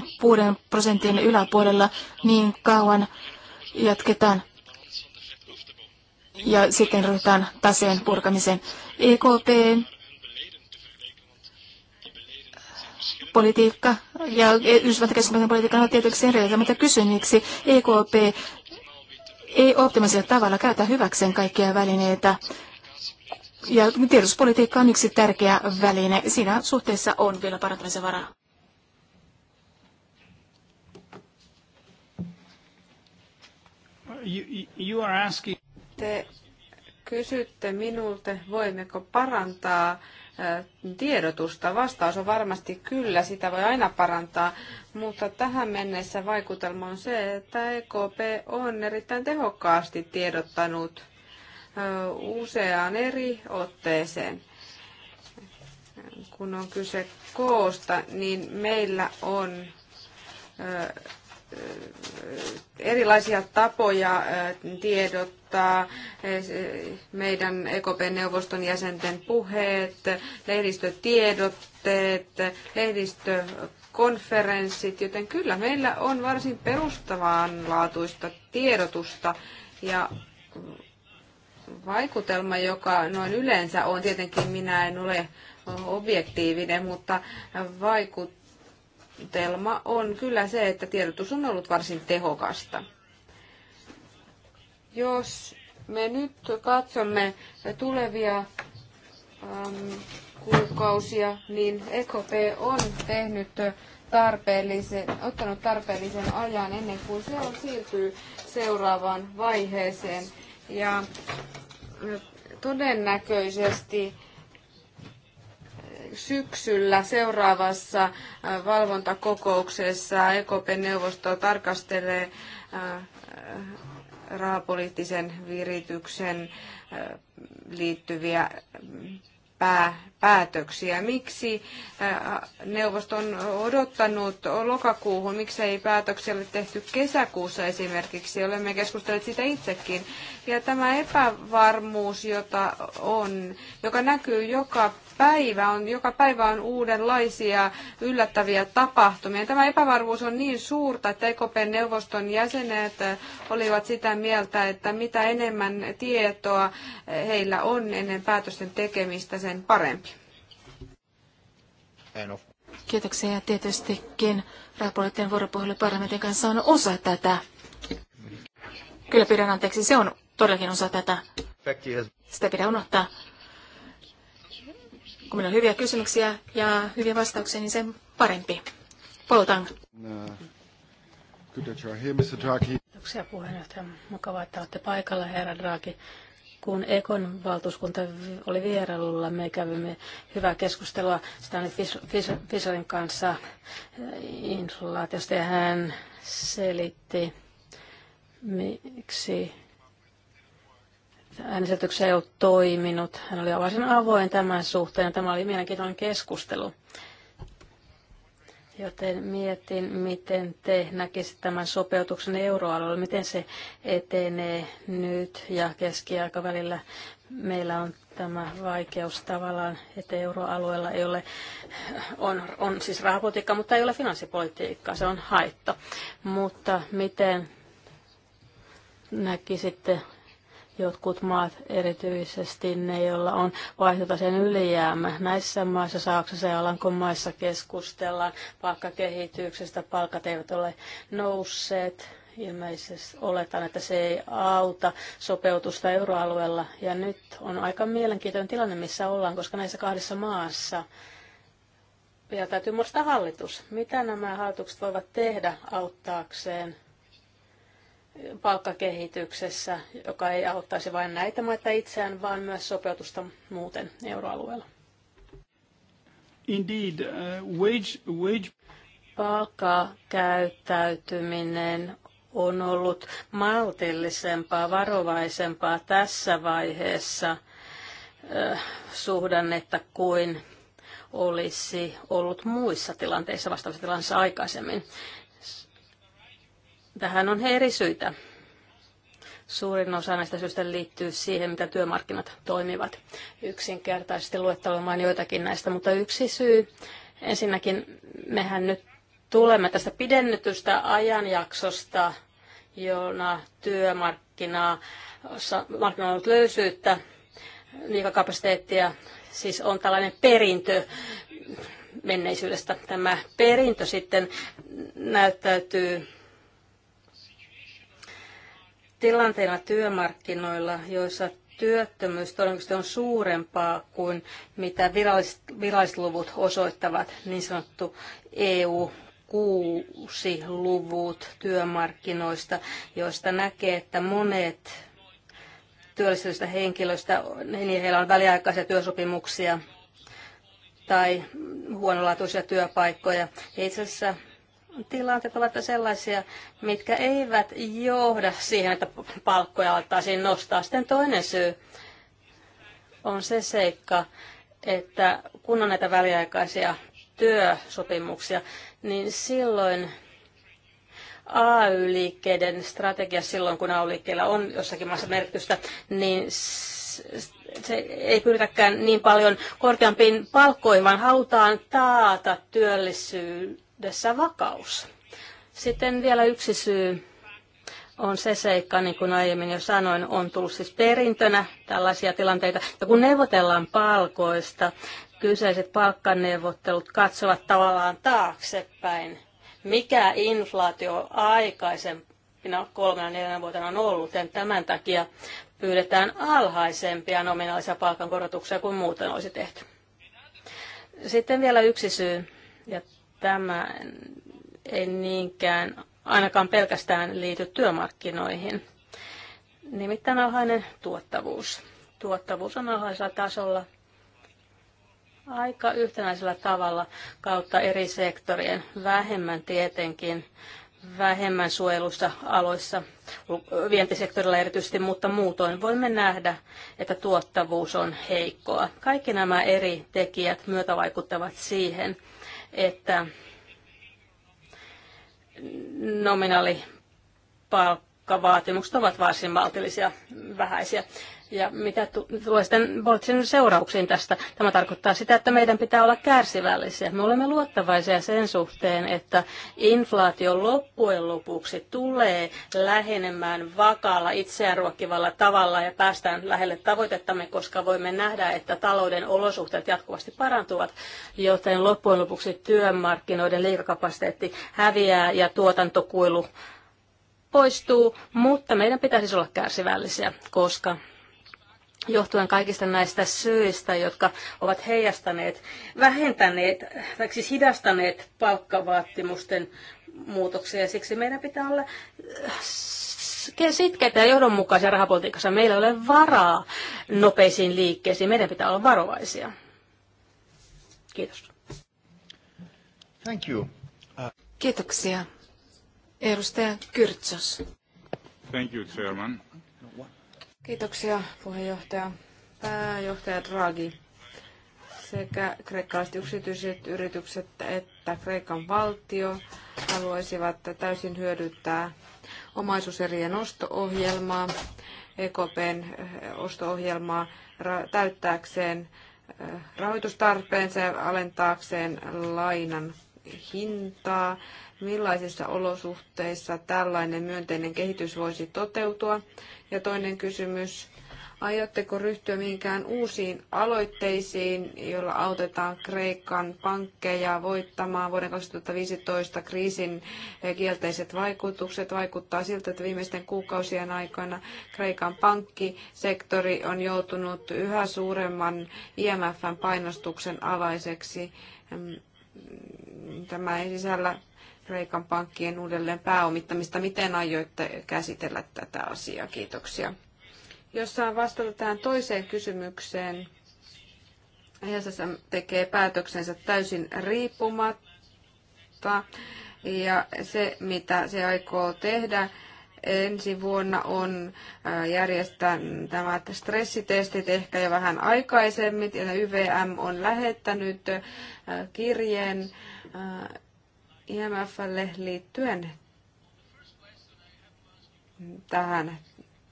prosentin yläpuolella, niin kauan jatketaan ja sitten ryhdytään taseen purkamiseen. EKP politiikka ja Yhdysvaltain politiikka on tietysti erilaisia, mutta kysyn, miksi EKP ei optimaalisella tavalla käytä hyväkseen kaikkia välineitä. Ja tiedotuspolitiikka on yksi tärkeä väline. Siinä suhteessa on vielä parantamisen varaa. you, are asking... Te kysytte minulta, voimmeko parantaa eh, tiedotusta. Vastaus on varmasti kyllä, sitä voi aina parantaa, mutta tähän mennessä vaikutelma on se, että EKP on erittäin tehokkaasti tiedottanut eh, useaan eri otteeseen. Kun on kyse koosta, niin meillä on eh, erilaisia tapoja tiedottaa, meidän EKP-neuvoston jäsenten puheet, lehdistötiedotteet, lehdistökonferenssit, joten kyllä meillä on varsin perustavanlaatuista tiedotusta ja vaikutelma, joka noin yleensä on, tietenkin minä en ole objektiivinen, mutta vaikuttaa vaikutelma on kyllä se, että tiedotus on ollut varsin tehokasta. Jos me nyt katsomme tulevia äm, kuukausia, niin EKP on tehnyt tarpeellisen, ottanut tarpeellisen ajan ennen kuin se on siirtyy seuraavaan vaiheeseen. Ja äh, todennäköisesti syksyllä seuraavassa äh, valvontakokouksessa EKP-neuvosto tarkastelee äh, rahapoliittisen virityksen äh, liittyviä mm, päätöksiä. Miksi neuvosto on odottanut lokakuuhun, miksei päätöksiä ole tehty kesäkuussa esimerkiksi, olemme keskustelleet sitä itsekin. Ja tämä epävarmuus, jota on, joka näkyy joka päivä on, joka päivä on uudenlaisia yllättäviä tapahtumia. Tämä epävarmuus on niin suurta, että EKPn neuvoston jäsenet olivat sitä mieltä, että mitä enemmän tietoa heillä on ennen päätösten tekemistä, sen parempi. Kiitoksia ja tietystikin raporttien vuoropuhelu parlamentin kanssa on osa tätä. Kyllä pyydän anteeksi, se on todellakin osa tätä. Sitä pitää unohtaa. Kun meillä on hyviä kysymyksiä ja hyviä vastauksia, niin sen parempi. Poltang. Kiitoksia puheenjohtaja. Mukavaa, että olette paikalla, herra Draghi. Kun Ekon valtuuskunta oli vierailulla, me kävimme hyvää keskustelua Stanley Fischerin kanssa inflaatiosta ja hän selitti, miksi äänestyksessä ei ollut toiminut. Hän oli varsin avoin tämän suhteen. Tämä oli mielenkiintoinen keskustelu. Joten mietin, miten te näkisitte tämän sopeutuksen euroalueella, miten se etenee nyt ja keskiaikavälillä. Meillä on tämä vaikeus tavallaan, että euroalueella ei ole, on, on siis rahapolitiikka, mutta ei ole finanssipolitiikkaa, se on haitta. Mutta miten näkisitte jotkut maat, erityisesti ne, joilla on vaihtotaseen ylijäämä. Näissä maissa, Saksassa ja Alankomaissa keskustellaan palkkakehityksestä. Palkat eivät ole nousseet. Ilmeisesti oletan, että se ei auta sopeutusta euroalueella. Ja nyt on aika mielenkiintoinen tilanne, missä ollaan, koska näissä kahdessa maassa vielä täytyy muistaa hallitus. Mitä nämä hallitukset voivat tehdä auttaakseen palkkakehityksessä, joka ei auttaisi vain näitä maita itseään, vaan myös sopeutusta muuten euroalueella. Indeed, uh, wage, wage... Palkkakäyttäytyminen on ollut maltillisempaa, varovaisempaa tässä vaiheessa uh, suhdannetta kuin olisi ollut muissa tilanteissa vastaavissa tilanteissa aikaisemmin. Tähän on eri syitä. Suurin osa näistä syistä liittyy siihen, mitä työmarkkinat toimivat. Yksinkertaisesti luettelomaan joitakin näistä, mutta yksi syy. Ensinnäkin mehän nyt tulemme tästä pidennetystä ajanjaksosta, jona työmarkkinaa, markkinoilla on ollut löysyyttä, liikakapasiteettia, siis on tällainen perintö menneisyydestä. Tämä perintö sitten näyttäytyy tilanteena työmarkkinoilla, joissa työttömyys todennäköisesti on suurempaa kuin mitä viralliset, viralliset luvut osoittavat, niin sanottu EU kuusi luvut työmarkkinoista, joista näkee, että monet työllistetyistä henkilöistä, niin heillä on väliaikaisia työsopimuksia tai huonolaatuisia työpaikkoja. itse asiassa tilanteet ovat sellaisia, mitkä eivät johda siihen, että palkkoja alettaisiin nostaa. Sitten toinen syy on se seikka, että kun on näitä väliaikaisia työsopimuksia, niin silloin AY-liikkeiden strategia silloin, kun AY-liikkeellä on jossakin maassa merkitystä, niin se ei pyritäkään niin paljon korkeampiin palkkoihin, vaan halutaan taata työllisyys, yhdessä vakaus. Sitten vielä yksi syy on se seikka, niin kuin aiemmin jo sanoin, on tullut siis perintönä tällaisia tilanteita. Ja kun neuvotellaan palkoista, kyseiset palkkaneuvottelut katsovat tavallaan taaksepäin, mikä inflaatio aikaisempina kolmena neljänä vuotena on ollut. Ja tämän takia pyydetään alhaisempia nominaalisia palkankorotuksia kuin muuten olisi tehty. Sitten vielä yksi syy, ja Tämä ei niinkään ainakaan pelkästään liity työmarkkinoihin. Nimittäin alhainen tuottavuus. Tuottavuus on alhaisella tasolla aika yhtenäisellä tavalla kautta eri sektorien, vähemmän tietenkin vähemmän suojelussa aloissa vientisektorilla erityisesti, mutta muutoin voimme nähdä, että tuottavuus on heikkoa. Kaikki nämä eri tekijät myötävaikuttavat siihen, että nominaalipalkkavaatimukset ovat varsin maltillisia, vähäisiä. Ja mitä tulee sitten Boltsin seurauksiin tästä? Tämä tarkoittaa sitä, että meidän pitää olla kärsivällisiä. Me olemme luottavaisia sen suhteen, että inflaatio loppujen lopuksi tulee lähenemään vakaalla itseään ruokkivalla tavalla ja päästään lähelle tavoitettamme, koska voimme nähdä, että talouden olosuhteet jatkuvasti parantuvat, joten loppujen lopuksi työmarkkinoiden liikakapasiteetti häviää ja tuotantokuilu poistuu, mutta meidän pitäisi siis olla kärsivällisiä, koska johtuen kaikista näistä syistä, jotka ovat heijastaneet, vähentäneet, tai siis hidastaneet palkkavaatimusten muutoksia. Ja siksi meidän pitää olla äh, sitkeitä ja johdonmukaisia rahapolitiikassa. Meillä ei ole varaa nopeisiin liikkeisiin. Meidän pitää olla varovaisia. Kiitos. Thank you. Uh... Kiitoksia. Edustaja Kyrtsos. Thank you, Chairman. Kiitoksia puheenjohtaja. Pääjohtaja Draghi. Sekä kreikkalaiset yksityiset yritykset että Kreikan valtio haluaisivat täysin hyödyttää omaisuuserien osto-ohjelmaa, EKPn eh, osto-ohjelmaa täyttääkseen eh, rahoitustarpeensa ja alentaakseen lainan hintaa millaisissa olosuhteissa tällainen myönteinen kehitys voisi toteutua? Ja toinen kysymys, aiotteko ryhtyä mihinkään uusiin aloitteisiin, joilla autetaan Kreikan pankkeja voittamaan vuoden 2015 kriisin kielteiset vaikutukset? Vaikuttaa siltä, että viimeisten kuukausien aikana Kreikan pankkisektori on joutunut yhä suuremman IMFn painostuksen alaiseksi. Tämä ei sisällä Kreikan pankkien uudelleen pääomittamista. Miten aioitte käsitellä tätä asiaa? Kiitoksia. Jos saan vastata tähän toiseen kysymykseen, SSM tekee päätöksensä täysin riippumatta. Ja se, mitä se aikoo tehdä ensi vuonna, on järjestää nämä stressitestit ehkä jo vähän aikaisemmin. YVM on lähettänyt kirjeen IMFlle liittyen tähän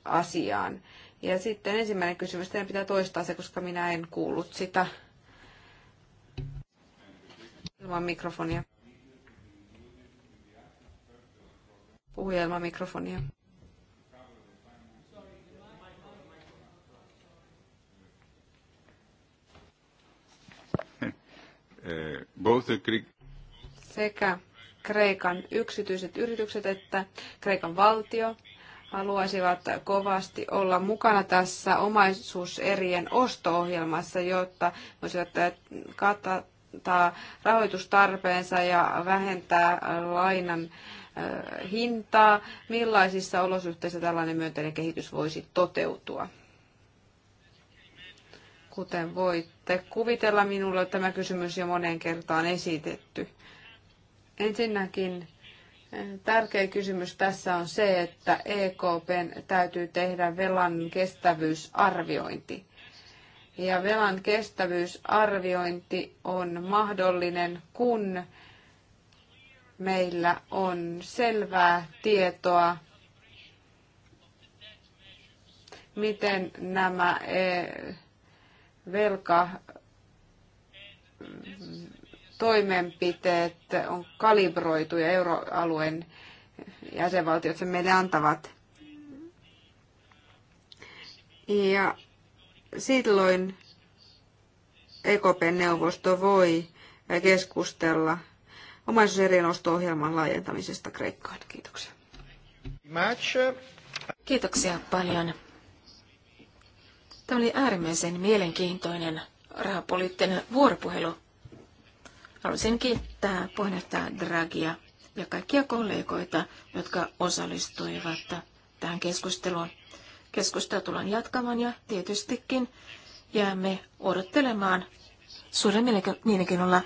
asiaan. Ja sitten ensimmäinen kysymys, teidän pitää toistaa se, koska minä en kuullut sitä ilman mikrofonia. Puhuja ilman mikrofonia. Eh, both the Greek sekä Kreikan yksityiset yritykset että Kreikan valtio haluaisivat kovasti olla mukana tässä omaisuuserien osto-ohjelmassa, jotta voisivat kattaa rahoitustarpeensa ja vähentää lainan eh, hintaa. Millaisissa olosuhteissa tällainen myönteinen kehitys voisi toteutua? Kuten voitte kuvitella, minulle tämä kysymys jo moneen kertaan esitetty. Ensinnäkin eh, tärkeä kysymys tässä on se, että EKPn täytyy tehdä velan kestävyysarviointi. Ja velan kestävyysarviointi on mahdollinen, kun meillä on selvää tietoa, miten nämä eh, velka toimenpiteet on kalibroitu ja euroalueen jäsenvaltiot sen meille antavat. Ja silloin EKP-neuvosto voi keskustella omaisuuserien osto-ohjelman laajentamisesta Kreikkaan. Kiitoksia. Kiitoksia paljon. Tämä oli äärimmäisen mielenkiintoinen rahapoliittinen vuoropuhelu. Haluaisin kiittää puheenjohtaja Dragia ja kaikkia kollegoita, jotka osallistuivat tähän keskusteluun. Keskustelua tullaan jatkamaan ja tietystikin jäämme odottelemaan suuren mielenkiinnolla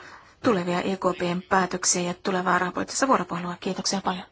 tulevia EKPn päätöksiä ja tulevaa raportissa vuoropuhelua. Kiitoksia paljon.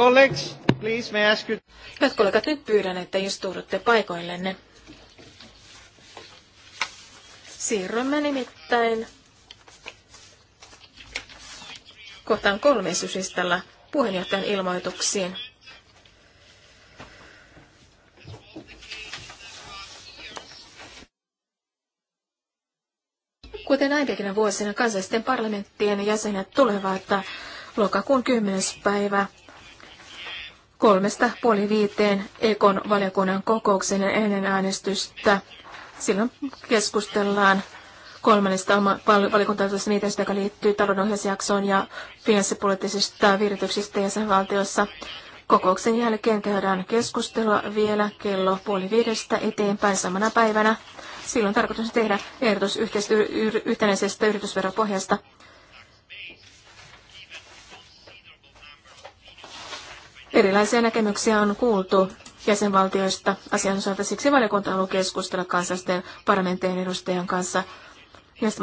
Colleagues, please may I ask you... Hyvät kollegat, nyt pyydän, että istuudutte paikoillenne. Siirrymme nimittäin kohtaan kolme sysiställä puheenjohtajan ilmoituksiin. Kuten aiempina vuosina kansallisten parlamenttien jäsenet tulevat lokakuun 10. päivä kolmesta puoli viiteen Ekon valiokunnan kokouksen ennen äänestystä. Silloin keskustellaan kolmannesta valiokuntaisesta valiokuntaisuudesta niitä, joka liittyy taloudenohjausjaksoon ja finanssipoliittisista virityksistä jäsenvaltiossa. Kokouksen jälkeen käydään keskustelua vielä kello puoli viidestä eteenpäin samana päivänä. Silloin tarkoitus tehdä ehdotus yhtenäisestä yritysveropohjasta Erilaisia näkemyksiä on kuultu jäsenvaltioista asian osalta, siksi valiokunta haluaa keskustella kansallisten parlamenttien edustajan kanssa näistä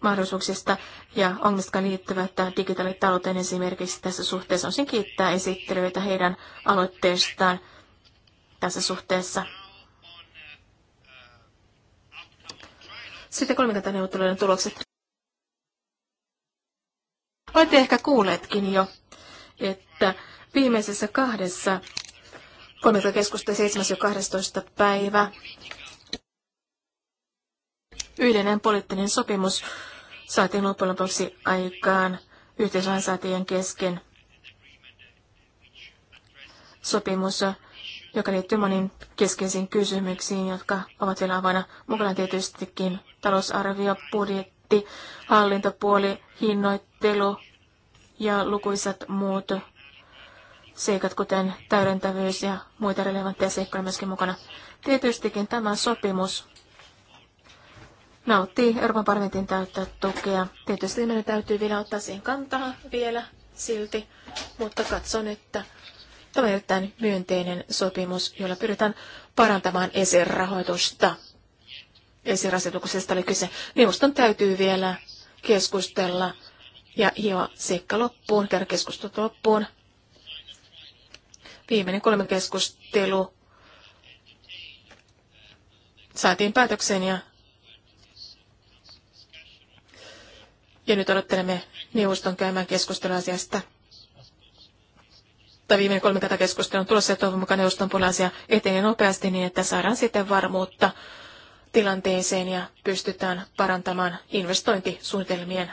mahdollisuuksista ja ongelmista, jotka liittyvät digitaalitalouteen esimerkiksi tässä suhteessa. Olisin kiittää esittelyitä heidän aloitteestaan tässä suhteessa. Sitten kolmikantaneuvotteluiden tulokset. Olette ehkä kuulleetkin jo, että viimeisessä kahdessa kolmikantakeskusta 7. ja 12. päivä yleinen poliittinen sopimus saatiin loppujen lopuksi aikaan yhteisöhansaatien kesken. Sopimus, joka liittyy moniin keskeisiin kysymyksiin, jotka ovat vielä avana mukana tietystikin talousarvio, budjetti, hallintopuoli, hinnoittelu ja lukuisat muut seikat, kuten täydentävyys ja muita relevantteja seikkoja myöskin mukana. Tietystikin tämä sopimus nauttii Euroopan parlamentin täyttä tukea. Tietysti meidän täytyy vielä ottaa siihen kantaa vielä silti, mutta katson, että tämä on erittäin myönteinen sopimus, jolla pyritään parantamaan esirahoitusta. Esirasetuksesta oli kyse. Neuvoston täytyy vielä keskustella ja hioa seikka loppuun, käydä keskustelut loppuun Viimeinen keskustelu saatiin päätökseen ja, ja nyt odottelemme neuvoston käymään keskustelua asiasta. Tai viimeinen keskustelua on tulossa ja toivon mukaan neuvoston puolella asia etenee nopeasti niin, että saadaan sitten varmuutta tilanteeseen ja pystytään parantamaan investointisuunnitelmien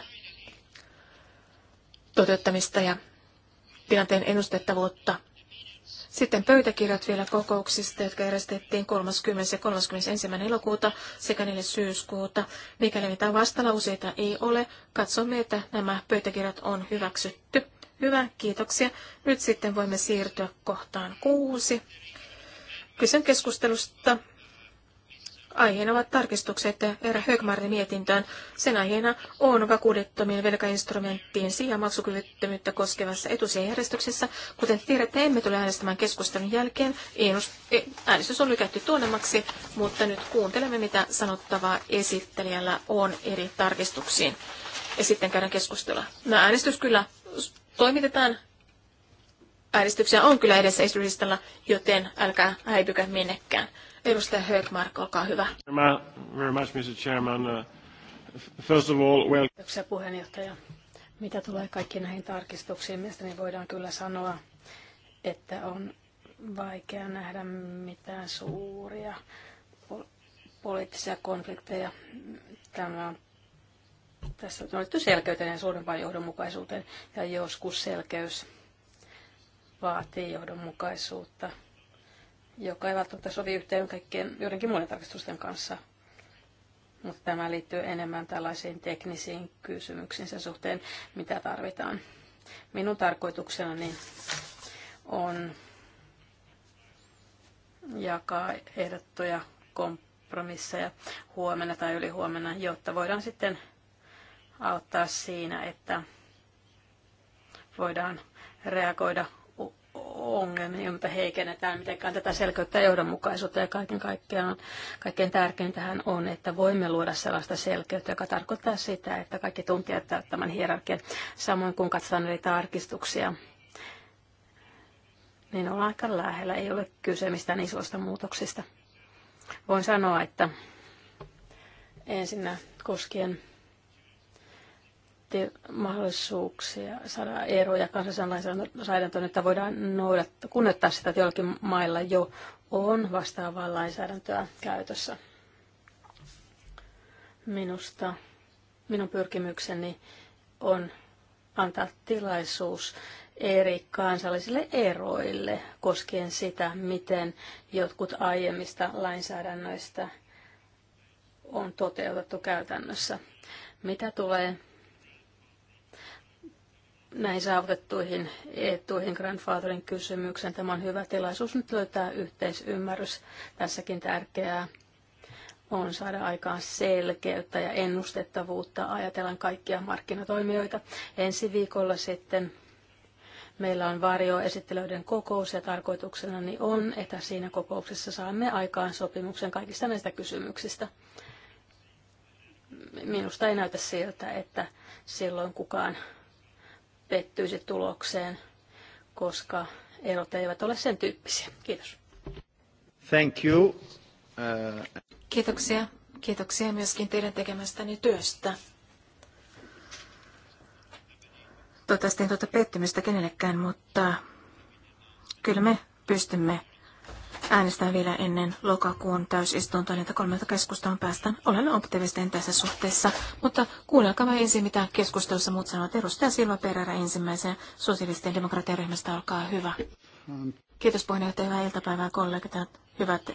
toteuttamista ja tilanteen ennustettavuutta. Sitten pöytäkirjat vielä kokouksista, jotka järjestettiin 30. ja 31. elokuuta sekä 4. syyskuuta. Mikäli mitään vastalauseita ei ole, katsomme, että nämä pöytäkirjat on hyväksytty. Hyvä, kiitoksia. Nyt sitten voimme siirtyä kohtaan kuusi. Kysyn keskustelusta, Aiheena ovat tarkistukset erä Högmarin mietintöön. Sen aiheena on vakuudettomien velkainstrumenttien sija maksukyvyttömyyttä koskevassa etusijajärjestyksessä. Kuten tiedätte, emme tule äänestämään keskustelun jälkeen. E, äänestys on lykätty tuonemmaksi, mutta nyt kuuntelemme, mitä sanottavaa esittelijällä on eri tarkistuksiin. Ja sitten käydään keskustelua. No, äänestys kyllä toimitetaan. Äänestyksiä on kyllä edessä esityslistalla, joten älkää häipykä minnekään. Edustaja Högmark, olkaa hyvä. Very much, Mr. Chairman. Uh, first of all, well... Kiitoksia puheenjohtaja. Mitä tulee kaikkiin näihin tarkistuksiin, mielestäni voidaan kyllä sanoa, että on vaikea nähdä mitään suuria poliittisia konflikteja. Tämä on tässä on otettu selkeyteen ja suurempaan johdonmukaisuuteen, ja joskus selkeys vaatii johdonmukaisuutta joka ei välttämättä sovi yhteen kaikkien joidenkin muiden tarkistusten kanssa. Mutta tämä liittyy enemmän tällaisiin teknisiin kysymyksiin sen suhteen, mitä tarvitaan. Minun tarkoituksenani on jakaa ehdottuja kompromisseja huomenna tai huomenna, jotta voidaan sitten auttaa siinä, että voidaan reagoida ongelmia, mitä heikennetään mitenkään tätä selkeyttä ja johdonmukaisuutta. Ja kaiken kaikkiaan kaikkein tärkeintähän on, että voimme luoda sellaista selkeyttä, joka tarkoittaa sitä, että kaikki tuntijat tämän hierarkian, samoin kun katsotaan eri tarkistuksia, niin ollaan aika lähellä. Ei ole kyse mistään isoista muutoksista. Voin sanoa, että ensinnä koskien mahdollisuuksia saada eroja kansallisen että voidaan noudattaa, kunnioittaa sitä, että jollakin mailla jo on vastaavaa lainsäädäntöä käytössä. Minusta minun pyrkimykseni on antaa tilaisuus eri kansallisille eroille koskien sitä, miten jotkut aiemmista lainsäädännöistä on toteutettu käytännössä. Mitä tulee näihin saavutettuihin etuihin grandfatherin kysymyksen. Tämä on hyvä tilaisuus nyt löytää yhteisymmärrys. Tässäkin tärkeää on saada aikaan selkeyttä ja ennustettavuutta. Ajatellaan kaikkia markkinatoimijoita. Ensi viikolla sitten meillä on varjoesittelyiden kokous ja tarkoituksena niin on, että siinä kokouksessa saamme aikaan sopimuksen kaikista näistä kysymyksistä. Minusta ei näytä siltä, että silloin kukaan pettyisi tulokseen, koska erot eivät ole sen tyyppisiä. Kiitos. Thank you. Uh... Kiitoksia. Kiitoksia myöskin teidän tekemästäni työstä. Toivottavasti en tuota pettymystä kenellekään, mutta kyllä me pystymme äänestää vielä ennen lokakuun täysistuntoa, niin että kolmelta keskustelun päästään. Olen optimistinen tässä suhteessa, mutta kuunnelkaa ensin, mitä keskustelussa muut sanovat. Edustaja Silva Perärä ensimmäisen sosialistien ryhmästä, olkaa hyvä. Kiitos puheenjohtaja, hyvää iltapäivää kollegat, hyvät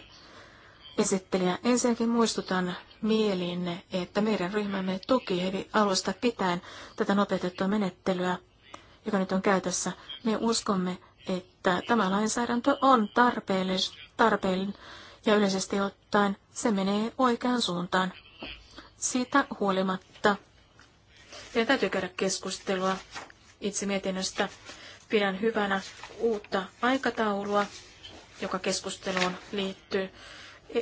esittelijä. Ensinnäkin muistutan mieliinne, että meidän ryhmämme tuki hevi alusta pitäen tätä nopeutettua menettelyä, joka nyt on käytössä. Me uskomme, että tämä lainsäädäntö on tarpeellista tarpeellinen ja yleisesti ottaen se menee oikeaan suuntaan. Siitä huolimatta. Meidän täytyy käydä keskustelua itse mietinnöstä. Pidän hyvänä uutta aikataulua, joka keskusteluun liittyy. E,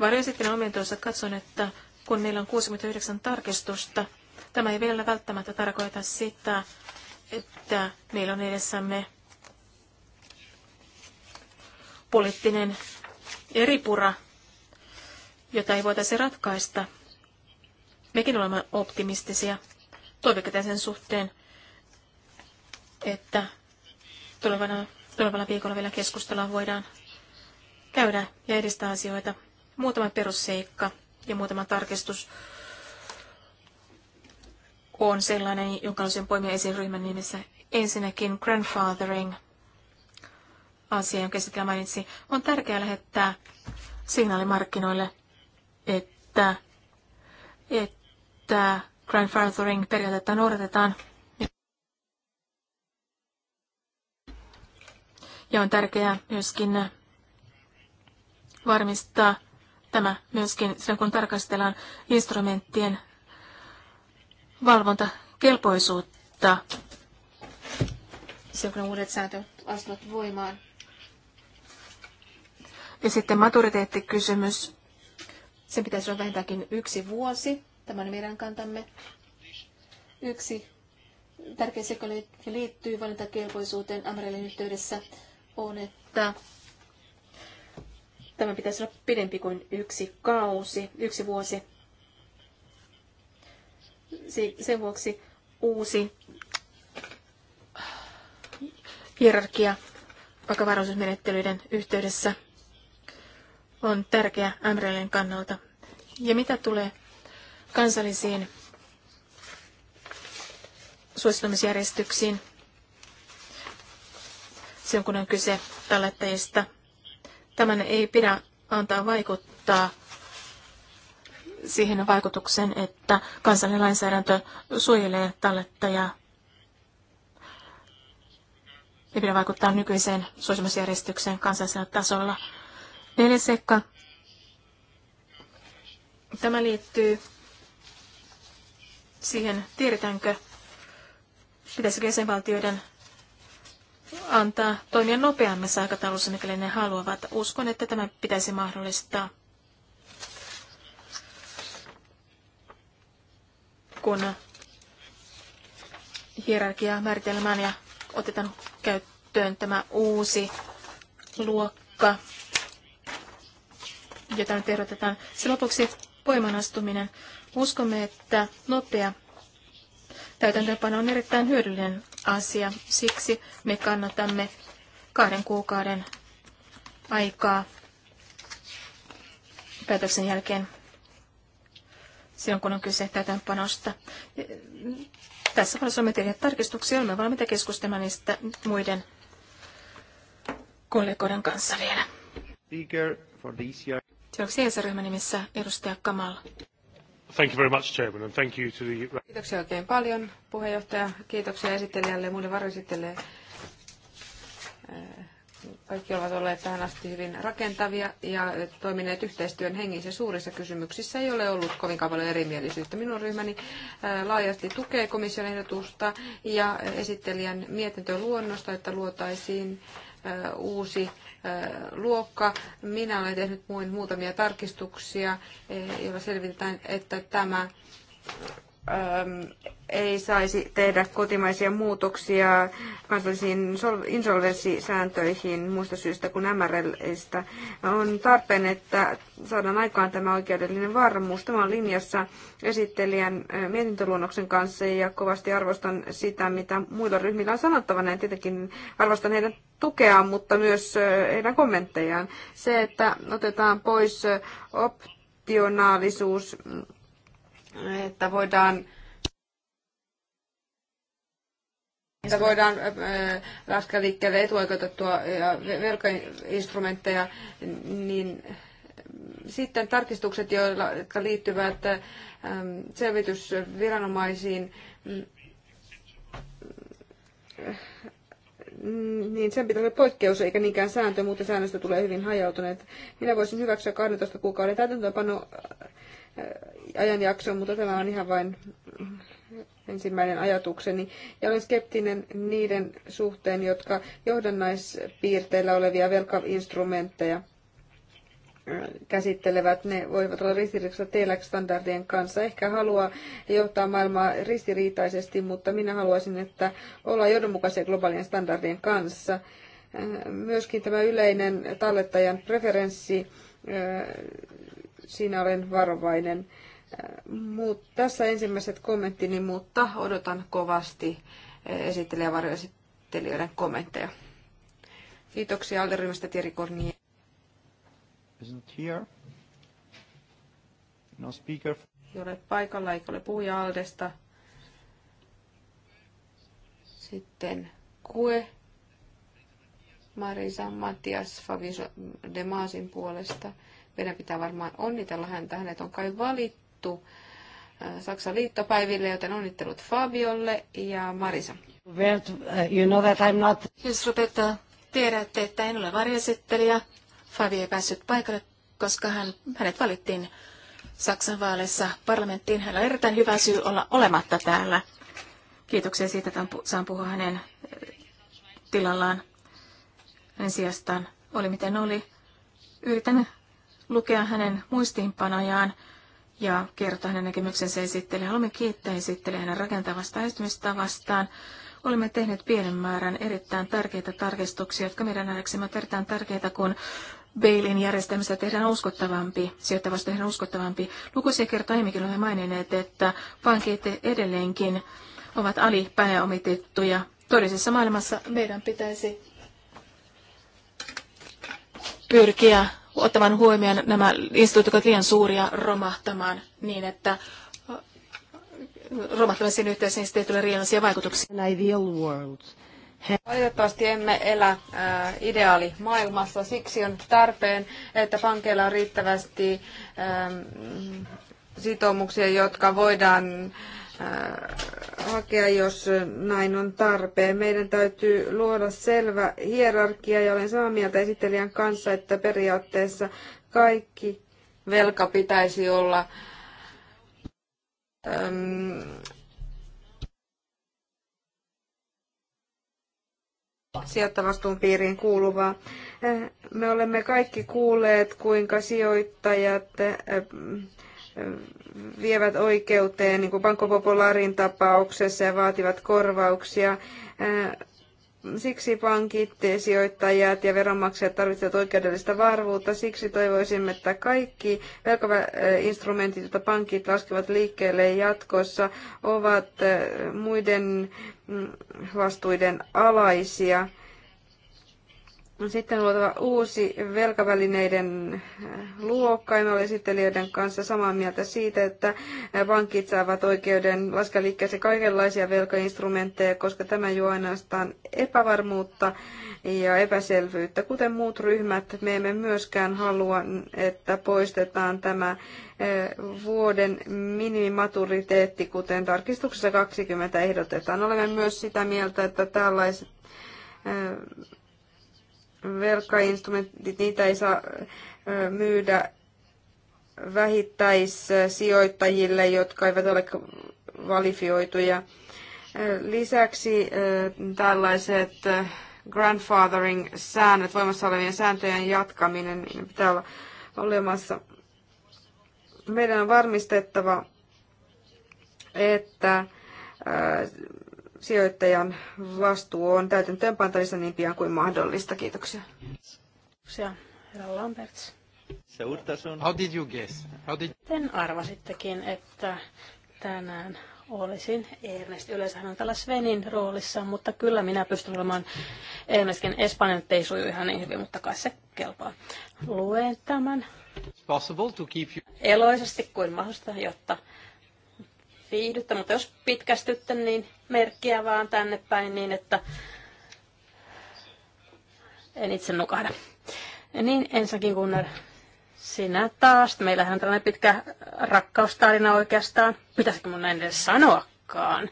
Varjoesittelen omentoissa katson, että kun meillä on 69 tarkistusta, tämä ei vielä välttämättä tarkoita sitä, että meillä on edessämme poliittinen eripura, jota ei voitaisi ratkaista. Mekin olemme optimistisia toiveikkaita sen suhteen, että tulevana, tulevalla viikolla vielä keskustella voidaan käydä ja edistää asioita. Muutama perusseikka ja muutama tarkistus on sellainen, jonka olisin poimia esiin ryhmän nimissä. Ensinnäkin grandfathering – asia, jonka sitä mainitsin, on tärkeää lähettää signaalimarkkinoille, että, että grandfathering periaatetta noudatetaan. Ja on tärkeää myöskin varmistaa tämä myöskin silloin, kun tarkastellaan instrumenttien valvontakelpoisuutta. Silloin, kun uudet sääntöt astuvat voimaan. Ja sitten maturiteettikysymys. Sen pitäisi olla vähintäänkin yksi vuosi. Tämä on meidän kantamme. Yksi tärkeä seikka liittyy valintakelpoisuuteen Amrelin yhteydessä on, että tämä pitäisi olla pidempi kuin yksi kausi, yksi vuosi. Sen vuoksi uusi hierarkia vakavaraisuusmenettelyiden yhteydessä on tärkeä MRLin kannalta. Ja mitä tulee kansallisiin suosittamisjärjestyksiin, silloin kun on kyse tallettajista, tämän ei pidä antaa vaikuttaa siihen vaikutukseen, että kansallinen lainsäädäntö suojelee tallettajaa. Ei pidä vaikuttaa nykyiseen suosimusjärjestykseen kansallisella tasolla. Neljäs seikka. Tämä liittyy siihen, tiedetäänkö, pitäisikö jäsenvaltioiden antaa toimia nopeammassa aikataulussa, mikäli ne haluavat. Uskon, että tämä pitäisi mahdollistaa. kun hierarkia määritelmään ja otetaan käyttöön tämä uusi luokka jota nyt ehdotetaan. Se lopuksi astuminen. Uskomme, että nopea täytäntöönpano on erittäin hyödyllinen asia. Siksi me kannatamme kahden kuukauden aikaa päätöksen jälkeen silloin, kun on kyse täytäntöönpanosta. Tässä vaiheessa olemme tehneet tarkistuksia. Olemme valmiita keskustelemaan niistä muiden kollegoiden kanssa vielä edustaja Kamal. Thank you very much, Chairman, and thank you to the... Kiitoksia oikein paljon, puheenjohtaja. Kiitoksia esittelijälle ja muille varoesittelijälle. Äh, kaikki ovat olleet tähän asti hyvin rakentavia ja toimineet yhteistyön hengissä suurissa kysymyksissä. Ei ole ollut kovinkaan paljon erimielisyyttä. Minun ryhmäni äh, laajasti tukee komission ehdotusta ja esittelijän mietintöluonnosta, että luotaisiin äh, uusi luokka. Minä olen tehnyt muutamia tarkistuksia, eh, joilla selvitetään, että tämä ei saisi tehdä kotimaisia muutoksia kansallisiin insolvenssisääntöihin muista syistä kuin MRListä. On tarpeen, että saadaan aikaan tämä oikeudellinen varmuus. Tämä on linjassa esittelijän mietintöluonnoksen kanssa ja kovasti arvostan sitä, mitä muilla ryhmillä on sanottavana. Ja tietenkin arvostan heidän tukeaan, mutta myös heidän kommenttejaan. Se, että otetaan pois optionaalisuus että voidaan että voidaan laskea liikkeelle etuoikeutettua ja velkainstrumentteja, niin sitten tarkistukset, joilla, jotka liittyvät selvitysviranomaisiin, niin sen pitää olla poikkeus eikä niinkään sääntö, muuten säännöstä tulee hyvin hajautuneet. Minä voisin hyväksyä 12 kuukauden täytäntöönpano ajanjaksoon, mutta tämä on ihan vain ensimmäinen ajatukseni. Ja olen skeptinen niiden suhteen, jotka johdannaispiirteillä olevia velkainstrumentteja käsittelevät, ne voivat olla ristiriidassa TLX-standardien kanssa. Ehkä haluaa johtaa maailmaa ristiriitaisesti, mutta minä haluaisin, että ollaan johdonmukaisia globaalien standardien kanssa. Myöskin tämä yleinen tallettajan preferenssi siinä olen varovainen. Äh, Mut, tässä ensimmäiset kommenttini, mutta odotan kovasti äh, esittelijä varjoesittelijöiden kommentteja. Kiitoksia alderyhmästä Thierry Cornier. Isn't here. No speaker. Ei ole paikalla, eikä ole puhuja Aldesta. Sitten Kue. Marisa Matias de Maasin puolesta. Meidän pitää varmaan onnitella häntä. Hänet on kai valittu äh, Saksan liittopäiville, joten onnittelut Fabiolle ja Marisa. Uh, you know that I'm not... Jos Roberta, äh, tiedätte, että en ole varjoesittelijä. Fabi ei päässyt paikalle, koska hän, hänet valittiin Saksan vaaleissa parlamenttiin. Hänellä on erittäin hyvä syy olla olematta täällä. Kiitoksia siitä, että saan puhua hänen äh, tilallaan. Hänen sijastaan oli miten oli. Yritän lukea hänen muistiinpanojaan ja kertoa hänen näkemyksensä esittelijä. Haluamme kiittää esittelijä hänen rakentavasta esitystavastaan. Olemme tehneet pienen määrän erittäin tärkeitä tarkistuksia, jotka meidän nähdäksemme ovat erittäin tärkeitä, kun Bailin järjestelmästä tehdään uskottavampi, sijoittavasta tehdään uskottavampi. Lukuisia kertaa aiemminkin olemme maininneet, että pankit edelleenkin ovat alipääomitettuja. Todellisessa maailmassa meidän pitäisi pyrkiä ottamaan huomioon nämä instituutiot liian suuria romahtamaan niin, että äh, romahtamisen yhteisiin ei tule reaalisia vaikutuksia. Valitettavasti emme elä äh, ideaali maailmassa, siksi on tarpeen, että pankeilla on riittävästi äh, sitoumuksia, jotka voidaan äh, Äh, hakea, jos näin on tarpeen. Meidän täytyy luoda selvä hierarkia ja olen samaa mieltä esittelijän kanssa, että periaatteessa kaikki velka pitäisi olla äm, sijoittavastuun piiriin kuuluvaa. Äh, me olemme kaikki kuulleet, kuinka sijoittajat vievät oikeuteen, niin kuin Banco tapauksessa, ja vaativat korvauksia. Äh, siksi pankit, sijoittajat ja veronmaksajat tarvitsevat oikeudellista varmuutta. Siksi toivoisimme, että kaikki velkainstrumentit, joita pankit laskevat liikkeelle jatkossa, ovat äh, muiden mm, vastuiden alaisia. No, sitten on luotava uusi velkavälineiden äh, luokka. Ja olen esittelijöiden kanssa samaa mieltä siitä, että äh, pankit saavat oikeuden laskea liikkeeseen kaikenlaisia velkainstrumentteja, koska tämä juo ainoastaan epävarmuutta ja epäselvyyttä. Kuten muut ryhmät, me emme myöskään halua, että poistetaan tämä äh, vuoden minimimaturiteetti, kuten tarkistuksessa 20 ehdotetaan. Olemme myös sitä mieltä, että tällaiset velkainstrumentit, niitä ei saa myydä vähittäissijoittajille, jotka eivät ole kvalifioituja. Lisäksi tällaiset grandfathering-säännöt, voimassa olevien sääntöjen jatkaminen, niin pitää olla olemassa. Meidän on varmistettava, että sijoittajan vastuu on täytäntöönpantavissa niin pian kuin mahdollista. Kiitoksia. Kiitoksia, herra Lamberts. How did you guess? How did... Miten arvasittekin, että tänään olisin Ernest. Yleensä hän on täällä Svenin roolissa, mutta kyllä minä pystyn olemaan Ernestkin Espanjan, ei suju ihan niin hyvin, mutta kai se kelpaa. Luen tämän. It's possible to keep you... Eloisesti kuin mahdollista, jotta viihdyttä, mutta jos pitkästytte, niin merkkiä vaan tänne päin niin, että en itse nukahda. Ja niin ensinnäkin kun sinä taas. Meillähän on tällainen pitkä rakkaustarina oikeastaan. Pitäisikö mun näin edes sanoakaan?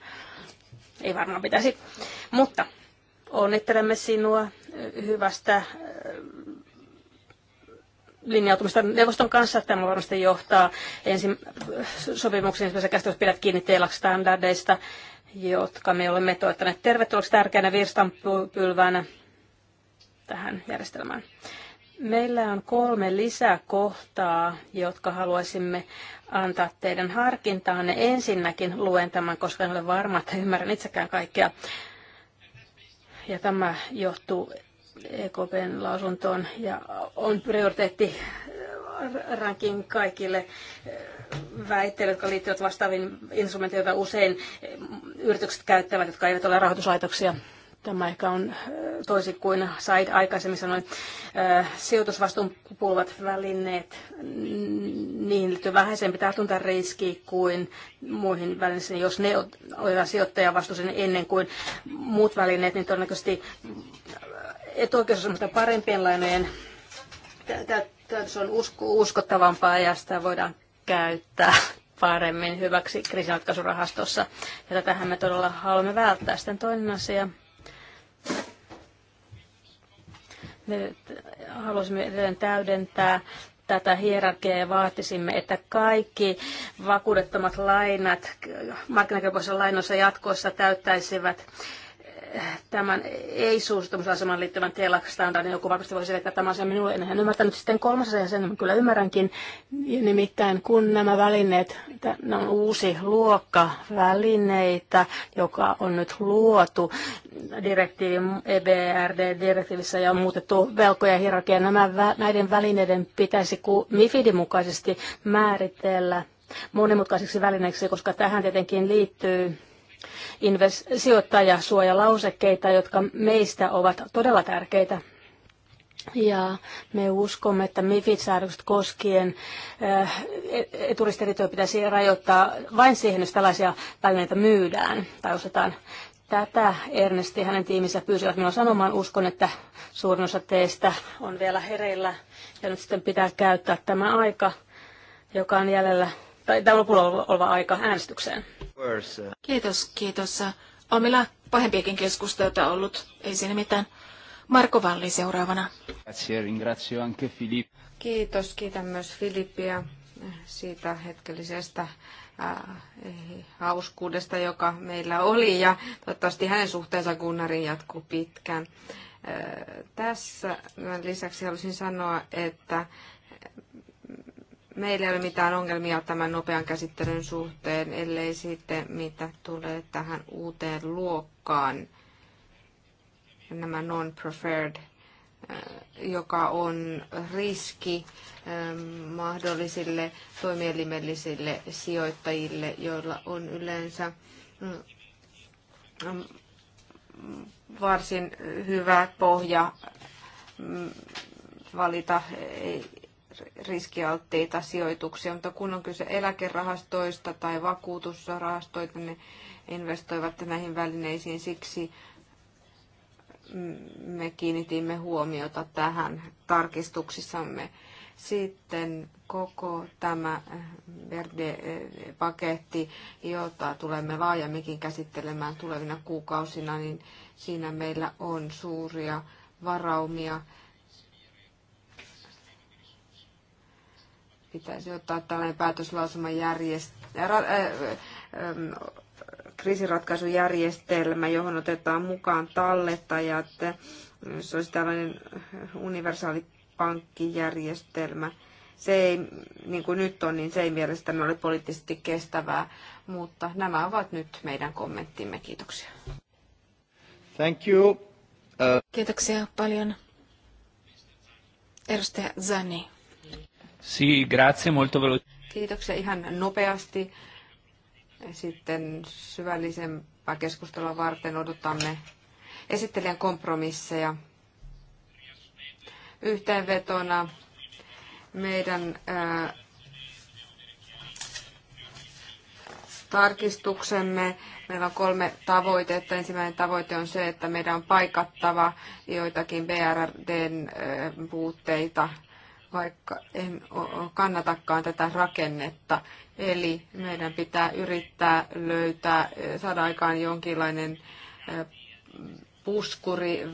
Ei varmaan pitäisi. Mutta onnittelemme sinua hyvästä linjautumista neuvoston kanssa. Tämä varmasti johtaa ensin sopimuksen ensimmäisen käsittelyssä pidät kiinni TELAK-standardeista, jotka me olemme toivottaneet tervetulleeksi tärkeänä virstanpylvänä tähän järjestelmään. Meillä on kolme lisäkohtaa, jotka haluaisimme antaa teidän harkintaanne. Ensinnäkin luen tämän, koska en ole varma, että ymmärrän itsekään kaikkea. Ja tämä johtuu EKPn lausuntoon ja on prioriteetti rankin kaikille eh, väitteille, jotka liittyvät vastaaviin instrumentteihin, joita usein eh, yritykset käyttävät, jotka eivät ole rahoituslaitoksia. Tämä ehkä on eh, toisin kuin Said aikaisemmin sanoi. Sijoitusvastuun kuuluvat välineet, niihin liittyy vähäisempi tartuntariski kuin muihin välineisiin. Jos ne otetaan sijoittajan vastuuseen ennen kuin muut välineet, niin todennäköisesti etuoikeusasematta parempien lainojen se on usko, uskottavampaa ja sitä voidaan käyttää paremmin hyväksi kriisinratkaisurahastossa. Ja tätähän me todella haluamme välttää. Sitten toinen asia. Me halusimme edelleen täydentää tätä hierarkiaa ja vaatisimme, että kaikki vakuudettomat lainat markkinakelpoisissa lainoissa jatkossa täyttäisivät tämän ei-suostumusaseman liittyvän TELAC-standardin, joku varmasti voi selittää tämän asian minulle, en hän ymmärtänyt. Sitten kolmas asia, sen kyllä ymmärränkin, nimittäin kun nämä välineet, nämä on uusi luokka välineitä, joka on nyt luotu direktiivin, EBRD-direktiivissä ja on muutettu velkoja hierarkia, nämä, näiden välineiden pitäisi MIFIDin mukaisesti määritellä monimutkaiseksi välineiksi, koska tähän tietenkin liittyy invest- sijoittajasuojalausekkeita, jotka meistä ovat todella tärkeitä. Ja me uskomme, että MIFID-säädökset koskien äh, e- eturistiriitoja pitäisi rajoittaa vain siihen, jos tällaisia välineitä myydään tai ostetaan. Tätä Ernesti ja hänen tiiminsä pyysivät minua sanomaan. Uskon, että suurin osa teistä on vielä hereillä ja nyt sitten pitää käyttää tämä aika, joka on jäljellä tai tämä lopulla oleva aika äänestykseen. Kiitos, kiitos. On meillä pahempiakin keskusteluita ollut, ei siinä mitään. Marko Valli seuraavana. Kiitos, kiitän myös Filippiä eh, siitä hetkellisestä eh, eh, hauskuudesta, joka meillä oli, ja toivottavasti hänen suhteensa Gunnarin jatkuu pitkään. Tässä lisäksi halusin sanoa, että Meillä ei ole mitään ongelmia tämän nopean käsittelyn suhteen, ellei sitten mitä tulee tähän uuteen luokkaan, nämä non-preferred, eh, joka on riski eh, mahdollisille toimielimellisille sijoittajille, joilla on yleensä mm, mm, varsin hyvä pohja mm, valita riskialttiita sijoituksia, mutta kun on kyse eläkerahastoista tai vakuutusrahastoita, ne investoivat näihin välineisiin. Siksi me kiinnitimme huomiota tähän tarkistuksissamme. Sitten koko tämä eh, Verde-paketti, eh, jota tulemme laajemminkin käsittelemään tulevina kuukausina, niin siinä meillä on suuria varaumia pitäisi ottaa tällainen päätöslausuma järjest... ra... äh, äh, kriisiratkaisujärjestelmä, johon otetaan mukaan tallettajat. Se olisi tällainen universaali pankkijärjestelmä. Se ei, niin kuin nyt on, niin se ei mielestäni ole poliittisesti kestävää, mutta nämä ovat nyt meidän kommenttimme. Kiitoksia. Thank you. Uh... Kiitoksia paljon. Edustaja Zani. Sì, grazie, molto veloce. Kiitoksia ihan nopeasti. Sitten syvällisempää keskustelua varten odotamme esittelijän kompromisseja. Yhteenvetona meidän ää, tarkistuksemme. Meillä on kolme tavoitetta. Ensimmäinen tavoite on se, että meidän on paikattava joitakin BRDn puutteita vaikka en kannatakaan tätä rakennetta. Eli meidän pitää yrittää löytää, saada aikaan jonkinlainen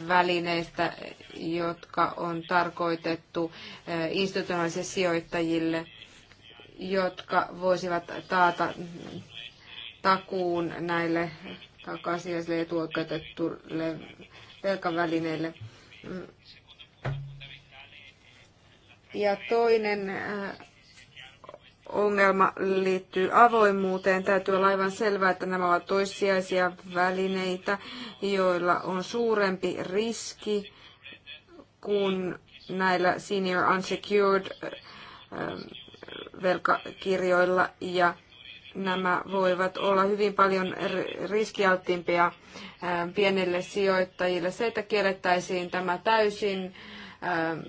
välineistä, jotka on tarkoitettu institutionaalisille sijoittajille, jotka voisivat taata takuun näille ja etuoikeutetuille velkavälineille. Ja toinen äh, ongelma liittyy avoimuuteen. Täytyy olla aivan selvää, että nämä ovat toissijaisia välineitä, joilla on suurempi riski kuin näillä senior unsecured äh, velkakirjoilla ja nämä voivat olla hyvin paljon riskialttiimpia äh, pienille sijoittajille. Se, että kiellettäisiin tämä täysin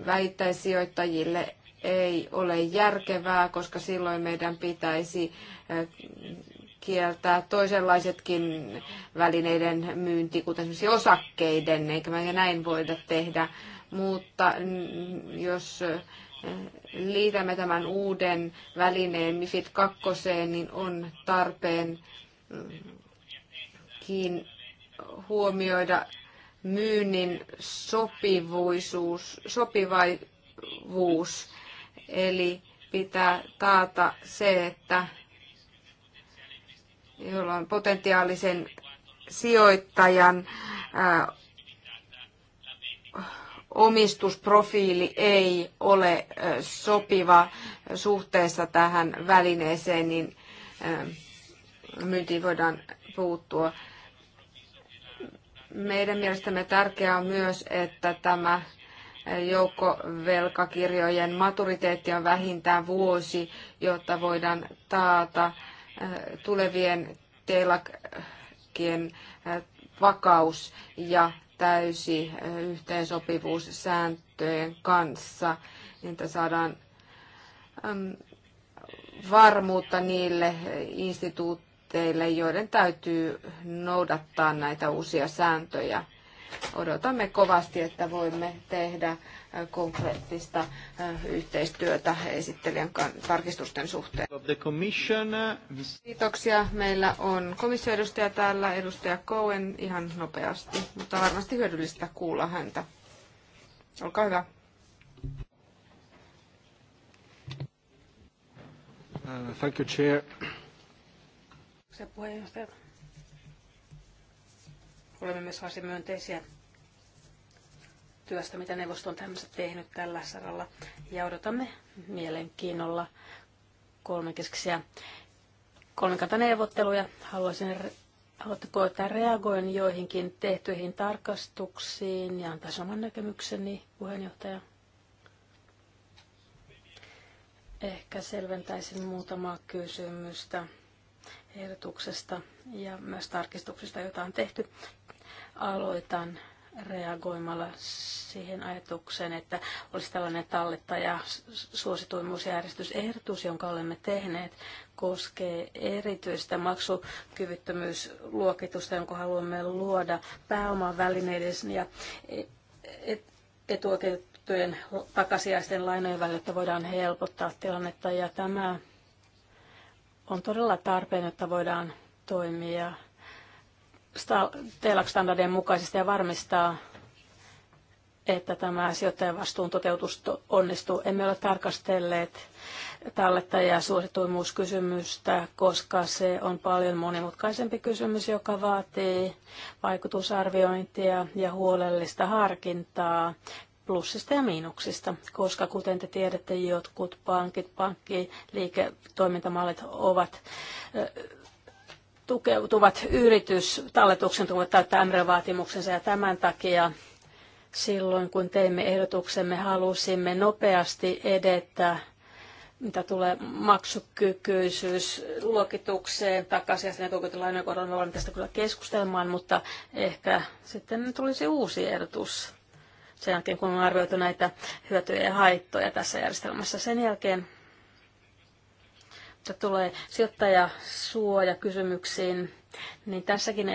väittäisijoittajille ei ole järkevää, koska silloin meidän pitäisi kieltää toisenlaisetkin välineiden myynti, kuten esimerkiksi osakkeiden, eikä me näin voida tehdä. Mutta jos liitämme tämän uuden välineen MIFID 2, niin on tarpeen mm, kiin huomioida myynnin sopivuisuus, sopivaivuus. eli pitää taata se, että jolloin potentiaalisen sijoittajan omistusprofiili ei ole sopiva suhteessa tähän välineeseen, niin myyntiin voidaan puuttua. Meidän mielestämme tärkeää on myös, että tämä joukkovelkakirjojen maturiteetti on vähintään vuosi, jotta voidaan taata eh, tulevien telakien eh, vakaus ja täysi eh, yhteensopivuus sääntöjen kanssa, niin että saadaan mm, varmuutta niille instituutioille, teille, joiden täytyy noudattaa näitä uusia sääntöjä. Odotamme kovasti, että voimme tehdä äh, konkreettista äh, yhteistyötä esittelijän tarkistusten suhteen. Uh, Kiitoksia. Meillä on komissioedustaja täällä, edustaja Cohen, ihan nopeasti, mutta varmasti hyödyllistä kuulla häntä. Olkaa hyvä. Uh, thank you, Chair se puheenjohtaja. Olemme myös varsin myönteisiä työstä, mitä neuvosto on tämmöistä tehnyt tällä saralla. Ja odotamme mielenkiinnolla kolmenkeskisiä kolmikantaneuvotteluja. Haluaisin, haluatteko, että reagoin joihinkin tehtyihin tarkastuksiin ja antaa oman näkemykseni, puheenjohtaja? Ehkä selventäisin muutamaa kysymystä ehdotuksesta ja myös tarkistuksista, joita on tehty. Aloitan reagoimalla siihen ajatukseen, että olisi tällainen tallettaja suosituimuusjärjestysehdotus, jonka olemme tehneet, koskee erityistä maksukyvyttömyysluokitusta, jonka haluamme luoda välineiden ja e- e- etuoikeutettujen takasijaisten lainojen välillä, että voidaan helpottaa tilannetta. Ja tämä on todella tarpeen, että voidaan toimia TELAK-standardien mukaisesti ja varmistaa, että tämä sijoittajan vastuun toteutus onnistuu. Emme ole tarkastelleet tallettajia suosituimuuskysymystä, koska se on paljon monimutkaisempi kysymys, joka vaatii vaikutusarviointia ja huolellista harkintaa plussista ja miinuksista, koska kuten te tiedätte, jotkut pankit, liiketoimintamallit ovat tukeutuvat yritystalletuksen tuovat täyttää MREL-vaatimuksensa ja tämän takia silloin, kun teimme ehdotuksemme, halusimme nopeasti edetä, mitä tulee maksukykyisyys luokitukseen takaisin ja kokoitelainojen koron, me tästä kyllä keskustelemaan, mutta ehkä sitten tulisi uusi ehdotus sen jälkeen, kun on arvioitu näitä hyötyjä ja haittoja tässä järjestelmässä. Sen jälkeen että tulee kysymyksiin, niin tässäkin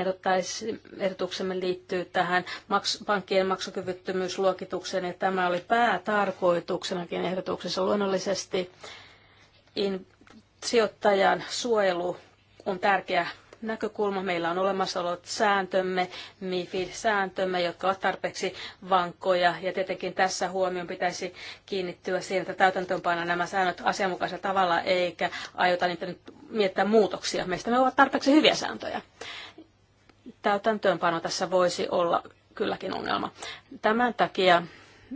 ehdotuksemme liittyy tähän maks- pankkien maksukyvyttömyysluokitukseen, ja tämä oli päätarkoituksenakin ehdotuksessa luonnollisesti. In- sijoittajan suojelu on tärkeä näkökulma. Meillä on olemassa ollut sääntömme, MIFID-sääntömme, jotka ovat tarpeeksi vankkoja. Ja tietenkin tässä huomioon pitäisi kiinnittyä siihen, että täytäntöönpana nämä säännöt asianmukaisella tavalla, eikä aiota niitä nyt miettää muutoksia. Meistä me ovat tarpeeksi hyviä sääntöjä. Täytäntöönpano tässä voisi olla kylläkin ongelma. Tämän takia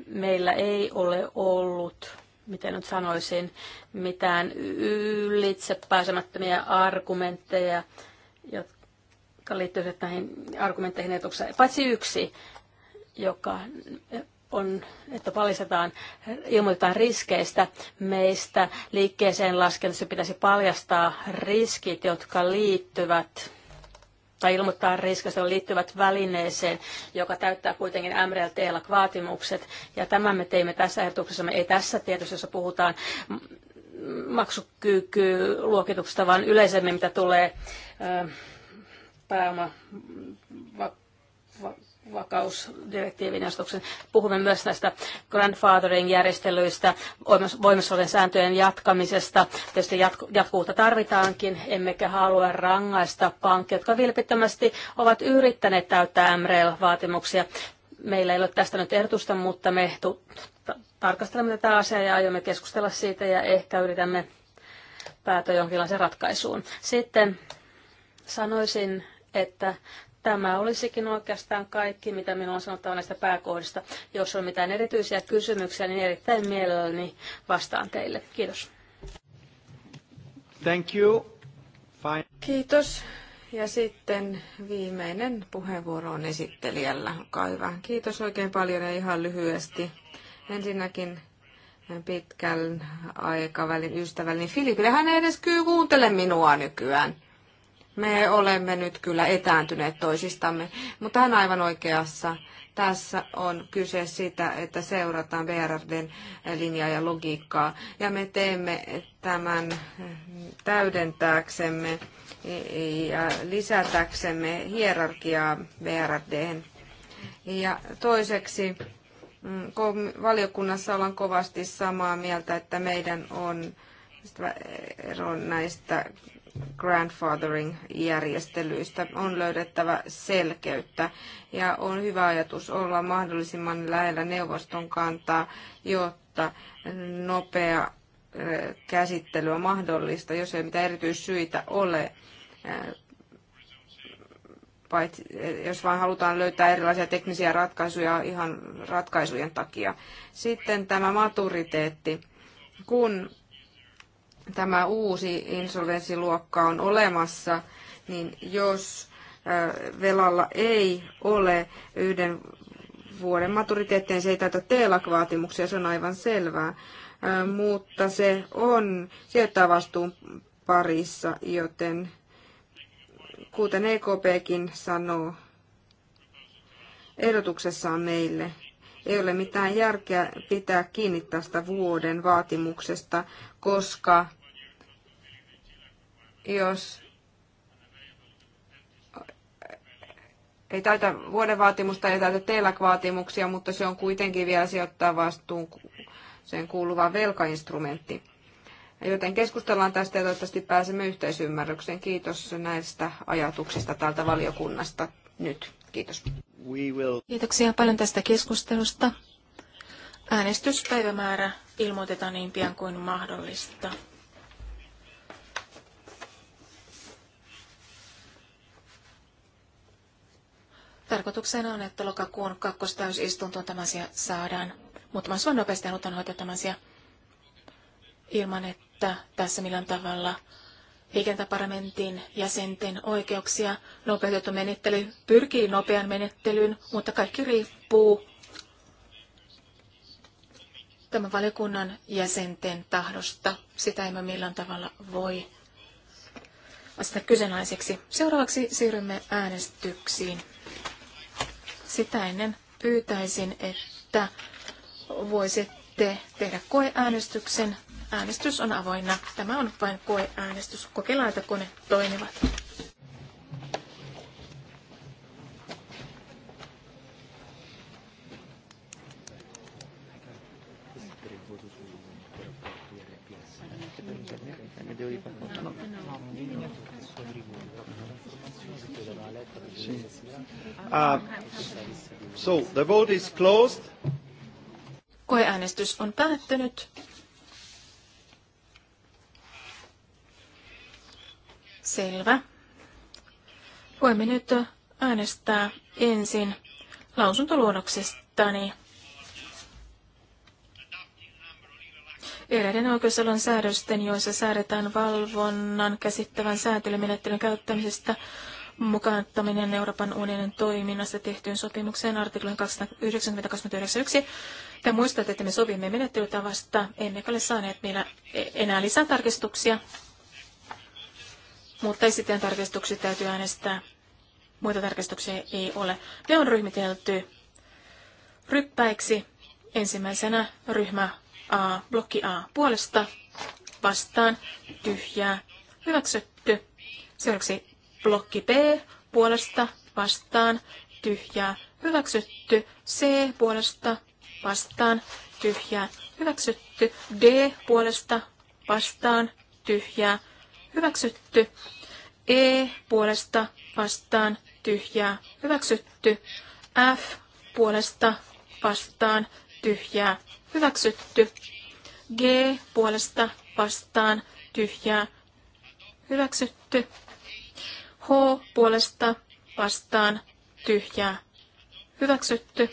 meillä ei ole ollut miten nyt sanoisin, mitään ylitsepääsemättömiä argumentteja jotka liittyvät näihin argumentteihin etukseen, paitsi yksi, joka on, että paljastetaan, ilmoitetaan riskeistä meistä. Liikkeeseen laskennassa pitäisi paljastaa riskit, jotka liittyvät tai ilmoittaa riskistä liittyvät välineeseen, joka täyttää kuitenkin MRLT-vaatimukset. Ja tämän me teimme tässä ehdotuksessa. Me ei tässä tietysti, jossa puhutaan maksukykyluokituksesta, vaan yleisemmin mitä tulee pääoma vakausdirektiivin astuksen. Puhumme myös näistä grandfathering-järjestelyistä, voimassa olevien sääntöjen jatkamisesta. Tietysti jatku- jatkuvuutta tarvitaankin, emmekä halua rangaista pankkeja, jotka vilpittömästi ovat yrittäneet täyttää MREL-vaatimuksia. Meillä ei ole tästä nyt ehdotusta, mutta me tarkastelemme tätä asiaa ja aiomme keskustella siitä ja ehkä yritämme päätyä jonkinlaiseen ratkaisuun. Sitten sanoisin, että tämä olisikin oikeastaan kaikki, mitä minulla on sanottava näistä pääkohdista. Jos on mitään erityisiä kysymyksiä, niin erittäin mielelläni vastaan teille. Kiitos. Thank you. Fine. Kiitos. Ja sitten viimeinen puheenvuoro on esittelijällä. Olkaa hyvä. Kiitos oikein paljon ja ihan lyhyesti. Ensinnäkin pitkän aikavälin ystävällinen niin Filipille. Hän ei edes kuuntele minua nykyään. Me olemme nyt kyllä etääntyneet toisistamme, mutta hän aivan oikeassa. Tässä on kyse sitä, että seurataan BRDn linjaa ja logiikkaa. Ja me teemme tämän täydentääksemme ja lisätäksemme hierarkiaa VRD. Ja toiseksi mm, valiokunnassa ollaan kovasti samaa mieltä, että meidän on ero näistä grandfathering-järjestelyistä on löydettävä selkeyttä ja on hyvä ajatus olla mahdollisimman lähellä neuvoston kantaa, jotta nopea käsittely on mahdollista, jos ei mitään erityissyitä ole paitsi, jos vain halutaan löytää erilaisia teknisiä ratkaisuja ihan ratkaisujen takia. Sitten tämä maturiteetti. Kun tämä uusi insolvenssiluokka on olemassa, niin jos velalla ei ole yhden vuoden maturiteettia, niin se ei täytä telac vaatimuksia se on aivan selvää. Mutta se on sijoittajavastuun parissa, joten kuten EKPkin sanoo ehdotuksessaan meille, ei ole mitään järkeä pitää kiinni tästä vuoden vaatimuksesta, koska jos ei täytä vuoden vaatimusta, ei täytä teillä vaatimuksia mutta se on kuitenkin vielä sijoittaa vastuun sen kuuluva velkainstrumentti. Joten keskustellaan tästä ja toivottavasti pääsemme yhteisymmärrykseen. Kiitos näistä ajatuksista täältä valiokunnasta nyt. Kiitos. Kiitoksia paljon tästä keskustelusta. Äänestyspäivämäärä ilmoitetaan niin pian kuin mahdollista. Tarkoituksena on, että lokakuun kakkostäysistuntoon tämä asia saadaan. Mutta mä nopeasti halutaan hoitaa tämä asia ilman, että että tässä millään tavalla parlamentin jäsenten oikeuksia. Nopeutettu menettely pyrkii nopean menettelyyn, mutta kaikki riippuu tämän valiokunnan jäsenten tahdosta. Sitä emme millään tavalla voi vastata kyseenalaiseksi. Seuraavaksi siirrymme äänestyksiin. Sitä ennen pyytäisin, että voisitte tehdä koeäänestyksen Äänestys on avoinna. Tämä on vain koeäänestys. Kokeillaan, että kone toimivat. Uh, so the vote is closed. Koeäänestys on päättynyt. Selvä. Voimme nyt äänestää ensin lausuntoluonnoksestani. Eräiden oikeusalan säädösten, joissa säädetään valvonnan käsittävän sääntelymenettelyn käyttämisestä mukaanottaminen Euroopan unionin toiminnasta tehtyyn sopimukseen artiklan 290.1. Te muistatte, että me sovimme menettelytavasta, emmekä ole saaneet meillä e- enää lisää tarkistuksia mutta sitten tarkistuksia täytyy äänestää. Muita tarkistuksia ei ole. Ne on ryhmitelty ryppäiksi. Ensimmäisenä ryhmä A, blokki A puolesta, vastaan, tyhjää, hyväksytty. Seuraavaksi blokki B puolesta, vastaan, tyhjää, hyväksytty. C puolesta, vastaan, tyhjää, hyväksytty. D puolesta, vastaan, tyhjää, hyväksytty. E puolesta vastaan tyhjää, hyväksytty. F puolesta vastaan tyhjää, hyväksytty. G puolesta vastaan tyhjää, hyväksytty. H puolesta vastaan tyhjää, hyväksytty.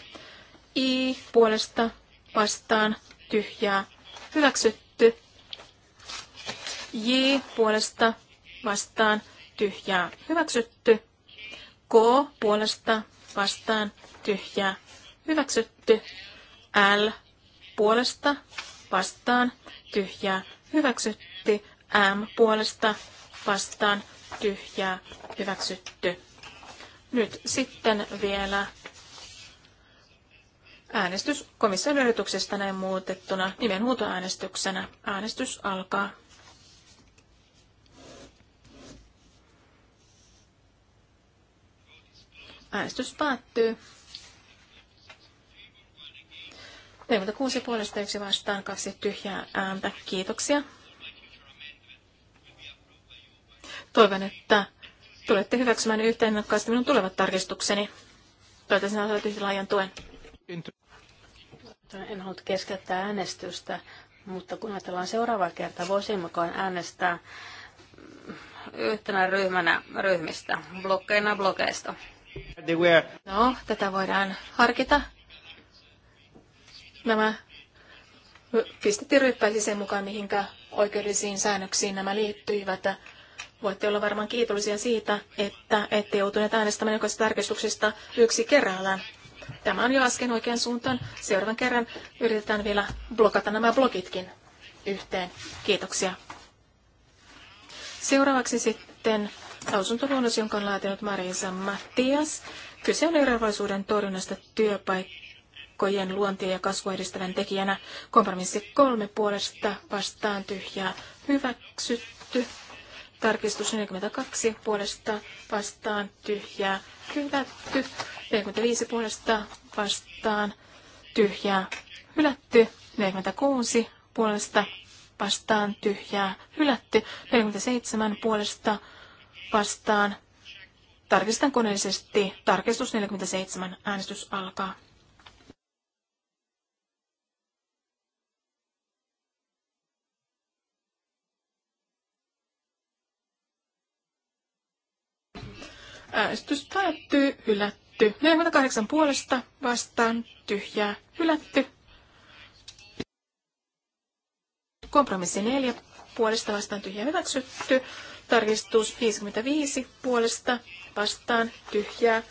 I puolesta vastaan tyhjää, hyväksytty. J puolesta vastaan tyhjää hyväksytty. K puolesta vastaan tyhjää hyväksytty. L puolesta vastaan tyhjää hyväksytty. M puolesta vastaan tyhjää hyväksytty. Nyt sitten vielä äänestys komission näin muutettuna nimenhuutoäänestyksenä. Äänestys alkaa. Äänestys päättyy. kuusi puolesta yksi vastaan, kaksi tyhjää ääntä. Kiitoksia. Toivon, että tulette hyväksymään yhteennokkaasti minun tulevat tarkistukseni. Toivottavasti sinä olet yhden laajan tuen. En halua keskeyttää äänestystä, mutta kun ajatellaan seuraavaa kertaa, mukaan äänestää yhtenä ryhmänä ryhmistä, blokkeina blokeista. No, tätä voidaan harkita. Nämä pistettiin ryppäisi sen mukaan, mihinkä oikeudellisiin säännöksiin nämä liittyivät. Voitte olla varmaan kiitollisia siitä, että ette joutuneet äänestämään jokaisesta tarkistuksesta yksi kerrallaan. Tämä on jo asken oikean suuntaan. Seuraavan kerran yritetään vielä blokata nämä blogitkin yhteen. Kiitoksia. Seuraavaksi sitten lausuntoluonnos, jonka on laatinut Marisa Mattias. Kyse on eroavaisuuden torjunnasta työpaikkojen luontia ja kasvua edistävän tekijänä. Kompromissi kolme puolesta vastaan tyhjää hyväksytty. Tarkistus 42 puolesta vastaan tyhjää hylätty. 45 puolesta vastaan tyhjää hylätty. 46 puolesta vastaan tyhjää hylätty. 47 puolesta vastaan. Tarkistan koneellisesti. Tarkistus 47. Äänestys alkaa. Äänestys päättyy, hylätty. 48 puolesta vastaan, tyhjää, hylätty. Kompromissi 4 puolesta vastaan, tyhjää, hyväksytty. Tarkistus 55 puolesta vastaan tyhjää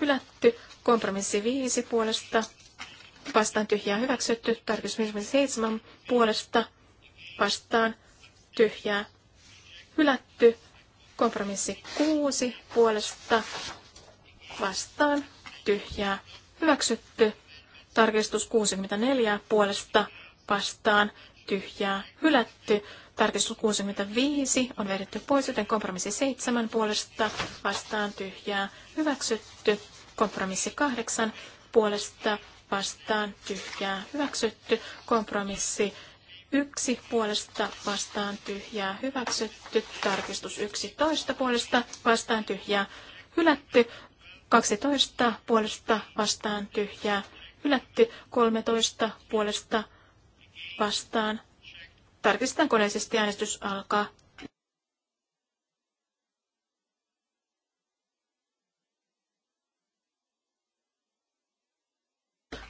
hylätty. Kompromissi 5 puolesta vastaan tyhjää hyväksytty. Tarkistus 57 puolesta vastaan tyhjää hylätty. Kompromissi 6 puolesta vastaan tyhjää hyväksytty. Tarkistus 64 puolesta vastaan tyhjää hylätty. Tarkistus 65 on vedetty pois, joten kompromissi 7 puolesta vastaan tyhjää hyväksytty. Kompromissi 8 puolesta vastaan tyhjää hyväksytty. Kompromissi 1 puolesta vastaan tyhjää hyväksytty. Tarkistus 11 puolesta vastaan tyhjää hylätty. 12 puolesta vastaan tyhjää hylätty. 13 puolesta vastaan Tarkistetaan koneisesti äänestys alkaa.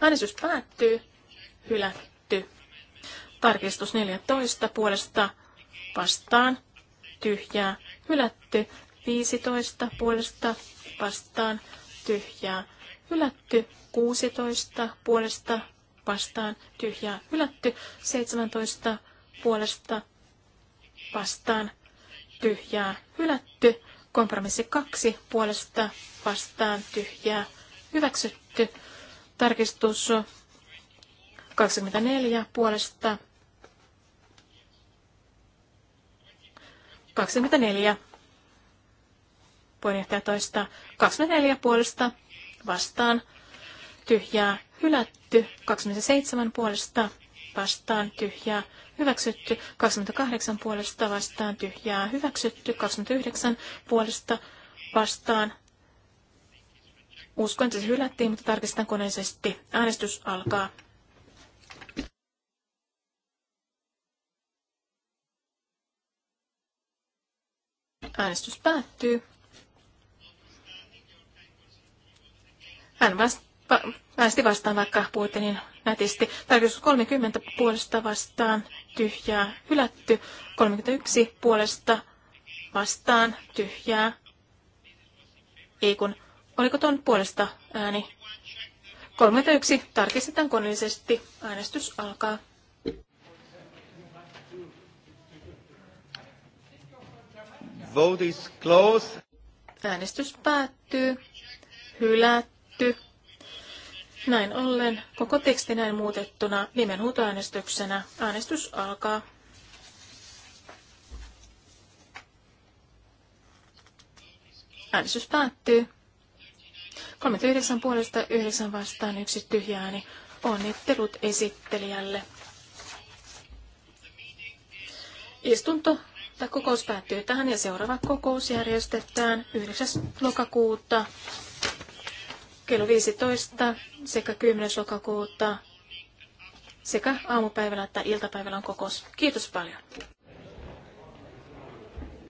Äänestys päättyy. Hylätty. Tarkistus 14 puolesta vastaan. Tyhjää. Hylätty. 15 puolesta vastaan. Tyhjää. Hylätty. 16 puolesta vastaan. Tyhjää. Hylätty. 17 puolesta vastaan tyhjää hylätty. Kompromissi kaksi puolesta vastaan tyhjää hyväksytty. Tarkistus 24 puolesta 24 puheenjohtaja toista. 24 puolesta vastaan tyhjää hylätty 27 puolesta vastaan tyhjää hyväksytty, 28 puolesta vastaan tyhjää hyväksytty, 29 puolesta vastaan. Uskon, että se hylättiin, mutta tarkistan koneisesti. Äänestys alkaa. Äänestys päättyy. Hän vastaa äänesti vastaan, vaikka puhuitte niin nätisti. Tarkistus 30 puolesta vastaan, tyhjää, hylätty. 31 puolesta vastaan, tyhjää. Ei kun, oliko tuon puolesta ääni? 31 tarkistetaan koneellisesti. Äänestys alkaa. Vote is close. Äänestys päättyy. Hylätty. Näin ollen koko teksti näin muutettuna nimenhuutoäänestyksenä. Äänestys alkaa. Äänestys päättyy. 39 puolesta 9 vastaan yksi tyhjääni. Onnittelut esittelijälle. Istunto tai kokous päättyy tähän ja seuraava kokous järjestetään 9. lokakuuta kello 15 sekä 10. lokakuuta sekä aamupäivällä että iltapäivällä on kokous. Kiitos paljon.